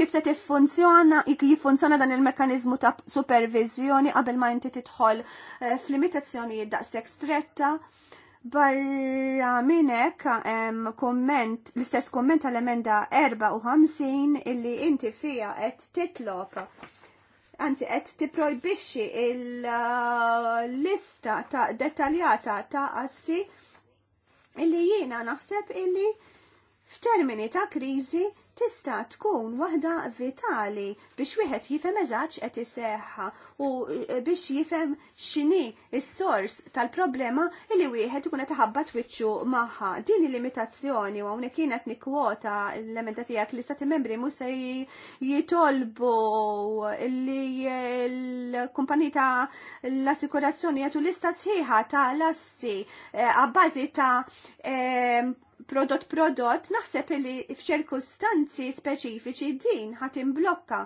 D: kif se tiffunzjona jiffunzjona dan il-mekkaniżmu ta' supervizjoni qabel ma inti tidħol eh, f'limitazzjonijiet daqshekk stretta. Barra minnek komment, l-istess komment tal emenda 54 illi inti fija qed titlob anzi qed tipprojbixxi il-lista ta' dettaljata ta' assi illi jiena naħseb illi f'termini ta' kriżi tista' tkun waħda vitali biex wieħed jifhem eżatt qed iseħħa u e, biex jifhem x'inhi s-sors tal-problema li wieħed ikun qed iħabbat wiċċu magħha. Din il-limitazzjoni u hawnhekk kienet nikkwota l-emenda tiegħek li stati membri mhux se jitolbu li l kumpanija ta' l-assikurazzjoni jagħtu lista sħiħa ta' lassi e, għabbażi ta' e, prodott prodott naħseb li f'ċirkustanzi speċifiċi din ħat imblokka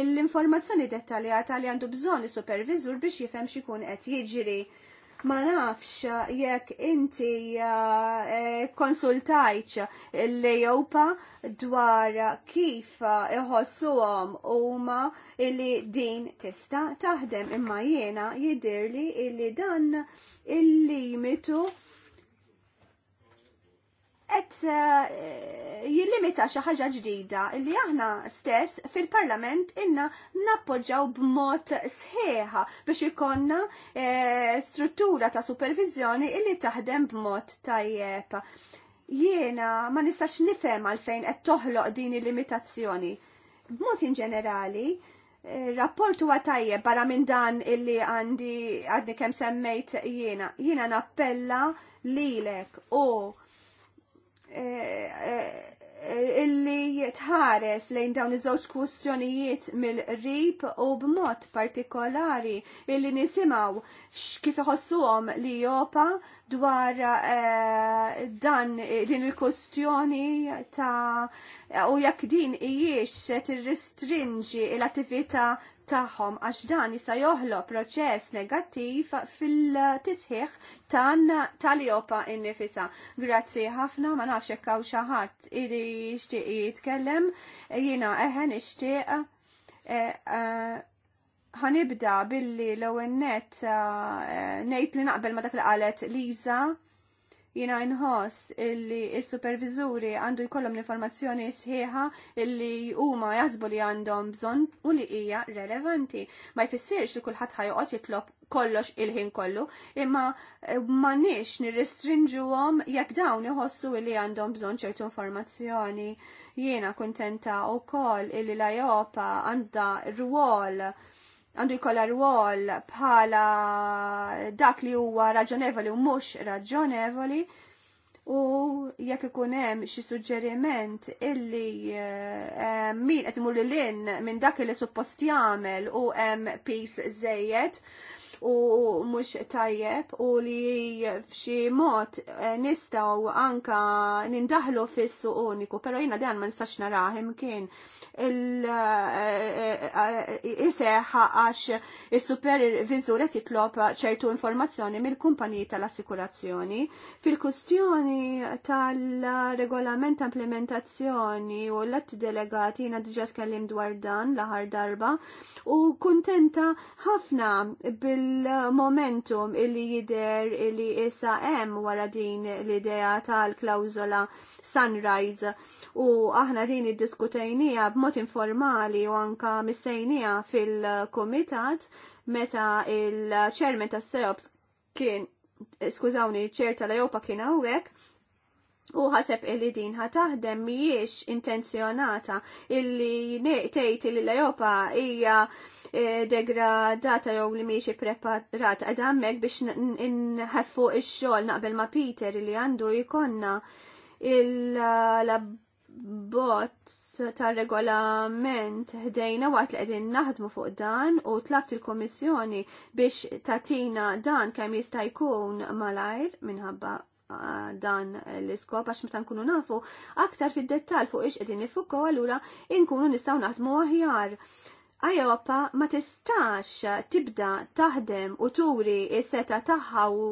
D: l-informazzjoni dettaljata li għandu bżonn supervizur biex jifhem x'ikun qed jiġri. Ma nafx jekk inti eh, konsultajċ l-Ejopa dwar kif iħossuhom huma li din tista' taħdem imma jiena jidirli li dan il-limitu il limitu qed eh, jillimita xi ħaġa ġdida li aħna stess fil-Parlament inna nappoġġaw b'mod sħiħa biex ikonna eh, struttura ta' supervizjoni illi taħdem b'mod tajjeb. Jiena ma nistax nifhem għalfejn qed toħloq din il-limitazzjoni. B'mod in ġenerali, eh, rapport huwa tajjeb barra minn dan illi għandi għadni kemm semmejt jiena. Jiena nappella lilek u illi tħares lejn dawn iż-żewġ kwistjonijiet mill-rib u b'mod partikolari illi nisimaw kif iħossuhom li jopa dwar eh, dan din il-kwistjoni ta' u jekk din hijiex se tirristrinġi l-attività taħħom għax dan jista' joħloq proċess negattiv fil-tisħiħ tal-Jopa innifisa. Grazzi ħafna ma nafx hekk hawn xi ħadd ili jixtieq jitkellem, jiena eħe nixtieq. Eh, eh, ħanibda billi l-ewwel net eh, ngħid li naqbel ma dak li qalet Liza jina nħoss illi il-supervizuri għandu jkollhom l-informazzjoni sħiħa illi huma jazbu li għandhom bżonn u li hija relevanti. Ma jfissirx li kulħadd ħajqot jitlob kollox il-ħin kollu, imma eh, m'għandniex nirrestrinġuhom jekk dawn iħossu li għandhom bżonn ċertu informazzjoni. Jiena kuntenta wkoll illi l-Ajopa għandha rwol għandu jkollha rwol bħala dak li huwa raġonevoli u mhux raġonevoli u jekk ikun hemm xi suġġeriment illi eh, min qed imur lil minn dak li suppost jagħmel u hemm peace żejjed u mhux tajjeb u li f'xi mod eh, nistgħu anka nindaħlu fissu uniku, però jiena dan ma nistax naraħim imkien il-iseħ eh, eh, għax is-supervisur qed jitlob ċertu informazzjoni mill-kumpaniji tal-assikurazzjoni fil-kustjoni tal-regolament ta' implementazzjoni u l-att delegati jina diġa tkellim dwar dan l-aħar darba u kuntenta ħafna bil il-momentum illi jider illi issa hemm wara din l-idea tal-klawżola Sunrise u aħna din iddiskutejnija b'mod informali u anka missejnija fil-komitat meta il-ċermen tas-seops kien skużawni ċerta l jopa kien hawnhekk u ħaseb illi din ħataħdem mhijiex intenzjonata illi tgħid li l-Ejopa hija E, degradata jew li miexi preparat għad għammek biex nħeffu ix-xogħol naqbel ma' Peter li għandu jkollna il-bot tal-regolament ħdejna waqt li qegħdin naħdmu fuq dan u tlabt il komissjoni biex tatina dan kemm jista' jkun malajr minħabba dan l-iskop għax meta nkunu nafu aktar fid dettall fuq ix qegħdin nifukaw allura inkunu nistgħu naħdmu aħjar. Ajopa ma tistax tibda taħdem u turi s-seta taħħa u,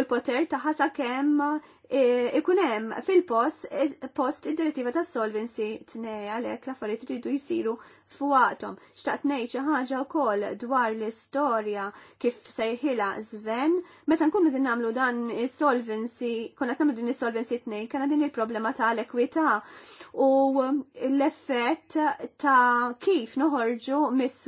D: l-poter taħħa sakemm E, ikun hemm fil-post e, post id-direttiva tas solvency tnej għalhekk l-affarijiet iridu jsiru fuqatom. Xtaqt ngħid xi ħaġa wkoll dwar l-istorja kif sejħilha Zven, meta nkunu din nagħmlu dan is-solvency, konna qed nagħmlu din is-solvency t-nej, kena din il-problema ta' l ekwità u l-effett ta' kif noħorġu mis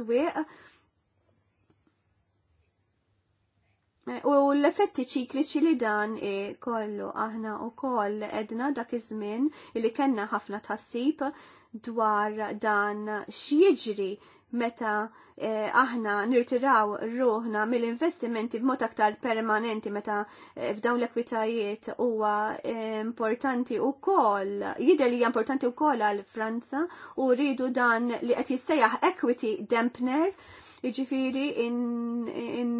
D: U l-effetti ċikliċi li dan kollu aħna u koll edna dak iż-żmien li kena ħafna tħassib dwar dan x'jiġri meta e, aħna nirtiraw ruħna mill-investimenti b'mod aktar permanenti meta e, f'dawn l-ekwitajiet huwa e, importanti wkoll jidher li hija importanti wkoll għal Franza u rridu dan li qed jissejjaħ equity dempner. Iġifiri in, in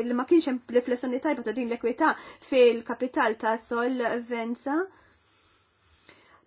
D: il-ma kienx riflessjoni tajba ta' din l-ekwità fil-kapital ta' sol venza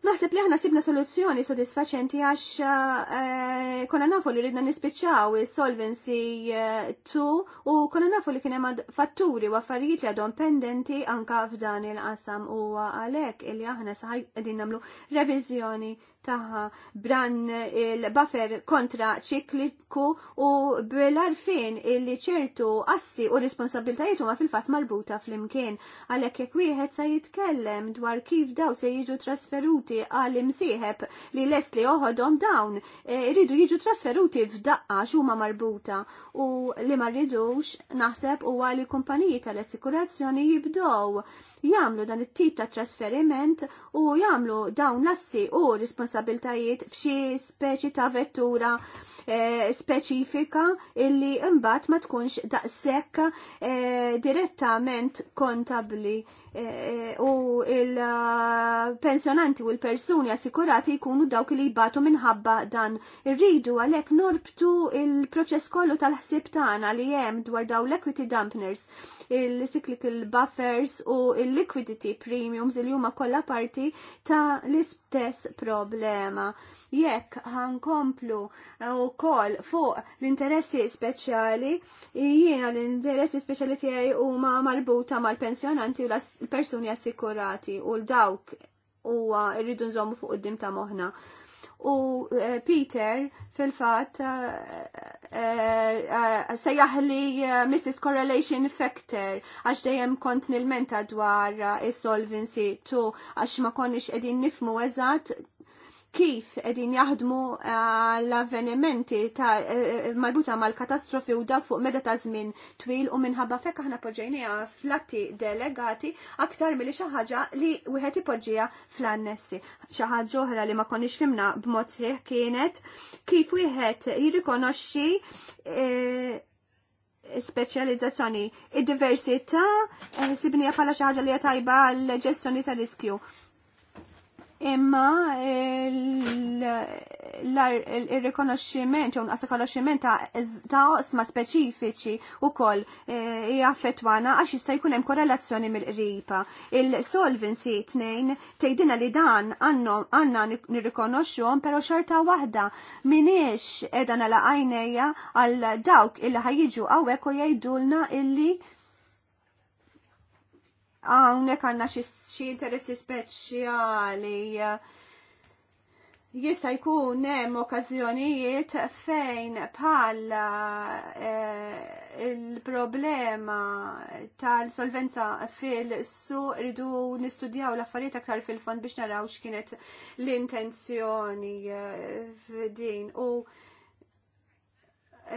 D: Naħseb li aħna sibna soluzzjoni sodisfaċenti għax eh, konna nafu li ridna nispiċċaw il-solvency 2 eh, u konna nafu li kienem fatturi u affarijiet li għadhom pendenti anka f'dan il-qasam u għalek illi aħna saħaj għedin namlu revizjoni taħħa bran il-buffer kontra ċikliku u bil-arfin illi ċertu assi u responsabiltajiet huma fil-fatt marbuta fl-imkien. Għalhekk jekk wieħed sa jitkellem dwar kif daw se jiġu trasferuti għal imsieħeb li lest li oħodom dawn e, iridu jiġu trasferuti f'daqqa x'huma marbuta u li ma rridux naħseb għal li kumpaniji tal-assikurazzjoni jibdow Jamlu dan it-tip ta' trasferiment u jagħmlu dawn lassi assi u responsabiltajiet responsabiltajiet f'xi speċi ta' vettura eh, speċifika illi imbagħad ma tkunx daqshekk eh, direttament kontabli Eh, eh, u il-pensjonanti u l-persuni assikurati jkunu dawk li jibbatu minħabba dan. Irridu għalek norbtu il-proċess kollu tal-ħsib tagħna li hemm dwar daw l-equity dampeners, il-cyclical buffers u il-liquidity premiums il huma kollha parti ta' l-istess problema. Jekk ħankomplu u koll fuq l-interessi speċjali, jiena l-interessi speċjali tiegħi huma marbuta mal-pensjonanti u l-assikurati persuni assikurati u l-dawk huwa rridu nżommu fuq id-dim ta' moħna. U eh, Peter fil-fat eh, eh, se jaħli Mrs. Correlation Factor għax dejjem kont nil-menta dwar is-solvency tu għax ma konniex qegħdin nifmu eżatt kif edin jaħdmu eh, l-avvenimenti ta' eh, marbuta mal-katastrofi u dak fuq meda ta' żmien twil u minħabba fekk aħna poġġejnija flatti delegati aktar milli xi ħaġa li wieħed ipoġġija fl-annessi. Xi ħaġa oħra li ma konniex fimna b'mod sħiħ kienet kif wieħed jirrikonoxxi eh, speċjalizzazzjoni id-diversità sibnija bħala xi ħaġa li tajba għall ġestjoni ta' riskju imma il-rikonoxximent jew nqas ta' ta' osma' speċifiċi wkoll eh, jaffettwana għax jista' jkun hemm korrelazzjoni mill ripa Il-solvency tnejn tgħidilna li dan għandna nirrikonoxxuhom però xorta waħda minix qiegħda nagħlaq għajnejja għal dawk il ħajjiġu għawek u jgħidulna illi hawnhekk għandna xi interessi speċjali jista' jkun hemm okkażjonijiet fejn bħal eh, il-problema tal-solvenza fil-su ridu nistudjaw l-affarijiet aktar fil-fond biex naraw x'kienet l-intenzjoni eh, f'din u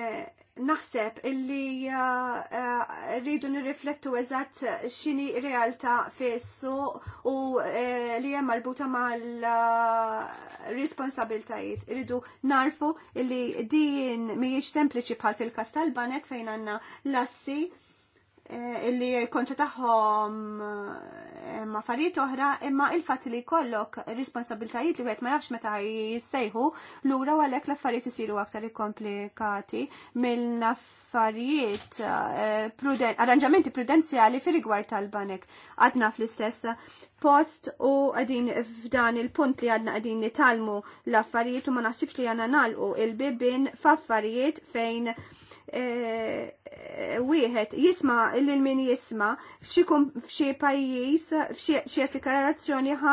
D: eh, naħseb illi eh, eh, rridu nirriflettu eżatt xini realtà fessu u eh, li hemm marbuta mal-responsabiltajiet. Rridu narfu illi din mhijiex sempliċi bħal fil-kas tal-banek fejn għandna lassi Eh, illi konċa taħħom eh, ma farijiet oħra imma il-fat li kollok responsabiltajiet li għet ma jafx meta jissejħu l-ura għalek l-affarijiet jisiru aktar komplikati mill-affarijiet eh, arranġamenti prudenzjali fi rigward tal-banek. Għadna fl-istess post u għadin f'dan il-punt li għadna għadin nitalmu l-affarijiet u ma naħsibx li għana nalqu il-bibin f'affarijiet fejn Eh, eh, wieħed jisma' lil min jisma' f'xi pajjiż f'xi assikarazzjoni ħa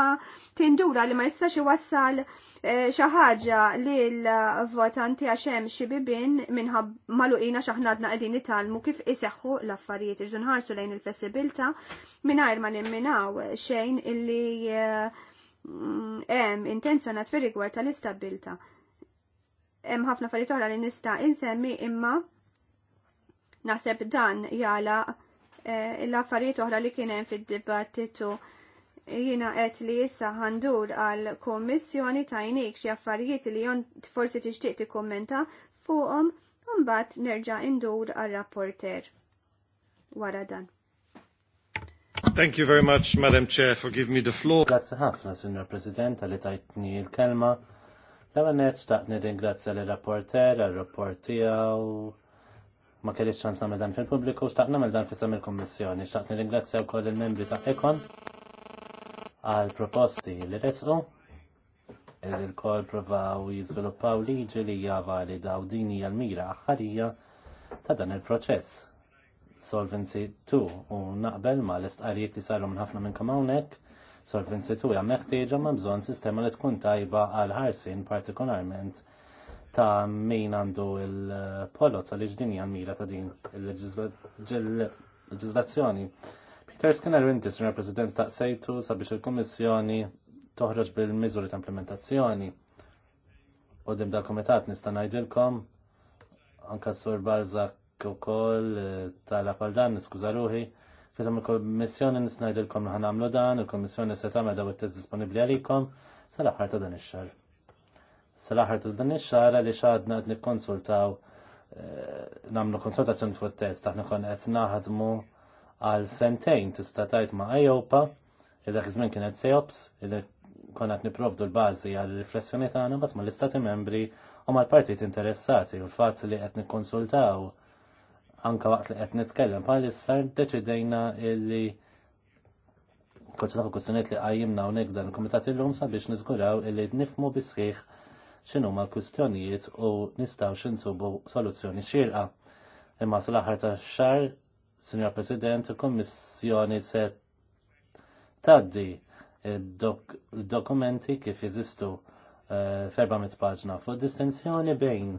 D: tindura li ma jistax iwassal eh, xi ħaġa lil votanti għax hemm xi bibin minħabba maluqina x'aħnadna qegħdin nitalmu kif iseħħu l-affarijiet irdu nħarsu lejn il-flessibilità mingħajr ma nimminaw xejn illi hemm intenzjonat fir-rigward tal-istabilta. Hemm ħafna affarijiet oħra li nista' insemmi imma Naseb dan jala eh, l-affarijiet oħra li kien hemm fid-dibattitu jina qed li issa ħandur għal kommissjoni tajnik xi affarijiet li jon forsi tixtieq tikkummenta fuqhom u mbagħad nerġa' indur għal rapporter wara dan.
B: Thank you very much, Madam Chair, for giving me the floor. Grazie ħafna, Signor President, li tajtni l-kelma. L-għanet xtaqt din grazie l-rapporter, għal-rapport u ma kellix ċans nagħmel dan fil-pubbliku xtaq nagħmel dan sem il-Kummissjoni. Xtaqt nirringrazzja wkoll il-membri ta' Ekon għal proposti li resqu il-kol provaw jiżviluppaw liġi li hija valida u din hija l-mira aħħarija ta' dan il-proċess. Solvency 2 u naqbel ma l-istqarijiet li saru minn ħafna minnkom hawnhekk Solvency 2 hija meħtieġa ma bżonn sistema li tkun tajba għal ħarsien partikolarment ta' min għandu il polo ta' liġdini hija l ta' din il leġizlazzjoni Peter Skinner Rintis, sur President ta' sejtu sabiex il-Kummissjoni toħroġ bil-miżuri ta' implementazzjoni. U dim dal-komitat nista' ngħidilkom anka sur Barzak ukoll eh, ta' la' paldan, niskuza ruħi. Fitam il-Kommissjoni najdilkom li ħanamlu dan, il-Kommissjoni se tagħmel daw it-test disponibbli għalikom sal-aħħar ta' dan ix xar sal-aħħar ta' dan ix xara li xadna qed nikkonsultaw eh, nagħmlu konsultazzjoni fuq test aħna kon qed naħdmu għal sentejn tista' tgħid ma' Ejopa li dak iż-żmien kienet Seops li konna qed nipprovdu l-bażi għal riflessjoni tagħna mbagħad mal-istati membri u mal-partit interessati u l-fatt li qed nikkonsultaw anka waqt li qed nitkellem bħalissa deċidejna illi konsultaw kwistjoniet li qajjimna hawnhekk dan l kumitat illum sabiex niżguraw illi nifmu bisħiħ xinu ma kwistjonijiet u nistaw x'insubu soluzzjoni xirqa. Imma sal-aħħar tax-xahar, Signor President, il-Kummissjoni se tgħaddi il dokumenti kif eh, ferba' f'400 paġna fu distinzjoni bejn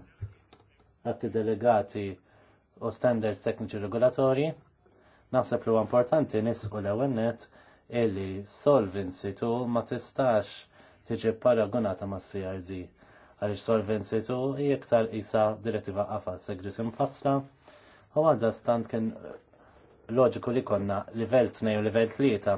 B: atti delegati u standards tekniċi regolatorji naħseb li huwa importanti nisqu l-ewwel nett illi solvency tu ma tistax tiġi paragonata mas CRD għaliex Solvency 2 hija iktar isa direttiva qafas se simfasla u għadda stant kien loġiku li konna livell 2 u livell 3.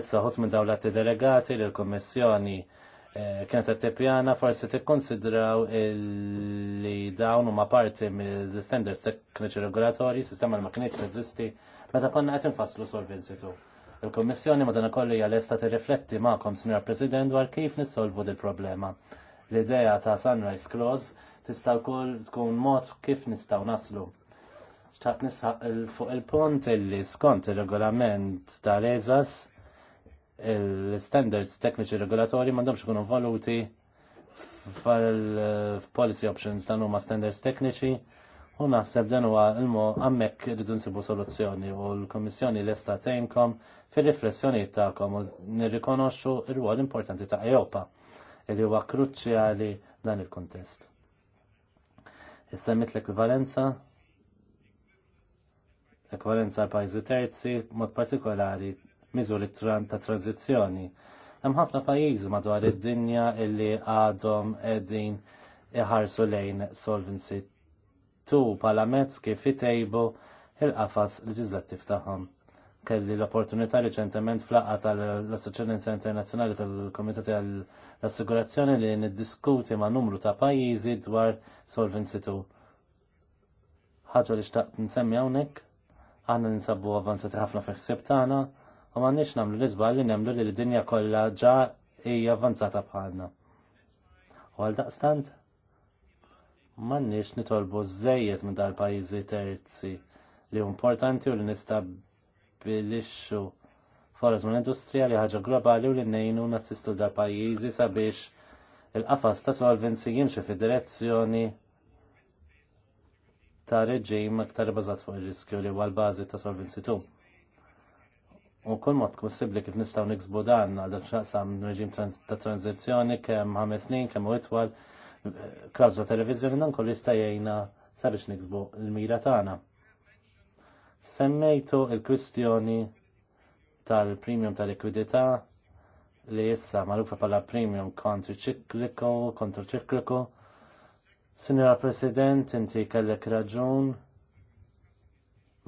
B: Issa ħut minn dawlati delegati li l-Kommissjoni eh, kienet qed tippjana forsi tikkonsidraw li dawn huma parti mill-standards tekniċi regolatorji, sistema li ma kienx teżisti meta konna qed infasslu Solvency 2. Il-Kommissjoni madanakollu hija lesta tirrifletti magħkom, Sinjor President, dwar kif nissolvu dil-problema l-idea ta' Sunrise Clause tista' wkoll tkun mod kif nistgħu naslu. Xtaqt nisħaq fuq il-pont illi skont ir-regolament ta' eżas il-standards tekniċi regolatori m'għandhomx ikunu valuti f'policy options dan huma standards tekniċi U naħseb dan huwa ilmu għammek rridu nsibu soluzzjoni u l kummissjoni lesta tgħinkom fir-riflessjoni tagħkom u nirrikonoxxu r-rwol importanti ta' Ewpa li huwa kruċjali dan il-kontest. Issemmit l-ekvivalenza L-ekwivalenza għal pajzi terzi, mod partikolari miżuri ta' tranzizjoni. Hemm ħafna pajjiżi madwar id-dinja illi għadhom qegħdin iħarsu lejn solvency tu pala mezz kif itejbu il-qafas leġislattiv tagħhom kelli l-opportunità reċentement fl tal-Assoċjazzjoni Internazzjonali tal-Komitati għall-Assigurazzjoni li niddiskuti ma' numru ta' pajjiżi dwar Solvency 2. Ħaġa li xtaqt nsemmi hawnhekk, aħna ninsabu avanzati ħafna fi ħsieb tagħna u m'għandniex nagħmlu l-iżbal li nemlu li d-dinja kollha ġa hija avvanzata bħalna. U għal daqstant, m'għandniex nitolbu żejjed minn dal pajjiżi terzi li importanti u li nistab nistabilixxu foras l industrija li ħaġa globali u li nejnu nassistu da pajjiżi sabiex il-qafas ta' solvenzi jimxi fi direzzjoni ta' reġim aktar bazat fuq ir-riskju li huwa l-bażi ta' solvenzi tu. U kull mod possibbli kif nistgħu niksbu dan għal dak xaqsam reġim ta' tranzizjoni kemm ħames snin kemm u itwal eh, klawżla televiżjoni nan kollu jista' jgħinna sabiex niksbu l-mira tagħna. Semmejtu il-kwistjoni tal-premium tal-likwidità li issa magħrufa bħala premium kontriċikliku, ċikliku. Sinjora President, inti kellek raġun.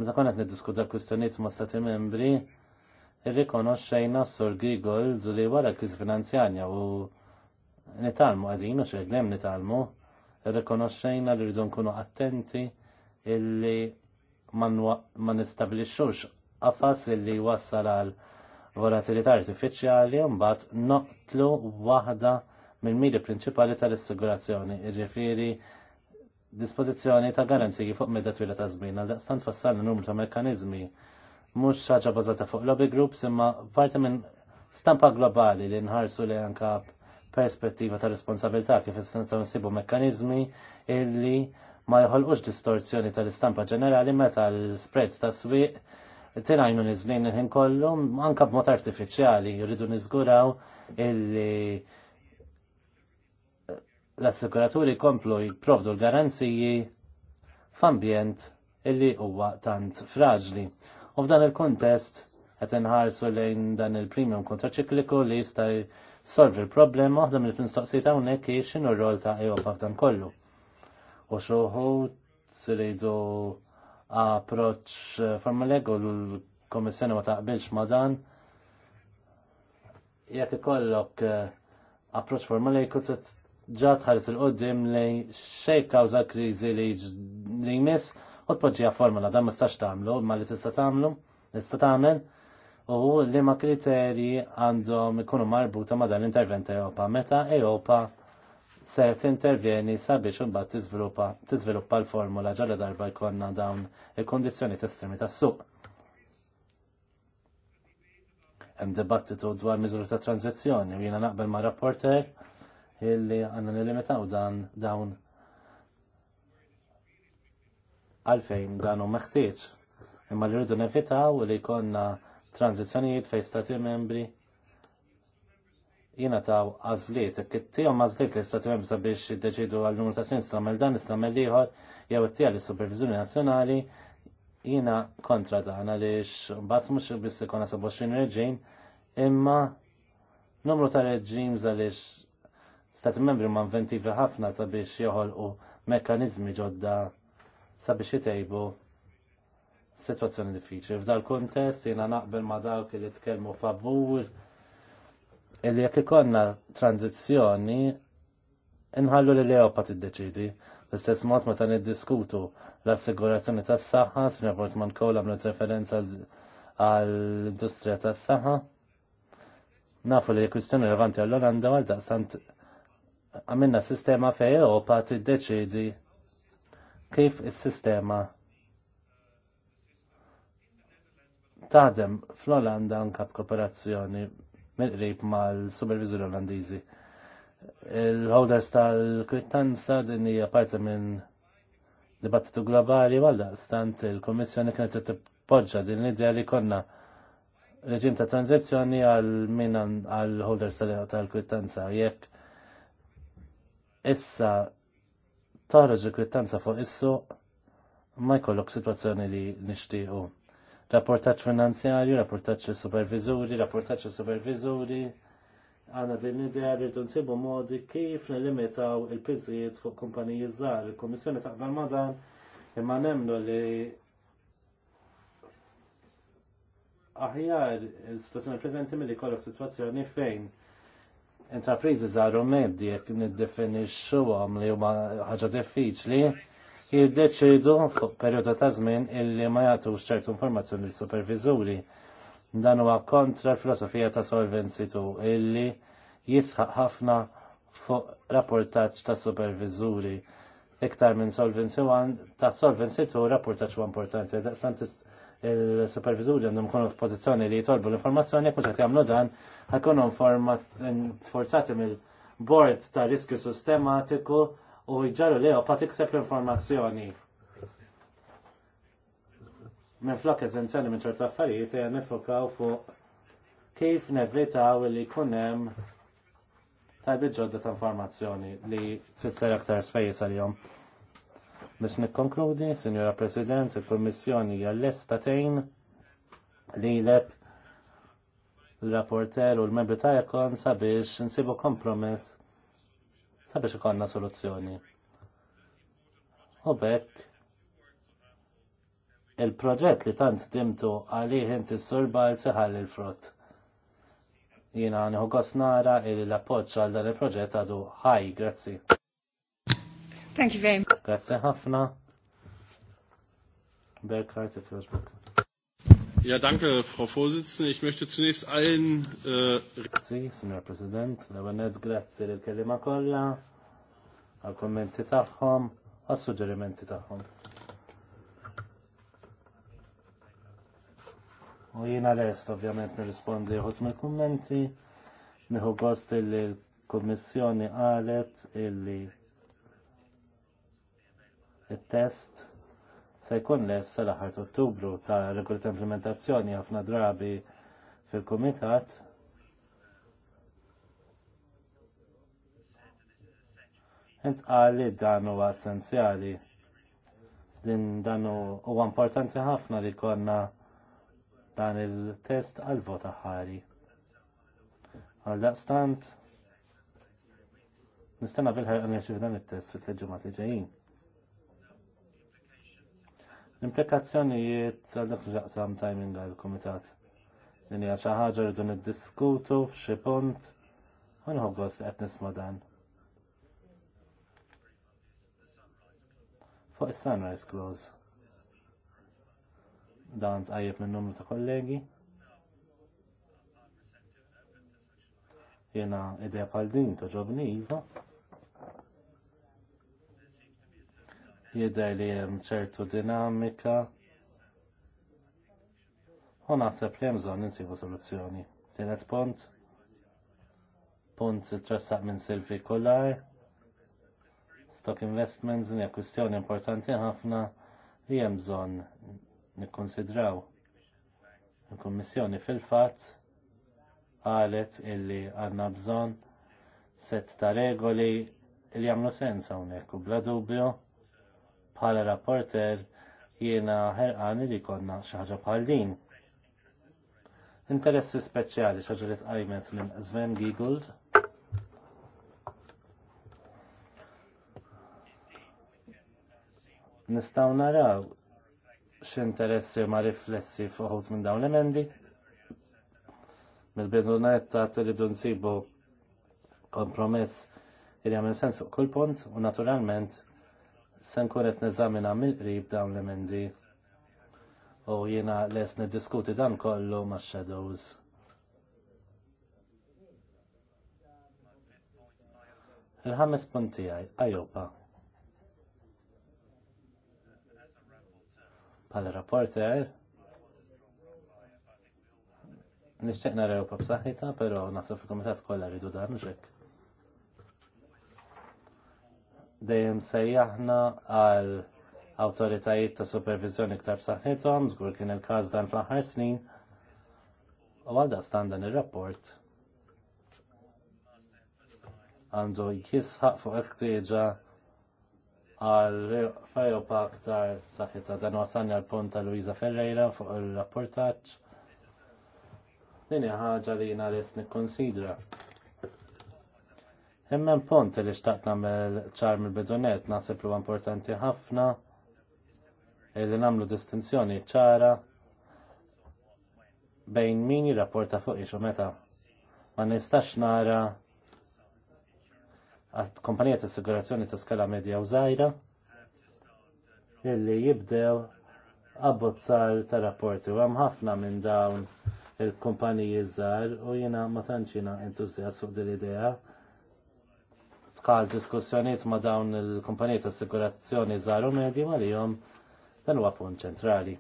B: Meta konet niddiskuta kwistjonijiet ma' stati membri, irrikonoxxejna s-Sur Gigold li wara kriżi finanzjarja u nitalmu għadin u xeglem nitalmu, irrikonoxxejna li rridu nkunu attenti illi ma nistabilixxux qafas li wassal għal volatilità artifiċjali u mbagħad noqtlu waħda mill midi prinċipali tal-assigurazzjoni, jiġifieri dispożizzjoni ta' garanziji fuq medda twila ta' żmien għal daqstant fassalna numru ta' mekkaniżmi mhux ħaġa bażata fuq lobby groups imma parti minn stampa globali li nħarsu li anka perspettiva ta' responsabilità kif istanzaw nsibu mekkaniżmi illi ma jħolqux distorzjoni tal-istampa ġenerali meta l-spreads ta' swieq tinajnu nizlin il-ħin kollu, anka b'mod artifiċjali, jridu nizguraw illi l-assikuraturi komplu jiprovdu l-garanziji f'ambjent illi huwa tant fraġli. U f'dan il-kontest qed inħarsu lejn dan il-premium kontraċikliku li jista' jsolvi l-problema għadam il pinstoqsi hawnhekk unnek x'inhu r-rol ta' EOPA f'dan kollu u t rridu approċ eh, formalego l-Komissjoni ma taqbilx ma dan. Jekk ikollok eh, approċ formali kut ġa tħares il-qoddim li xej kawża kriżi li li jmiss u tpoġġija formola dan ma stax tagħmlu ma li tista' tagħmlu tista' tagħmel u li ma kriterji għandhom ikunu marbuta ma dan l-intervent Ejopa. Meta Ejopa Se tintervjeni sabiex imbagħad tiżviluppa tiżviluppa l-formula ġalla darba jkollna dawn il-kondizzjoni estremi tas-suq. Hemm dibattitu dwar miżuri ta' tranzizzjoni u jiena naqbel ma' rapporter illi għandna nilimitaw dan dawn għalfejn dan hu meħtieġ. Imma li rridu nevitaw li jkollna tranzizzjonijiet fejn stati membri jina taw għazliet, għom għazliet li stati membri sabiex deċidu għal-numru ta' snin s-lamel dan, s-lamel liħor, jew t-tija li supervizjoni nazjonali, jina kontra dan għalix bat mux biss ikona 27 reġim, imma numru ta' reġim għalix stati membri ma' inventivi ħafna sabiex joħolqu mekanizmi ġodda sabiex jitejbu situazzjoni diffiċli. F'dal kontest jina naqbel ma' dawk li t-kelmu favur li jekk ikonna tranzizjoni, inħallu li l-Ewpa deċidi L-istess mod meta niddiskutu l-assigurazzjoni tas-saħħa, Sinja man kolla għamlet referenza għall-industrija tas-saħħa. Nafu li kwistjoni relevanti għall-Olanda għal daqstant għamilna sistema fej t-deċidi kif is-sistema taħdem fl-Olanda anka b-kooperazzjoni mill-qrib mal supervisor Olandiżi. Il-holders tal-kwittanza din hija parti minn dibattitu globali għalda stant il-Kommissjoni kienet tippoġġa din l-idea li konna reġim ta' tranzizjoni għal min għal holders tal-kwittanza jekk issa toħroġ il-kwittanza fuq issu ma jkollok situazzjoni li nixtiequ rapportaċ finanzjarju, rapportaċ supervizuri, rapportaċ supervizuri. Għana din l-idea li rridu nsibu modi kif nilimitaw il pizziet fuq kumpaniji żgħar. Il-Kummissjoni taqbel madan imma nemlu li aħjar il-situazzjoni preżenti milli kollok situazzjoni fejn intrapriżi żgħar u medji jekk niddefinixxuhom li huma ħaġa diffiċli jiddeċidu fuq perjota ta' żmien illi ma jagħtux ċertu informazzjoni l superviżuri Dan huwa kontra l-filosofija ta' solvency tu illi jisħaq ħafna fuq rapportaġġ ta' superviżuri iktar minn solvency one, ta' solvency tu rapportaġġ huwa importanti. Daqsant il-supervizuri għandhom kunu f'pożizzjoni li jitolbu l-informazzjoni, jekk mhux jagħmlu dan, għakunu forzati mill-bord ta' riskju sistematiku u jġarru għu pati tikseb l-informazzjoni. Minn flok eżenzjoni minn ċertu affarijiet jgħan nifokaw fuq kif nevitaw li kunem tajbi ġodda ta' informazzjoni li tfisser aktar sfejis għal-jom. Biex nikkonkludi, Signora President, il-Kommissjoni għall-estatejn li lep l-rapporter u l-membri ta' jekon sabiex nsibu kompromess sabiex ikonna soluzzjoni. U bekk il-proġett li tant dimtu għalih inti s-surba l-seħal il-frott. Jina nħu nara il l-appoċ għal dan il-proġett għadu ħaj, grazzi.
A: Thank you very much.
B: Grazzi ħafna. Berkhardt, if Ja, danke, Frau Vorsitzende. Ich möchte zunächst allen... Grazie, Äh... Grazie, signor President. Nabanet, grazie l-kelima kolla, għal-kommenti taħħom, għal-sugġerimenti taħħom. U jina rest, ovvjament, nirrispondi jħut mill kommenti Niħu gost li l-Kommissjoni għalet illi il-test se jkun les sal ta' Ottubru ta' regoli ta' implementazzjoni ħafna drabi fil-Kumitat. Int għalli dan huwa essenzjali. Din dan huwa importanti ħafna li konna dan il-test għal vota ħari. Għal daqstant, nistenna bil-ħarqa nirċiv dan il-test fit-tleġumat li ġejjin. L-implikazzjonijiet għal dak li ġaqsam timing għal komitat. Din hija xi ħaġa rridu niddiskutu f'xi punt u nħobbos qed nisma' dan. Fuq is-Sunrise Clause. Dan tqajjeb minn numru ta' kollegi. Jena idea pal din toġobni iva. jidher li hemm ċertu dinamika u naħseb li hemm bżonn insibu soluzzjoni. Tienet punt punt trassaq minn Silvi Kollar stock investments hija kwistjoni importanti ħafna li hemm bżonn nikkonsidraw. Il-Kummissjoni fil-fatt qalet illi għandna bżonn set ta' regoli li jagħmlu sens hawnhekk u bla dubju bħala rapporter jiena ħerqani li konna xaħġa bħal din. Interessi speċjali xaġa li tqajmet minn Sven Giegold. Nistaw naraw x'interessi ma riflessi foħut minn dawn l-emendi. Mill-bidunetta tridu nsibu kompromess li għamil sens kull punt u naturalment se nkun qed neżamina mill-qrib dawn l-emendi u jiena les niddiskuti dan kollu max-shadows. Il-ħames punti għaj, ajopa. Pala rapporter, nishtiqna rew pa b'saħħitha, pero nasa il-komitat kollha rridu dan ġek. dejjem sejjaħna għal awtoritajiet ta' supervizjoni ktar b'saħħithom, żgur kien il-każ dan fl-aħħar snin, u għal dan dan ir-rapport għandu jisħaq fuq il-ħtieġa għal Fajopa ktar saħħita dan wasanni għal punt ta' Luisa Ferreira fuq il-rapportaċ. Dini ħaġa li jina res nikkonsidra. konsidra Imma punt li xtaqt nagħmel ċar mill-bidunet naħseb li importanti ħafna li nagħmlu distinzjoni ċara bejn min jirrapporta fuq ix u meta. Ma nistax nara kompanija ta' assigurazzjoni ta' skala medja u żgħira illi jibdew abbozzar ta' rapporti u hemm ħafna minn dawn il-kumpaniji zaħir u jiena ma tantx jiena fuq din idea tqal diskussjoniet ma dawn il-kumpanijiet ta' żgħar u medji għalihom dan huwa punt ċentrali.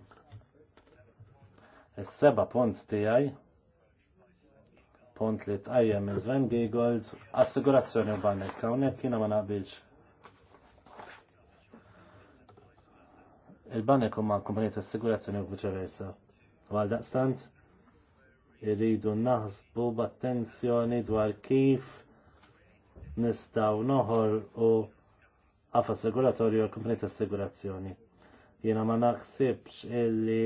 B: Is-seba' punt tiegħi punt li tqajjem minn Sven Giegold assigurazzjoni u banek hawnhekk jiena ma naqbilx. Il-banek huma kumpanijiet assigurazzjoni u viċeversa. Għal daqstant irridu naħsbu b'attenzjoni dwar kif nistaw noħor u għaf assiguratorju u kumpanija ta' assigurazzjoni. Jiena ma naħsibx illi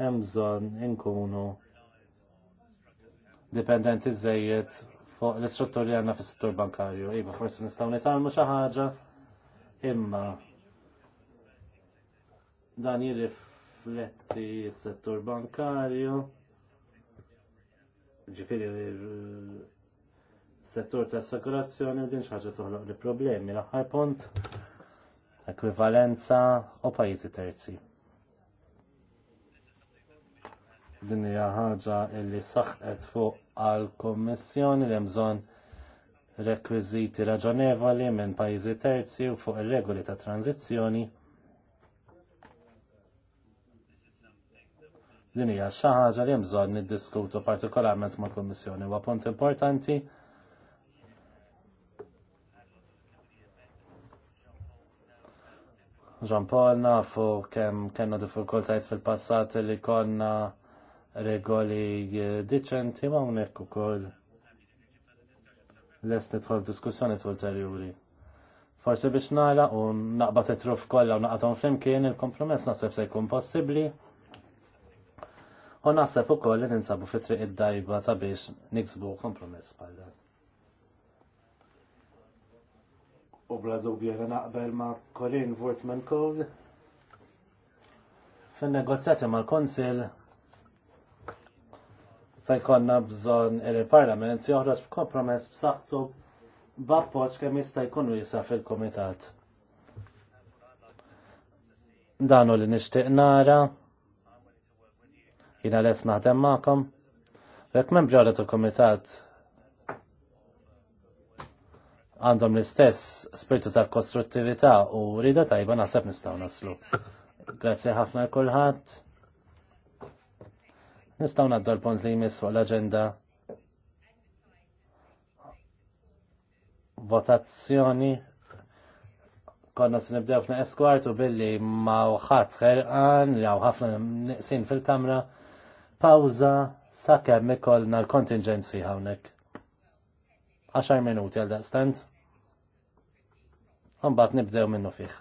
B: hemm inkunu dipendenti zzejiet fuq l-istruttur li għandna fis-settur bankarju. Iva forse nistaw nitalmu xi imma dan jirrifletti s-settur bankarju ġifiri settur ta' assigurazzjoni u din xaġa toħloq li problemi l-aħħar punt ekvivalenza u pajjiżi terzi. Din hija ħaġa li saħqet fuq għall-Kummissjoni li hemm bżonn rekwiżiti raġonevoli minn pajjiżi terzi u fuq ir-regoli ta' tranzizzjoni. Din hija xi ħaġa li hemm bżonn niddiskutu partikolarment mal-Kummissjoni huwa punt importanti Ġan Paul nafu kemm kellna diffikultajt fil-passat li konna regoli eh, diċenti ma' unekku kol. lest nitħol diskussjoni ulterjuri. Forse biex nara u naqba titruf kollha u naqatom flimkien il-kompromess naħseb se jkun possibbli. U naħseb ukoll li ninsabu fitri triq id-dajba ta' biex niksbu kompromess bħal dan. u bla dubju jena naqbel ma' Corinne Wurtman Cole fin negozjati mal konsil se jkollna bżonn il-Parlament joħroġ b'kompromess b'saħħtu b'appoġġ kemm jista' jkun wiesa fil-Kumitat. Danu li nixtieq nara jiena les naħdem magħkom. Jekk membri għalet il-Kumitat għandhom l-istess spiritu ta' kostruttività u rida tajba naħseb nistgħu naslu. Grazzi ħafna kulħadd. Nistgħu naddu l-punt li jmiss fuq l-aġenda. Votazzjoni konna s-nibdew f'na eskwart u billi ma uħat xerqan, jaw ħafna niqsin fil-kamra, pawza sakemm ikollna l-kontingenzi hawnhekk. 10 minuti għal daqstant un bat nibdew minnu fih.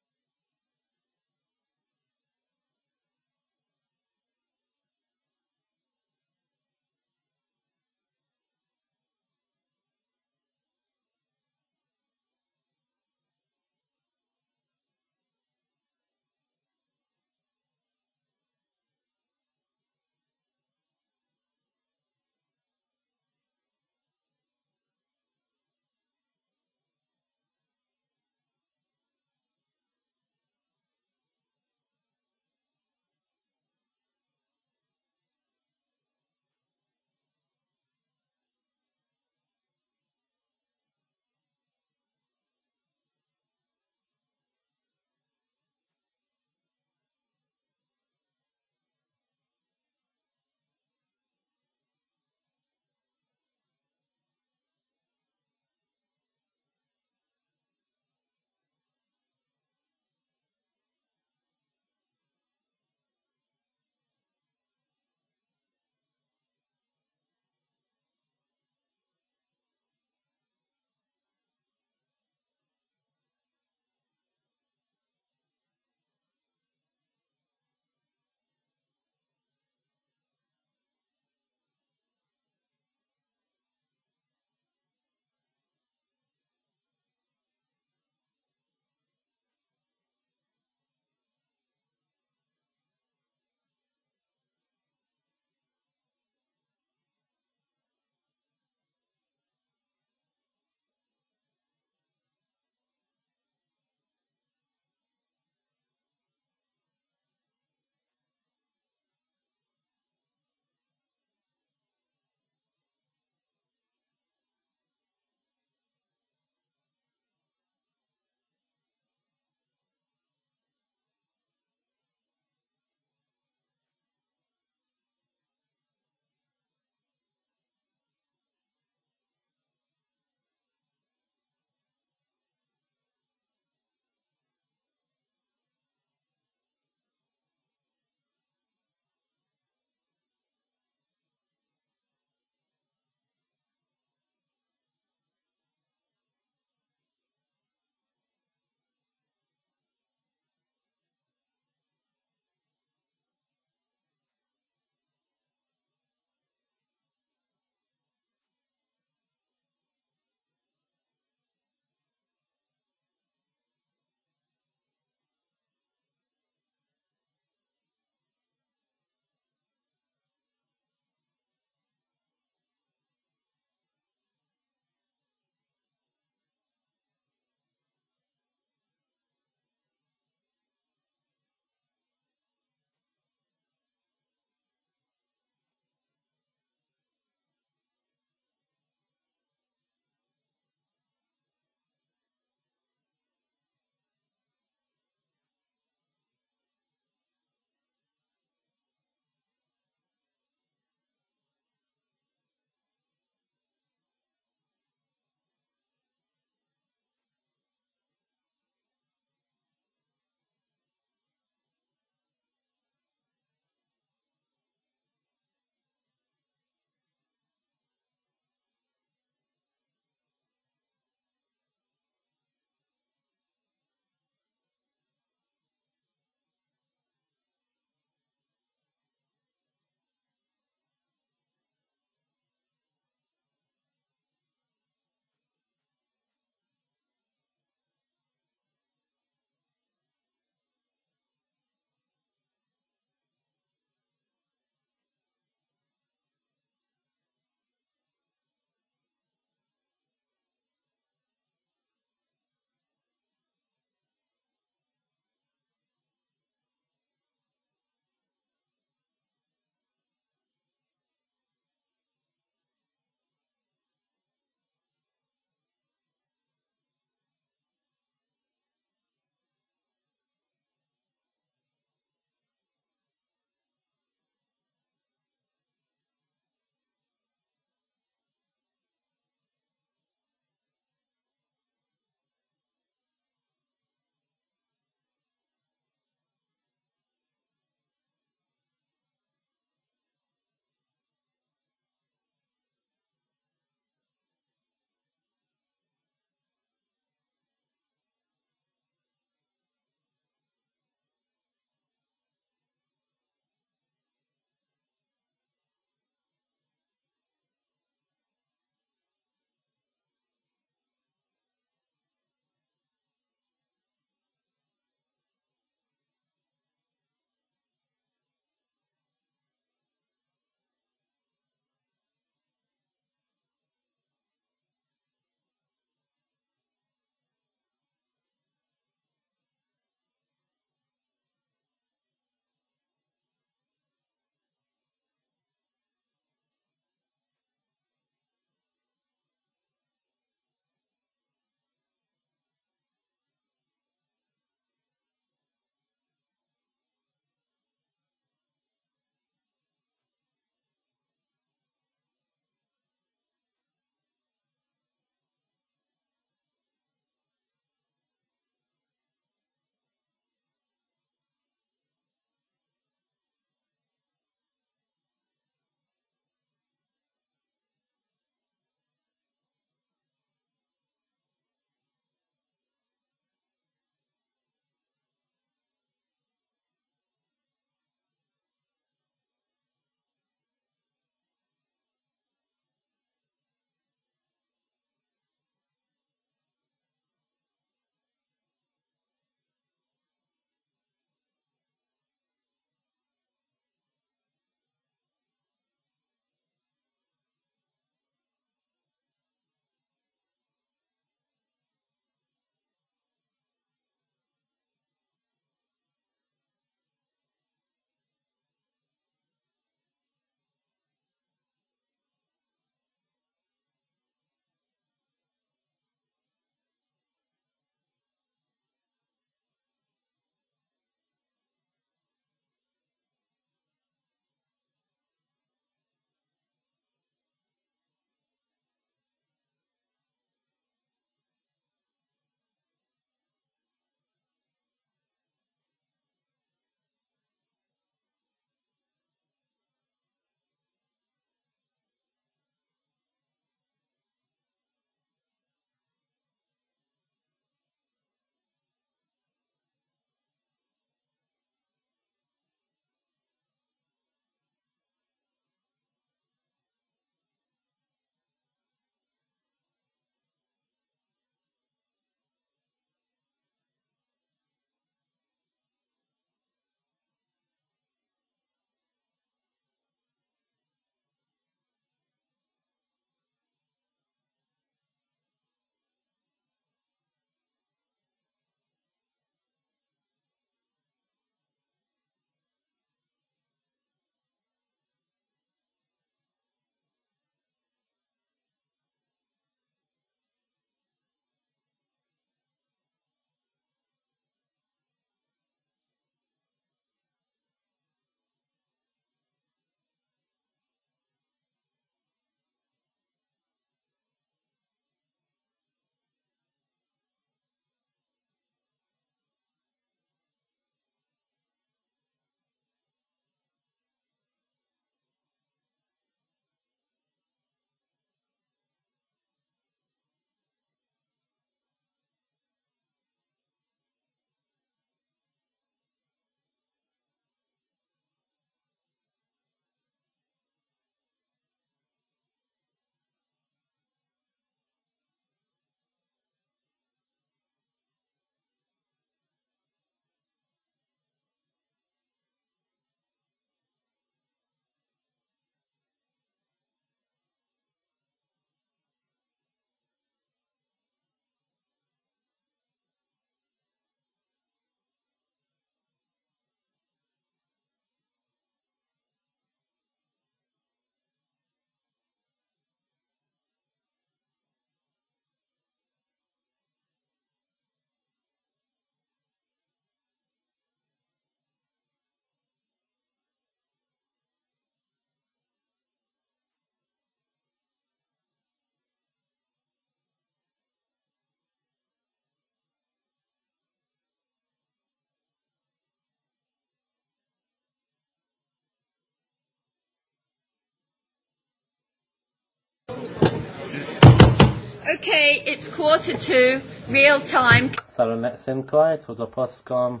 A: Okay, it's quarter to
B: real time. Sara neqsim kwart, u postkom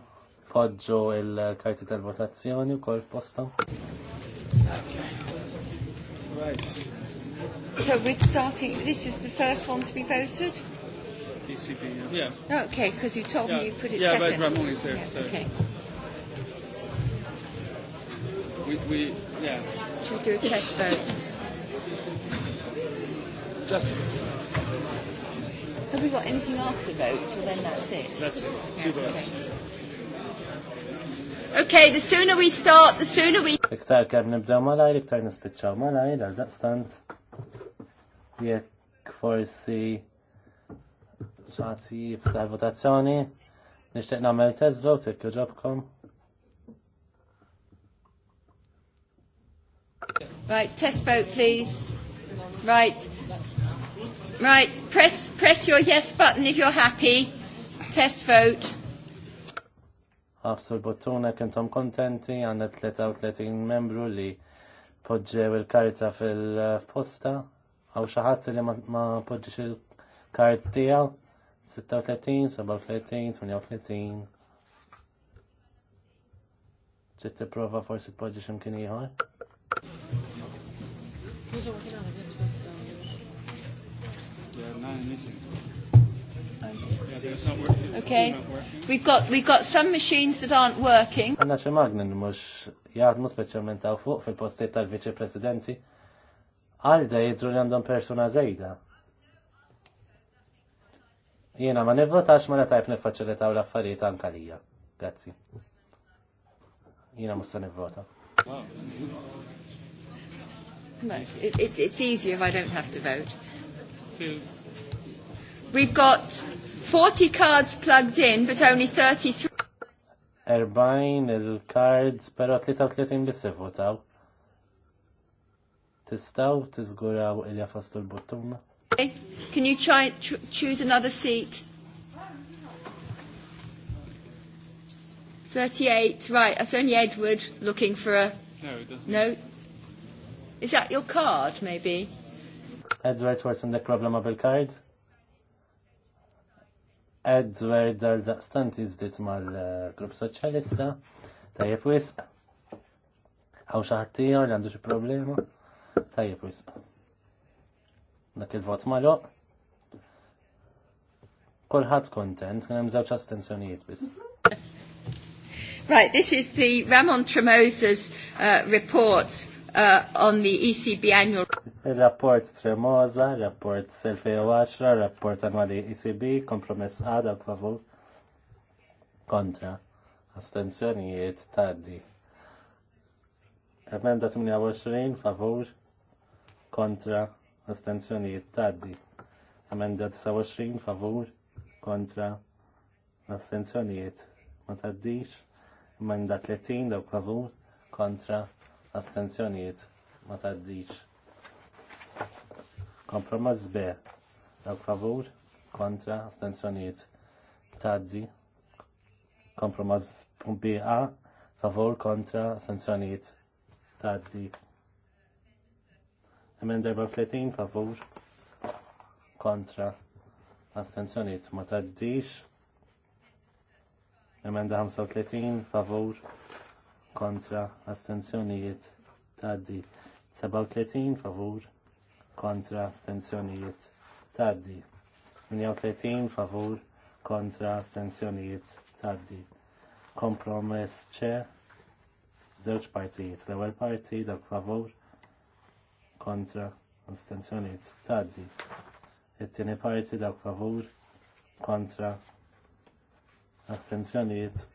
B: podġu il-karti tal-votazzjoni u kol posta.
A: So we're starting, this is the first one to be voted?
C: ECB, yeah.
A: yeah. Okay, because you told yeah. me you put it yeah, second. Yeah, but Ramon is here. Yeah, so. Okay. We, we, yeah. Should we do a test vote? Just Have we got anything after votes, or then that's it? That's it. Okay, the sooner we start, the sooner we...
B: Iktar kem nibda malaj, iktar nispiċċaw malaj, għal daqstant. Jekk forsi ċati ftaħ votazzjoni, nishtiq namel test vote, jekk joġobkom.
A: Right, test vote, please. Right. Right, press, press your yes button if you're happy. Test vote.
B: Għafsu l-bottuna kentom kontenti għanna 33 membru li podġew il-karta fil-posta għaw xaħat li ma podġiġ il-kart tijaw 36, 37, 38 ċitti prova forsi podġiġ imkien iħor.
A: Okay. We've got we've got some machines that aren't working.
B: Għanna xi magnin mhux jaħdmu speċjalment fuq fil-postijiet tal-Viċi Presidenti. Għalda jidru li għandhom persuna żejda. Jiena ma nivvotax ma netajb niffaċilitaw l-affarijiet anka lija. Grazzi. Jiena musta nivvota.
A: It's easier if I don't have to vote. We've got 40 cards plugged in, but only 33.
B: 40 il-cards, pero 33 bissi votaw. Tistaw, tizguraw il-jafastu l-buttuna.
A: Okay. Can you try ch choose another seat? 38, right, that's only Edward looking for a...
B: No, it doesn't. No?
A: Is that your card, maybe?
B: Edward, the problem of the Card? Edward dal is jizdit mal-grupp uh, soċjalista, tajjeb wisq. Għaw xaħtijor li għandu xie problema, tajjeb wisq. Dak il-vot malo. Kolħat kontent, kien hemm żewġ astensjonijiet biss.
A: Right, this is the Ramon Tremosa's uh, report uh, on the ECB annual
B: rapport Tremosa, rapport selfie 2010, rapport annwali ECB, kompromess għada favur kontra astenzjonijiet taddi. Emenda 28 favur kontra astenzjonijiet taddi. Emenda 29 favur kontra astenzjonijiet ma taddix. Emenda 30 daw favur kontra astenzjonijiet ma taddiċ. Kompromaz B, dawk favur, kontra, astenzjonijiet taddi. Kompromaz B, A, favur, kontra, astenzjonijiet taddi. Emenda fletin, favur, kontra, astenzjonijiet ma taddix. Emenda 35, favur, kontra astenzjonijiet taddi 37 favur kontra astenzjonijiet taddi 38 favur kontra astenzjonijiet taddi kompromess ċe żewġ partijiet l-ewwel parti dak favur kontra astenzjonijiet taddi it-tieni parti dak favur kontra astenzjonijiet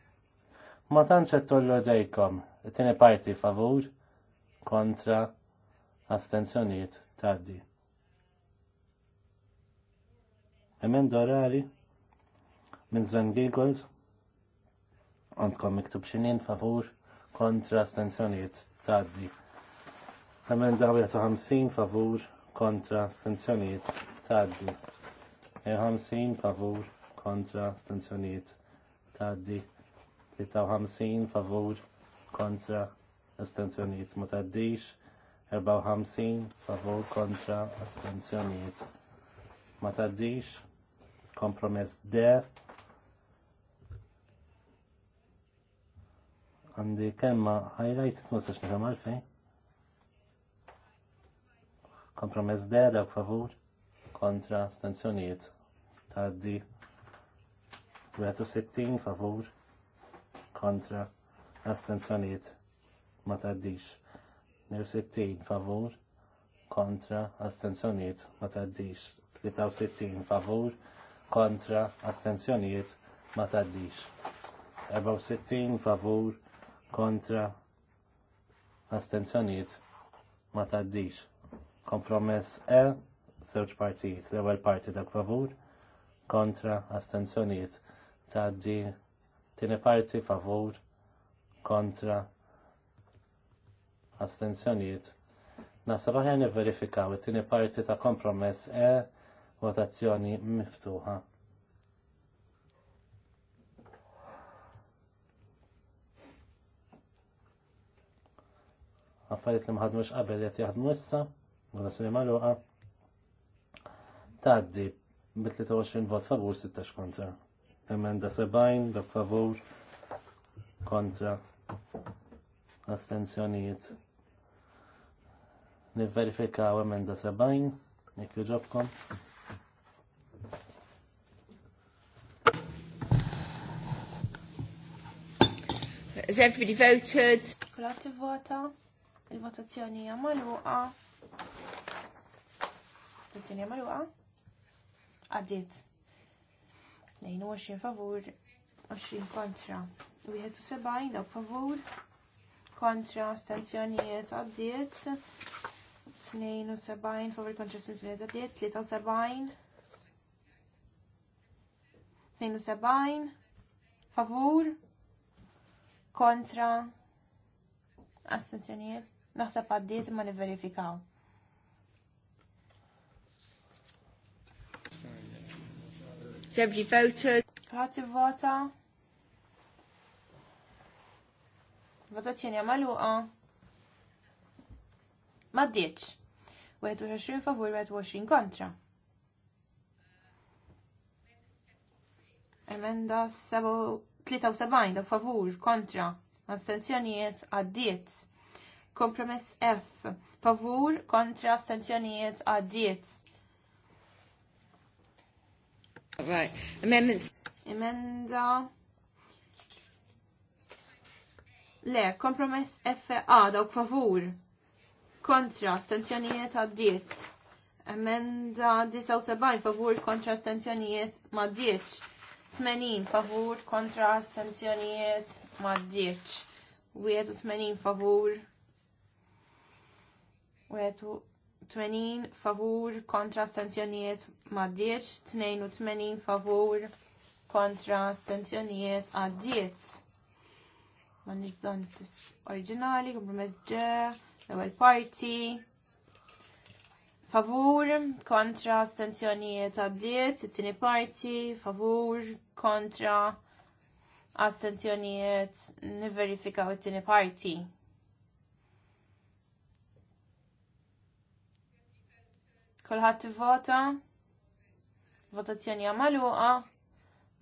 B: ma tantx qed tollu dejkom. It-tieni parti favur kontra astenzjonijiet tardi. Emenda dorari, minn Sven Giegold għandkom miktub xinin favur kontra astenzjonijiet tgħaddi. Emenda 50 favur kontra astenzjonijiet tardi. 50 e favur kontra astenzjonijiet tgħaddi. 53 favur kontra astenzjoniet ma taddix 54 favur kontra astenzjoniet ma taddix kompromess D għandi kemma highlight ma sax nifhem għalfejn kompromess D dak favur kontra astenzjoniet taddi 61 favur kontra astenzjoniet ma taddix. Nir 60 favur kontra astenzjoniet ma taddix. 63 favur kontra astenzjoniet ma taddix. 64 favur kontra astenzjoniet ma taddix. Kompromess E, żewġ partijiet, l-ewwel parti dak favur kontra astenzjoniet taddi Tieni parti favur kontra astenzjonijiet. Nasab aħjar niverifikaw it-tieni parti ta' kompromess e votazzjoni miftuħa. Affarijiet li mħadmux qabel qed jaħdmu issa, votazzjoni magħluqa. Tgħaddi bi 23 vot favur 16 kontra. Emenda sebajn, da favor, kontra astenzjonijiet. Nivverifikaw emenda sebajn, jekk jġobkom.
A: Has everybody
C: voted? Kulati vota il-votazzjoni hija magħluqa. Votazzjoni hija magħluqa. Għaddiet. 22 favur, 20 kontra. U jħetu 71 dawk favur, kontra astenzjonijiet għaddiet. 72 favur kontra astenzjonijiet għaddiet. 73 72 favur kontra astenzjoniet, Naħseb għaddiet ma niverifikaw. verifikaw Ġebri voted. Għati vota. Votazzjoni għamaluqa. Maddiċ. 21 favur, 21 kontra. Emenda 73 da favur, kontra. Astenzjonijiet għaddiet. Kompromess F. Favur kontra astenzjonijiet għaddiet. Right. Amendments. Emenda. Le, kompromess FA dawk favur. Kontra, stenzjonijiet għaddiet. Emenda 79 favur kontra stenzjonijiet ma' 10. 80 favur kontra stenzjonijiet ma' 10. tmenin favur. 80 favur kontra astenzjonijiet maddiċ, 82 favur kontra astenzjonijiet għaddiet. Ma tis oriġinali, kompromess ġe, l-ewel parti. Favur kontra astenzjonijiet għaddiet, it-tini parti, favur kontra astenzjonijiet niverifikaw it-tini parti. Kolħat vota. Votazzjoni għamaluqa.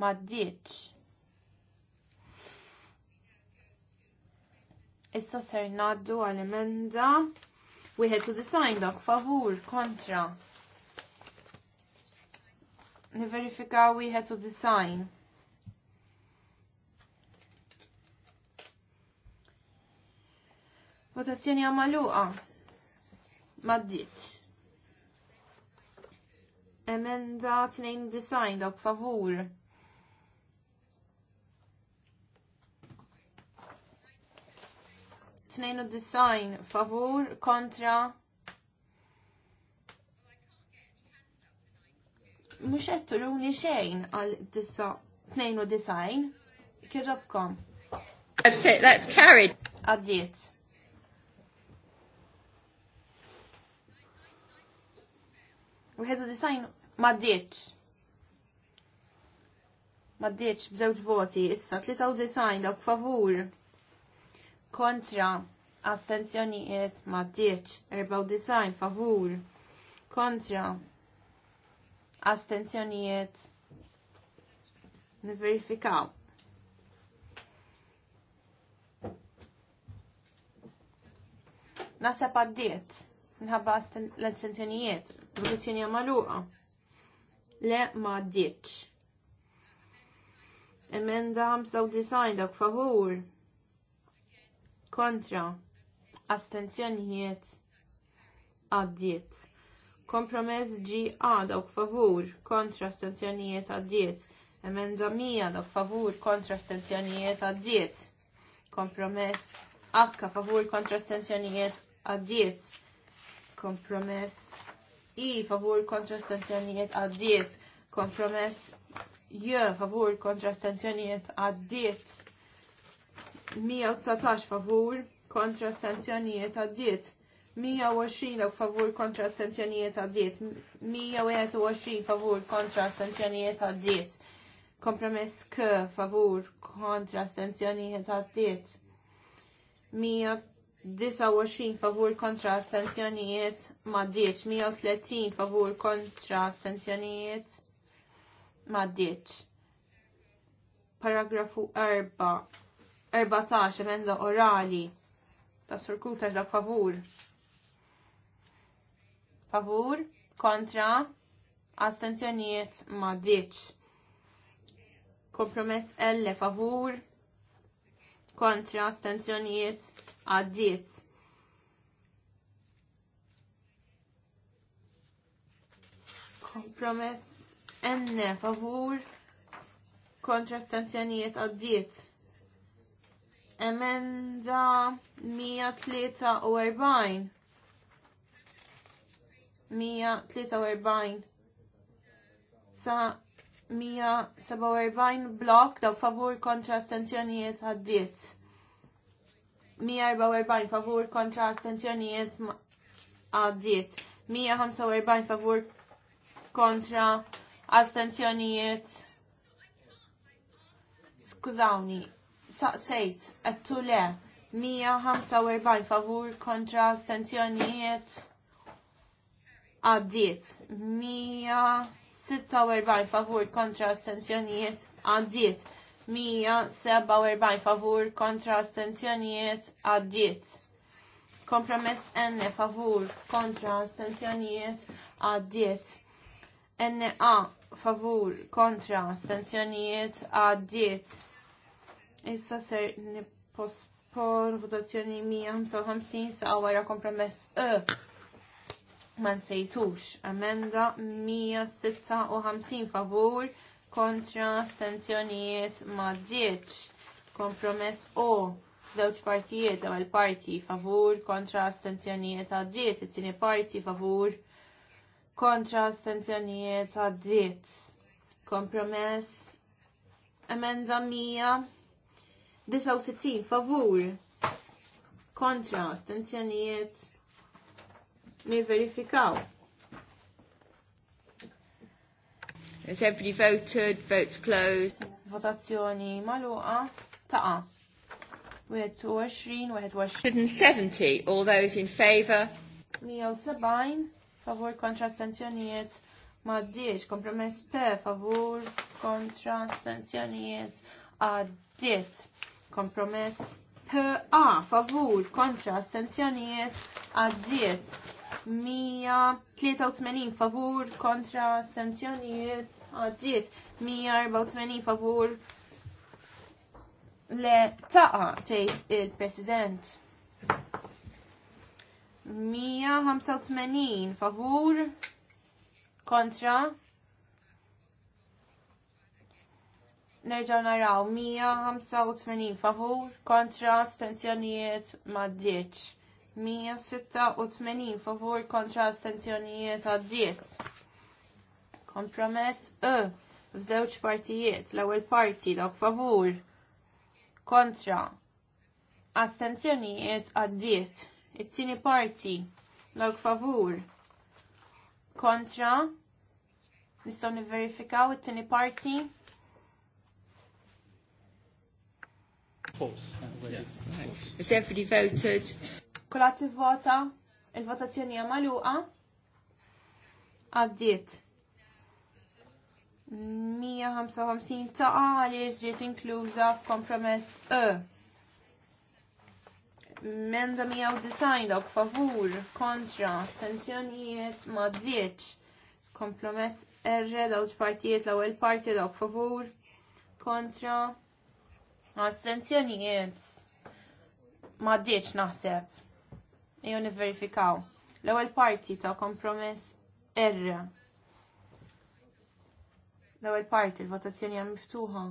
C: Ma ddiċ. Issa ser naddu għal-emenda. had u design dak favur kontra. Niverifika had u design. Votazzjoni għamaluqa. Ma ddiċ. Emenda 92 dok favur. Tnejn u design favur kontra mux għetturuni xejn għal disa design. kħiġobkom. I've said that's carried. Għaddiet. U u design maddiċ. Maddiċ b'żewġ voti, issa 93 dawk favur kontra astenzjonijiet erbaw design, favur kontra astenzjonijiet niverifikaw. Nasab għaddiet minħabba l l-produzzjoni għamaluqa. Le ma ditx. Emenda 95 dak favur. Kontra. Astenzjonijiet. Għaddiet. Kompromess GA dawk favur kontra astenzjonijiet għaddiet. Emenda 100 dawk favur kontra astenzjonijiet għaddiet. Kompromess H favur kontra astenzjonijiet għaddiet kompromess i favur kontra stanzjonijiet għaddiet, kompromess j favur kontra stanzjonijiet għaddiet, 119 favur kontra stanzjonijiet għaddiet, 120 favur kontra stanzjonijiet għaddiet, 121 favur kontra stanzjonijiet għaddiet, kompromess k favur kontra stanzjonijiet għaddiet, 100 29 favur kontra astenzjonijiet ma 10 130 favur kontra astenzjonijiet ma 10 paragrafu 4 14 emenda orali ta' surkuta dak favur favur kontra astenzjonijiet ma 10 kompromess L favur kontra stanzjonijiet għaddiet. Kompromess enne favur kontra astenzjonijiet għaddiet. Emenda 143. 143 sa 147 blok daw favur kontra astenzjonijiet għaddiet. 144 favur kontra astenzjonijiet għaddiet. 145 favur kontra astenzjonijiet. Skużawni, saqsejt, għattu le. 145 favur kontra astenzjonijiet għaddiet. 100 46 favur kontra astenzjonijiet għaddiet. 147 favur kontra astenzjonijiet għaddiet. Kompromess N favur kontra astenzjonijiet għaddiet. NA favur kontra astenzjonijiet għaddiet. Issa ser nipospor votazzjoni 155 sa' għara kompromess E ma nsejtux. Amenda 156 favur kontra astenzjonijiet ma 10. Kompromess O. Zewċ partijiet l-ewwel parti favur kontra astenzjonijiet għaddiet, it Tini parti favur kontra astenzjonijiet għaddiet. Kompromess emenda 169 favur kontra astenzjonijiet Niverifikaw. Has everybody voted? Votes closed. Votazzjoni maluqa taqa. 21, 21. 170, all those in favour. 170, favor kontra astenzjonijiet. Maddiex, kompromess P, favor kontra astenzjonijiet. Addiet, kompromess a favor kontra astenzjonijiet. Addiet, 183 favur kontra sanzjonijiet għaddiet 184 favur le taqa tejt il-President. 185 favur kontra nerġaw naraw 185 favur kontra stenzjonijiet ma' 186 favur kontra astenzjonijiet għaddiet. Kompromess E f'żewġ partijiet l-ewwel parti dawk favur kontra astenzjonijiet għaddiet. It-tieni parti Dok favur kontra nistgħu nivverifikaw it-tieni parti.
B: Is
A: everybody voted?
C: Kulħadd vota il-votazzjoni hija magħluqa. Għaddiet. 155 taqa għaliex ġiet inkluża f'kompromess E. Menda 190 dok favur, kontra, sanzjonijiet ma ddietx. Kompromess R dawk partijiet l-ewwel parti dok favur, kontra, astenzjonijiet ma ddietx naħseb. Ejo niverifikaw. L-ewwel parti ta' kompromess erra L-ewwel parti l-votazzjoni hija miftuħa.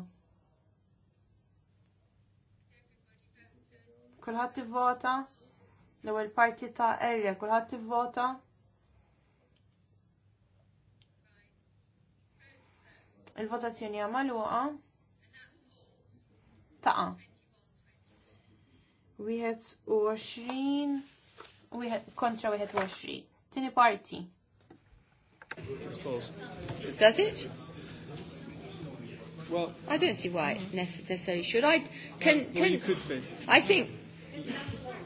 C: Kulħadd ivvota. L-ewwel parti ta' erra kulħadd ivvota. Il-votazzjoni hija magħluqa. Taqa' wieħed u għoxrin kontra 21. Tini parti.
A: Does it? Well, I don't see why it necessarily should. I can. well, can well, you could say. I think.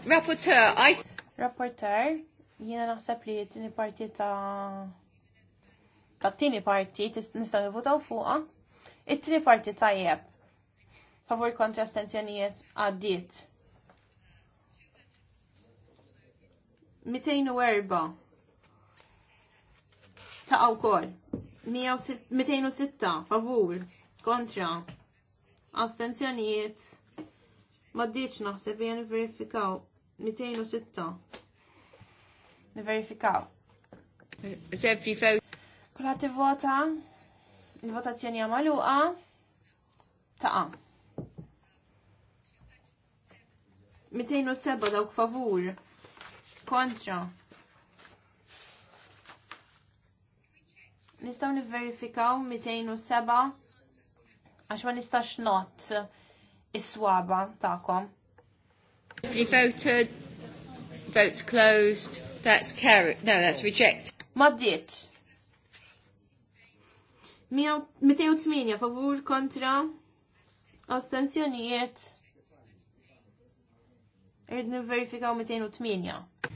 C: Rapporteur, I. Rapporteur, jiena naħseb li t-tini parti ta' ta' t-tini parti nista' nivutaw fuqa. It-tini parti tajjeb. Favor kontra stenzjonijiet għaddiet. 204 ta' wkoll 206 favur kontra astenzjonijiet ma ddiċ naħseb jgħan verifikaw 206 niverifikaw Sebbi fel Kolla t-vota il-votazzjoni għamaluqa ta' 207 dawk favur kontra. Nistaw niverifikaw 207 għax ma nistax not is-swaba ta'kom.
A: voted, votes closed, that's carried, no, that's rejected.
C: Ma ddiet. 208 favur kontra astenzjonijiet. Irrid niverifikaw 208.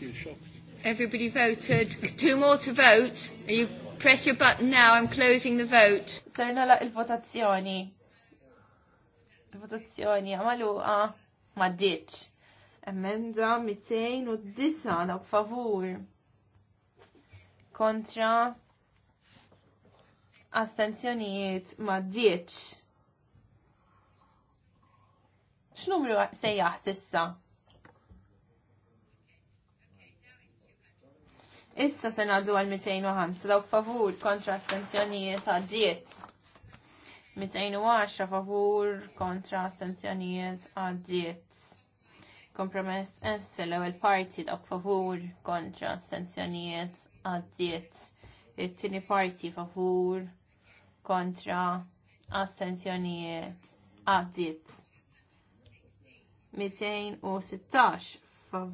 B: still shocked.
A: Everybody voted. Two more to vote.
C: You press your button now. I'm closing the vote. Sarna la il-votazzjoni. Il-votazzjoni għamaluqa ma ditx. Emenda 209 dawk favur. Kontra astenzjonijiet ma ditx. X'numru sejjaħ tista'? Issa se ngħaddu għal 205 dawk favur kontra astenzjonijiet għaddiet. 210 favur kontra astenzjonijiet diet. Kompromess S l-ewwel parti dawk favur kontra astenzjonijiet diet. It-tieni parti favur kontra astenzjonijiet diet. 216 fav...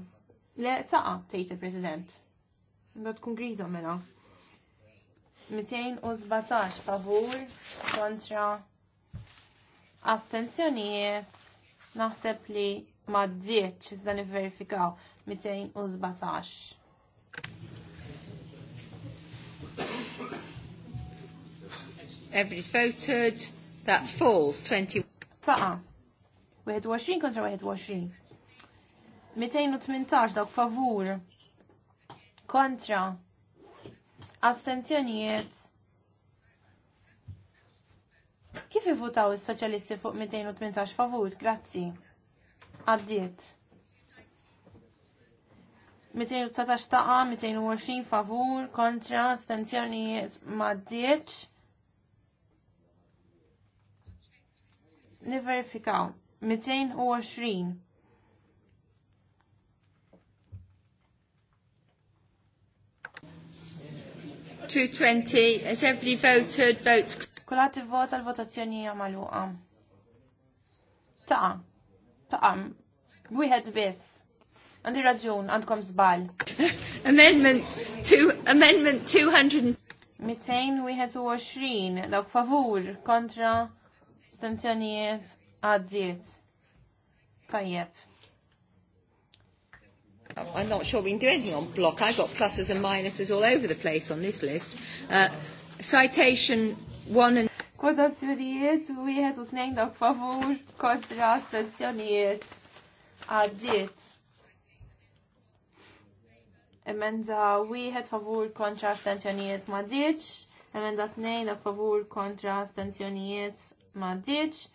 C: Le, taqa, tejt il-President. Da tkun griża mela. 217 favur kontra astenzjonijiet naħseb li ma d iżda niverifikaw 217. Everybody's voted. That falls 20. Taqa. 21 kontra 21. 218 dawk favur kontra astenzjonijiet Kif ivutaw il-soċalisti fuq 218 favut? Grazzi. Għaddiet. 219 taqa, 220 favur, kontra, stenzjoni ma' 10. Niverifikaw. 220. 220, has everybody voted, votes... Kulat il-vota l-votazzjoni hija magħluqa. Taqa, taqa, wieħed biss. Għandi raġun, għandkom żball. Amendment to Amendment 200. u għoxrin, dawk favur kontra stanzjonijiet għaddiet. Tajjeb.
A: I'm not sure we can do anything on block. I've got pluses and minuses all over the place on this
C: list. Uh, citation one and... Kodazzjonijiet, wieħed u tnejn dak favur kontra stazzjonijiet. Għaddiet. Emenda wieħed favur kontra stazzjonijiet ma ditx. Emenda tnejn dak favur kontra stazzjonijiet ma ditx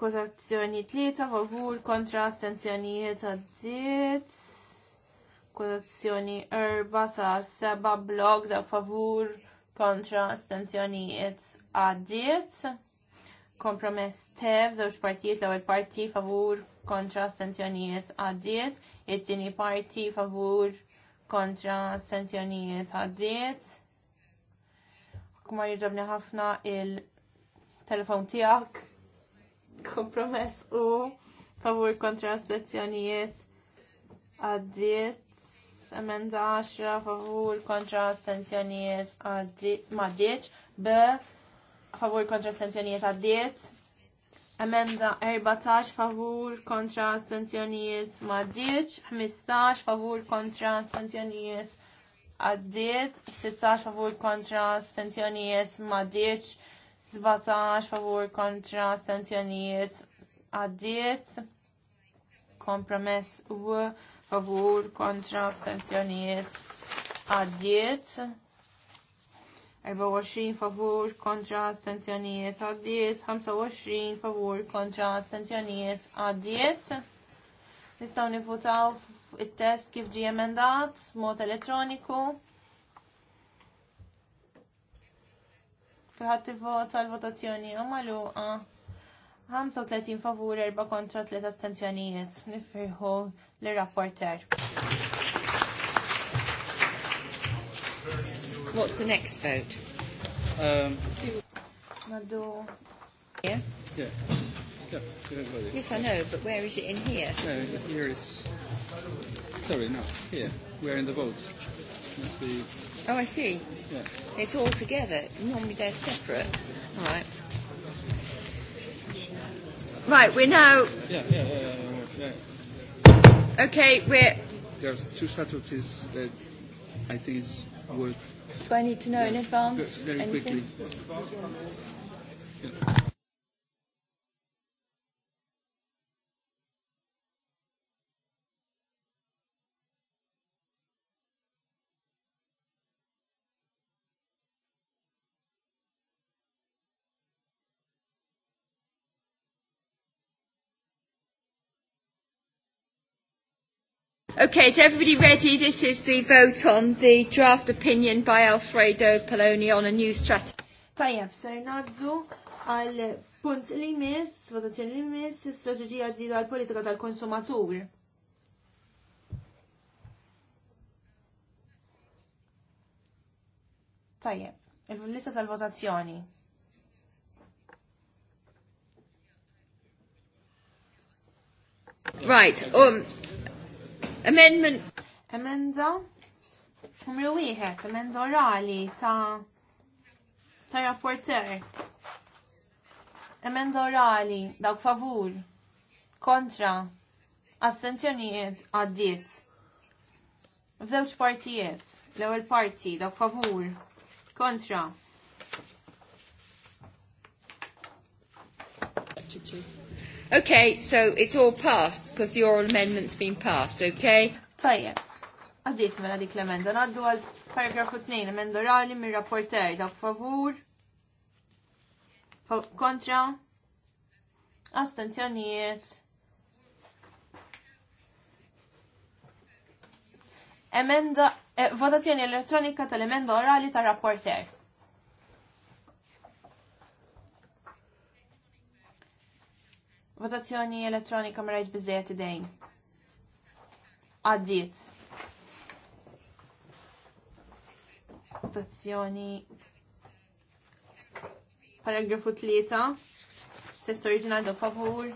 C: Kotazzjoni tlieta favur kontra astenzjonijiet għaddiet. Kotazzjoni erba sa seba blog da favur kontra astenzjonijiet għaddiet. Kompromess tev zewġ partijiet l-ewwel parti favur kontra astenzjonijiet għaddiet. It-tieni parti favur kontra astenzjonijiet għaddiet. Kumar jġobni ħafna il-telefon tiegħek. Kompromess u favur kontra sezzjonijiet għaddiet. Emenda 10 favur kontra sezzjonijiet għaddiet. B favur kontra sezzjonijiet għaddiet. Emenda 14 favur kontra astenzjonijiet maddiet. 15 favur kontra astenzjonijiet għaddiet. 16 favur kontra astenzjonijiet maddiet. 17 favur kontra astenzjonijiet għaddiet. Kompromess u favur kontra astenzjonijiet għaddiet. 24 favur kontra astenzjonijiet għaddiet, 25 favur kontra astenzjonijiet għaddiet. Nistaw nifutaw it-test kif ġie emendat, mod elettroniku. Kulħadd vot għal votazzjoni u magħluqa 35 favur, 4 kontra 3 astenzjonijiet. Nifirħu l-rapporter. What's the
A: next vote?
B: Um, Naddu. Yeah? Yeah. Yeah, yes, I know, but where is
A: it in here? No,
D: here is. Sorry, no, here. We're in the votes. Must be.
A: Oh, I see. Yeah. It's all together. Normally they're separate. All right.
B: Right, we're now... Yeah, yeah, yeah, yeah, yeah.
A: yeah. Okay, we're...
D: There's two subtleties that I think is worth...
A: Do I need to know yeah. in advance? Very anything? quickly. Yeah. Okay, is everybody ready? This is the vote on the draft opinion by Alfredo Poloni on a new strategy. Tajjeb,
C: ser naddu għal punt li mis, votazzjoni li mis, strategija ġdida għal politika tal-konsumatur. Tajjeb, il-lista tal-votazzjoni.
A: Right, um,
C: Amendment. Emenda. Numru wieħed, emenda orali ta' ta' rapporter. Emenda orali, dawk favur, kontra, astenzjonijiet għaddiet. F-żewġ partijiet, l-ewwel parti, dawk favur, kontra.
A: Okay, so it's all passed because the oral amendment's been passed, okay? Tajjeb.
C: Għaddit mela dik l-emenda. Naddu għal paragrafu 2, emenda orali mir rapporter da favur. Kontra. Astenzjonijiet. Emenda, eh, votazzjoni elettronika tal-emenda orali tal-rapporter. Votazzjoni elettronika ma rajt bizzejet idejn. Għaddiet. Votazzjoni paragrafu tlieta. Test original do favur.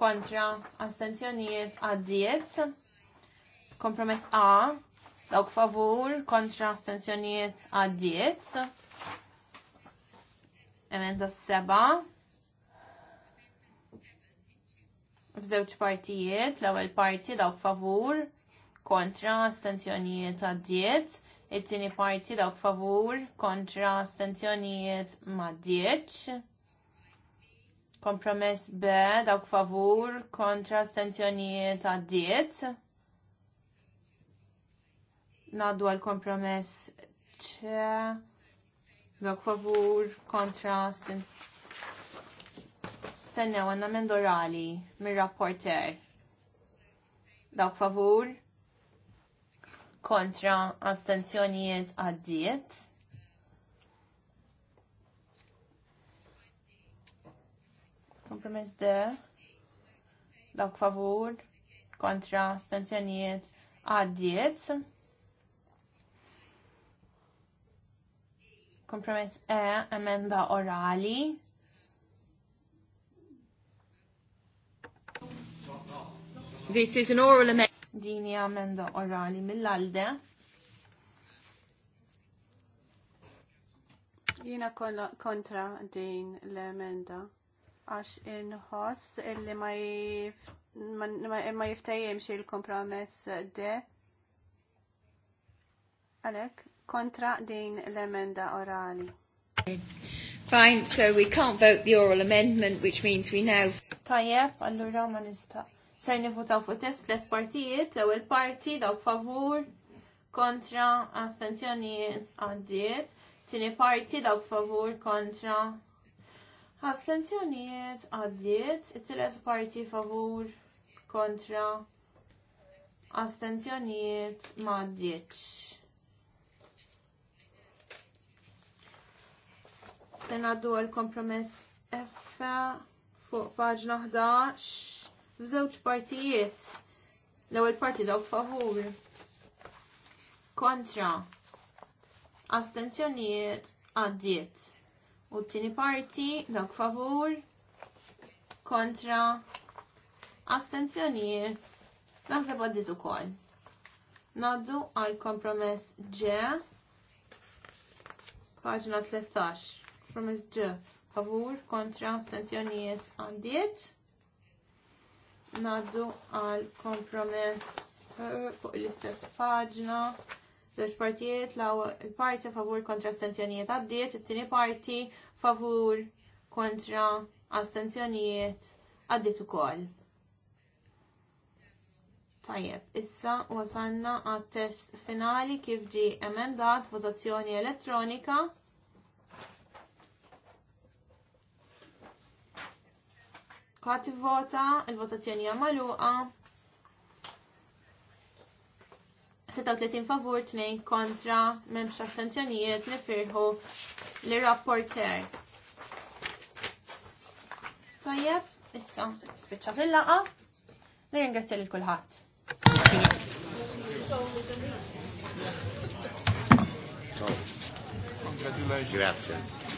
C: Kontra. Astenzjoniet. Għaddiet. Kompromess A. Dawk favur. Kontra. Astenzjoniet. Għaddiet. Emenda seba'. f'żewġ partijiet, l-ewwel parti daw favur kontra astenzjonijiet għaddiet, it-tieni parti daw favur kontra astenzjonijiet m'għaddiex. Kompromess B daw favur kontra astenzjonijiet għaddiet. Naddu għal kompromess C dawk favur kontra astenzjonijiet nistennew għanna dorali mir-rapporter. Dawk favur kontra astenzjonijiet għaddiet. Kompromess de. Dawk favur kontra astenzjonijiet għaddiet. Kompromess E, emenda orali This is an oral amendment. Dini amenda orali mill-alde.
D: Jina kontra din l-emenda għax inħoss illi ma, jiftajem ma, l kompromess de. Alek kontra din l-emenda orali.
C: Fine,
A: so we can't
C: vote the oral amendment, which means we now...
D: Tajjeb, allura ma nistaq.
C: Ser nivutaw fuq test tlet partijiet, l-ewwel parti dawk favur kontra astenzjonijiet għaddiet, tieni parti dawk favur kontra astenzjonijiet għaddiet, it-tielet parti favur kontra astenzjonijiet ma Sena Se l-kompromess F fuq paġna 11 Żewġ partijiet. L-ewwel parti dawk favur. Kontra. Astenzjonijiet għaddiet. U t-tieni parti dawk favur. Kontra. Astenzjonijiet. Naħseb għaddiet ukoll. Naddu għal kompromess G. Paġna 13. Kompromess G. Favur kontra astenzjonijiet għaddiet naddu għal kompromess eh, fuq l-istess paġna. Żewġ partijiet l parti favur kontra astenzjonijiet għaddiet, it-tieni parti favur kontra astenzjonijiet għaddiet ukoll. Tajjeb, issa wasanna għat-test finali kif ġie emendat votazzjoni elettronika. Kħat vota, il-votazzjoni hija magħluqa. 36 favur, 2 kontra, memx attenzjonijiet li firħu li rapporter. Tajjeb, issa, spiċċa fil-laqa, nirringrazzja li kulħadd.
B: Grazie.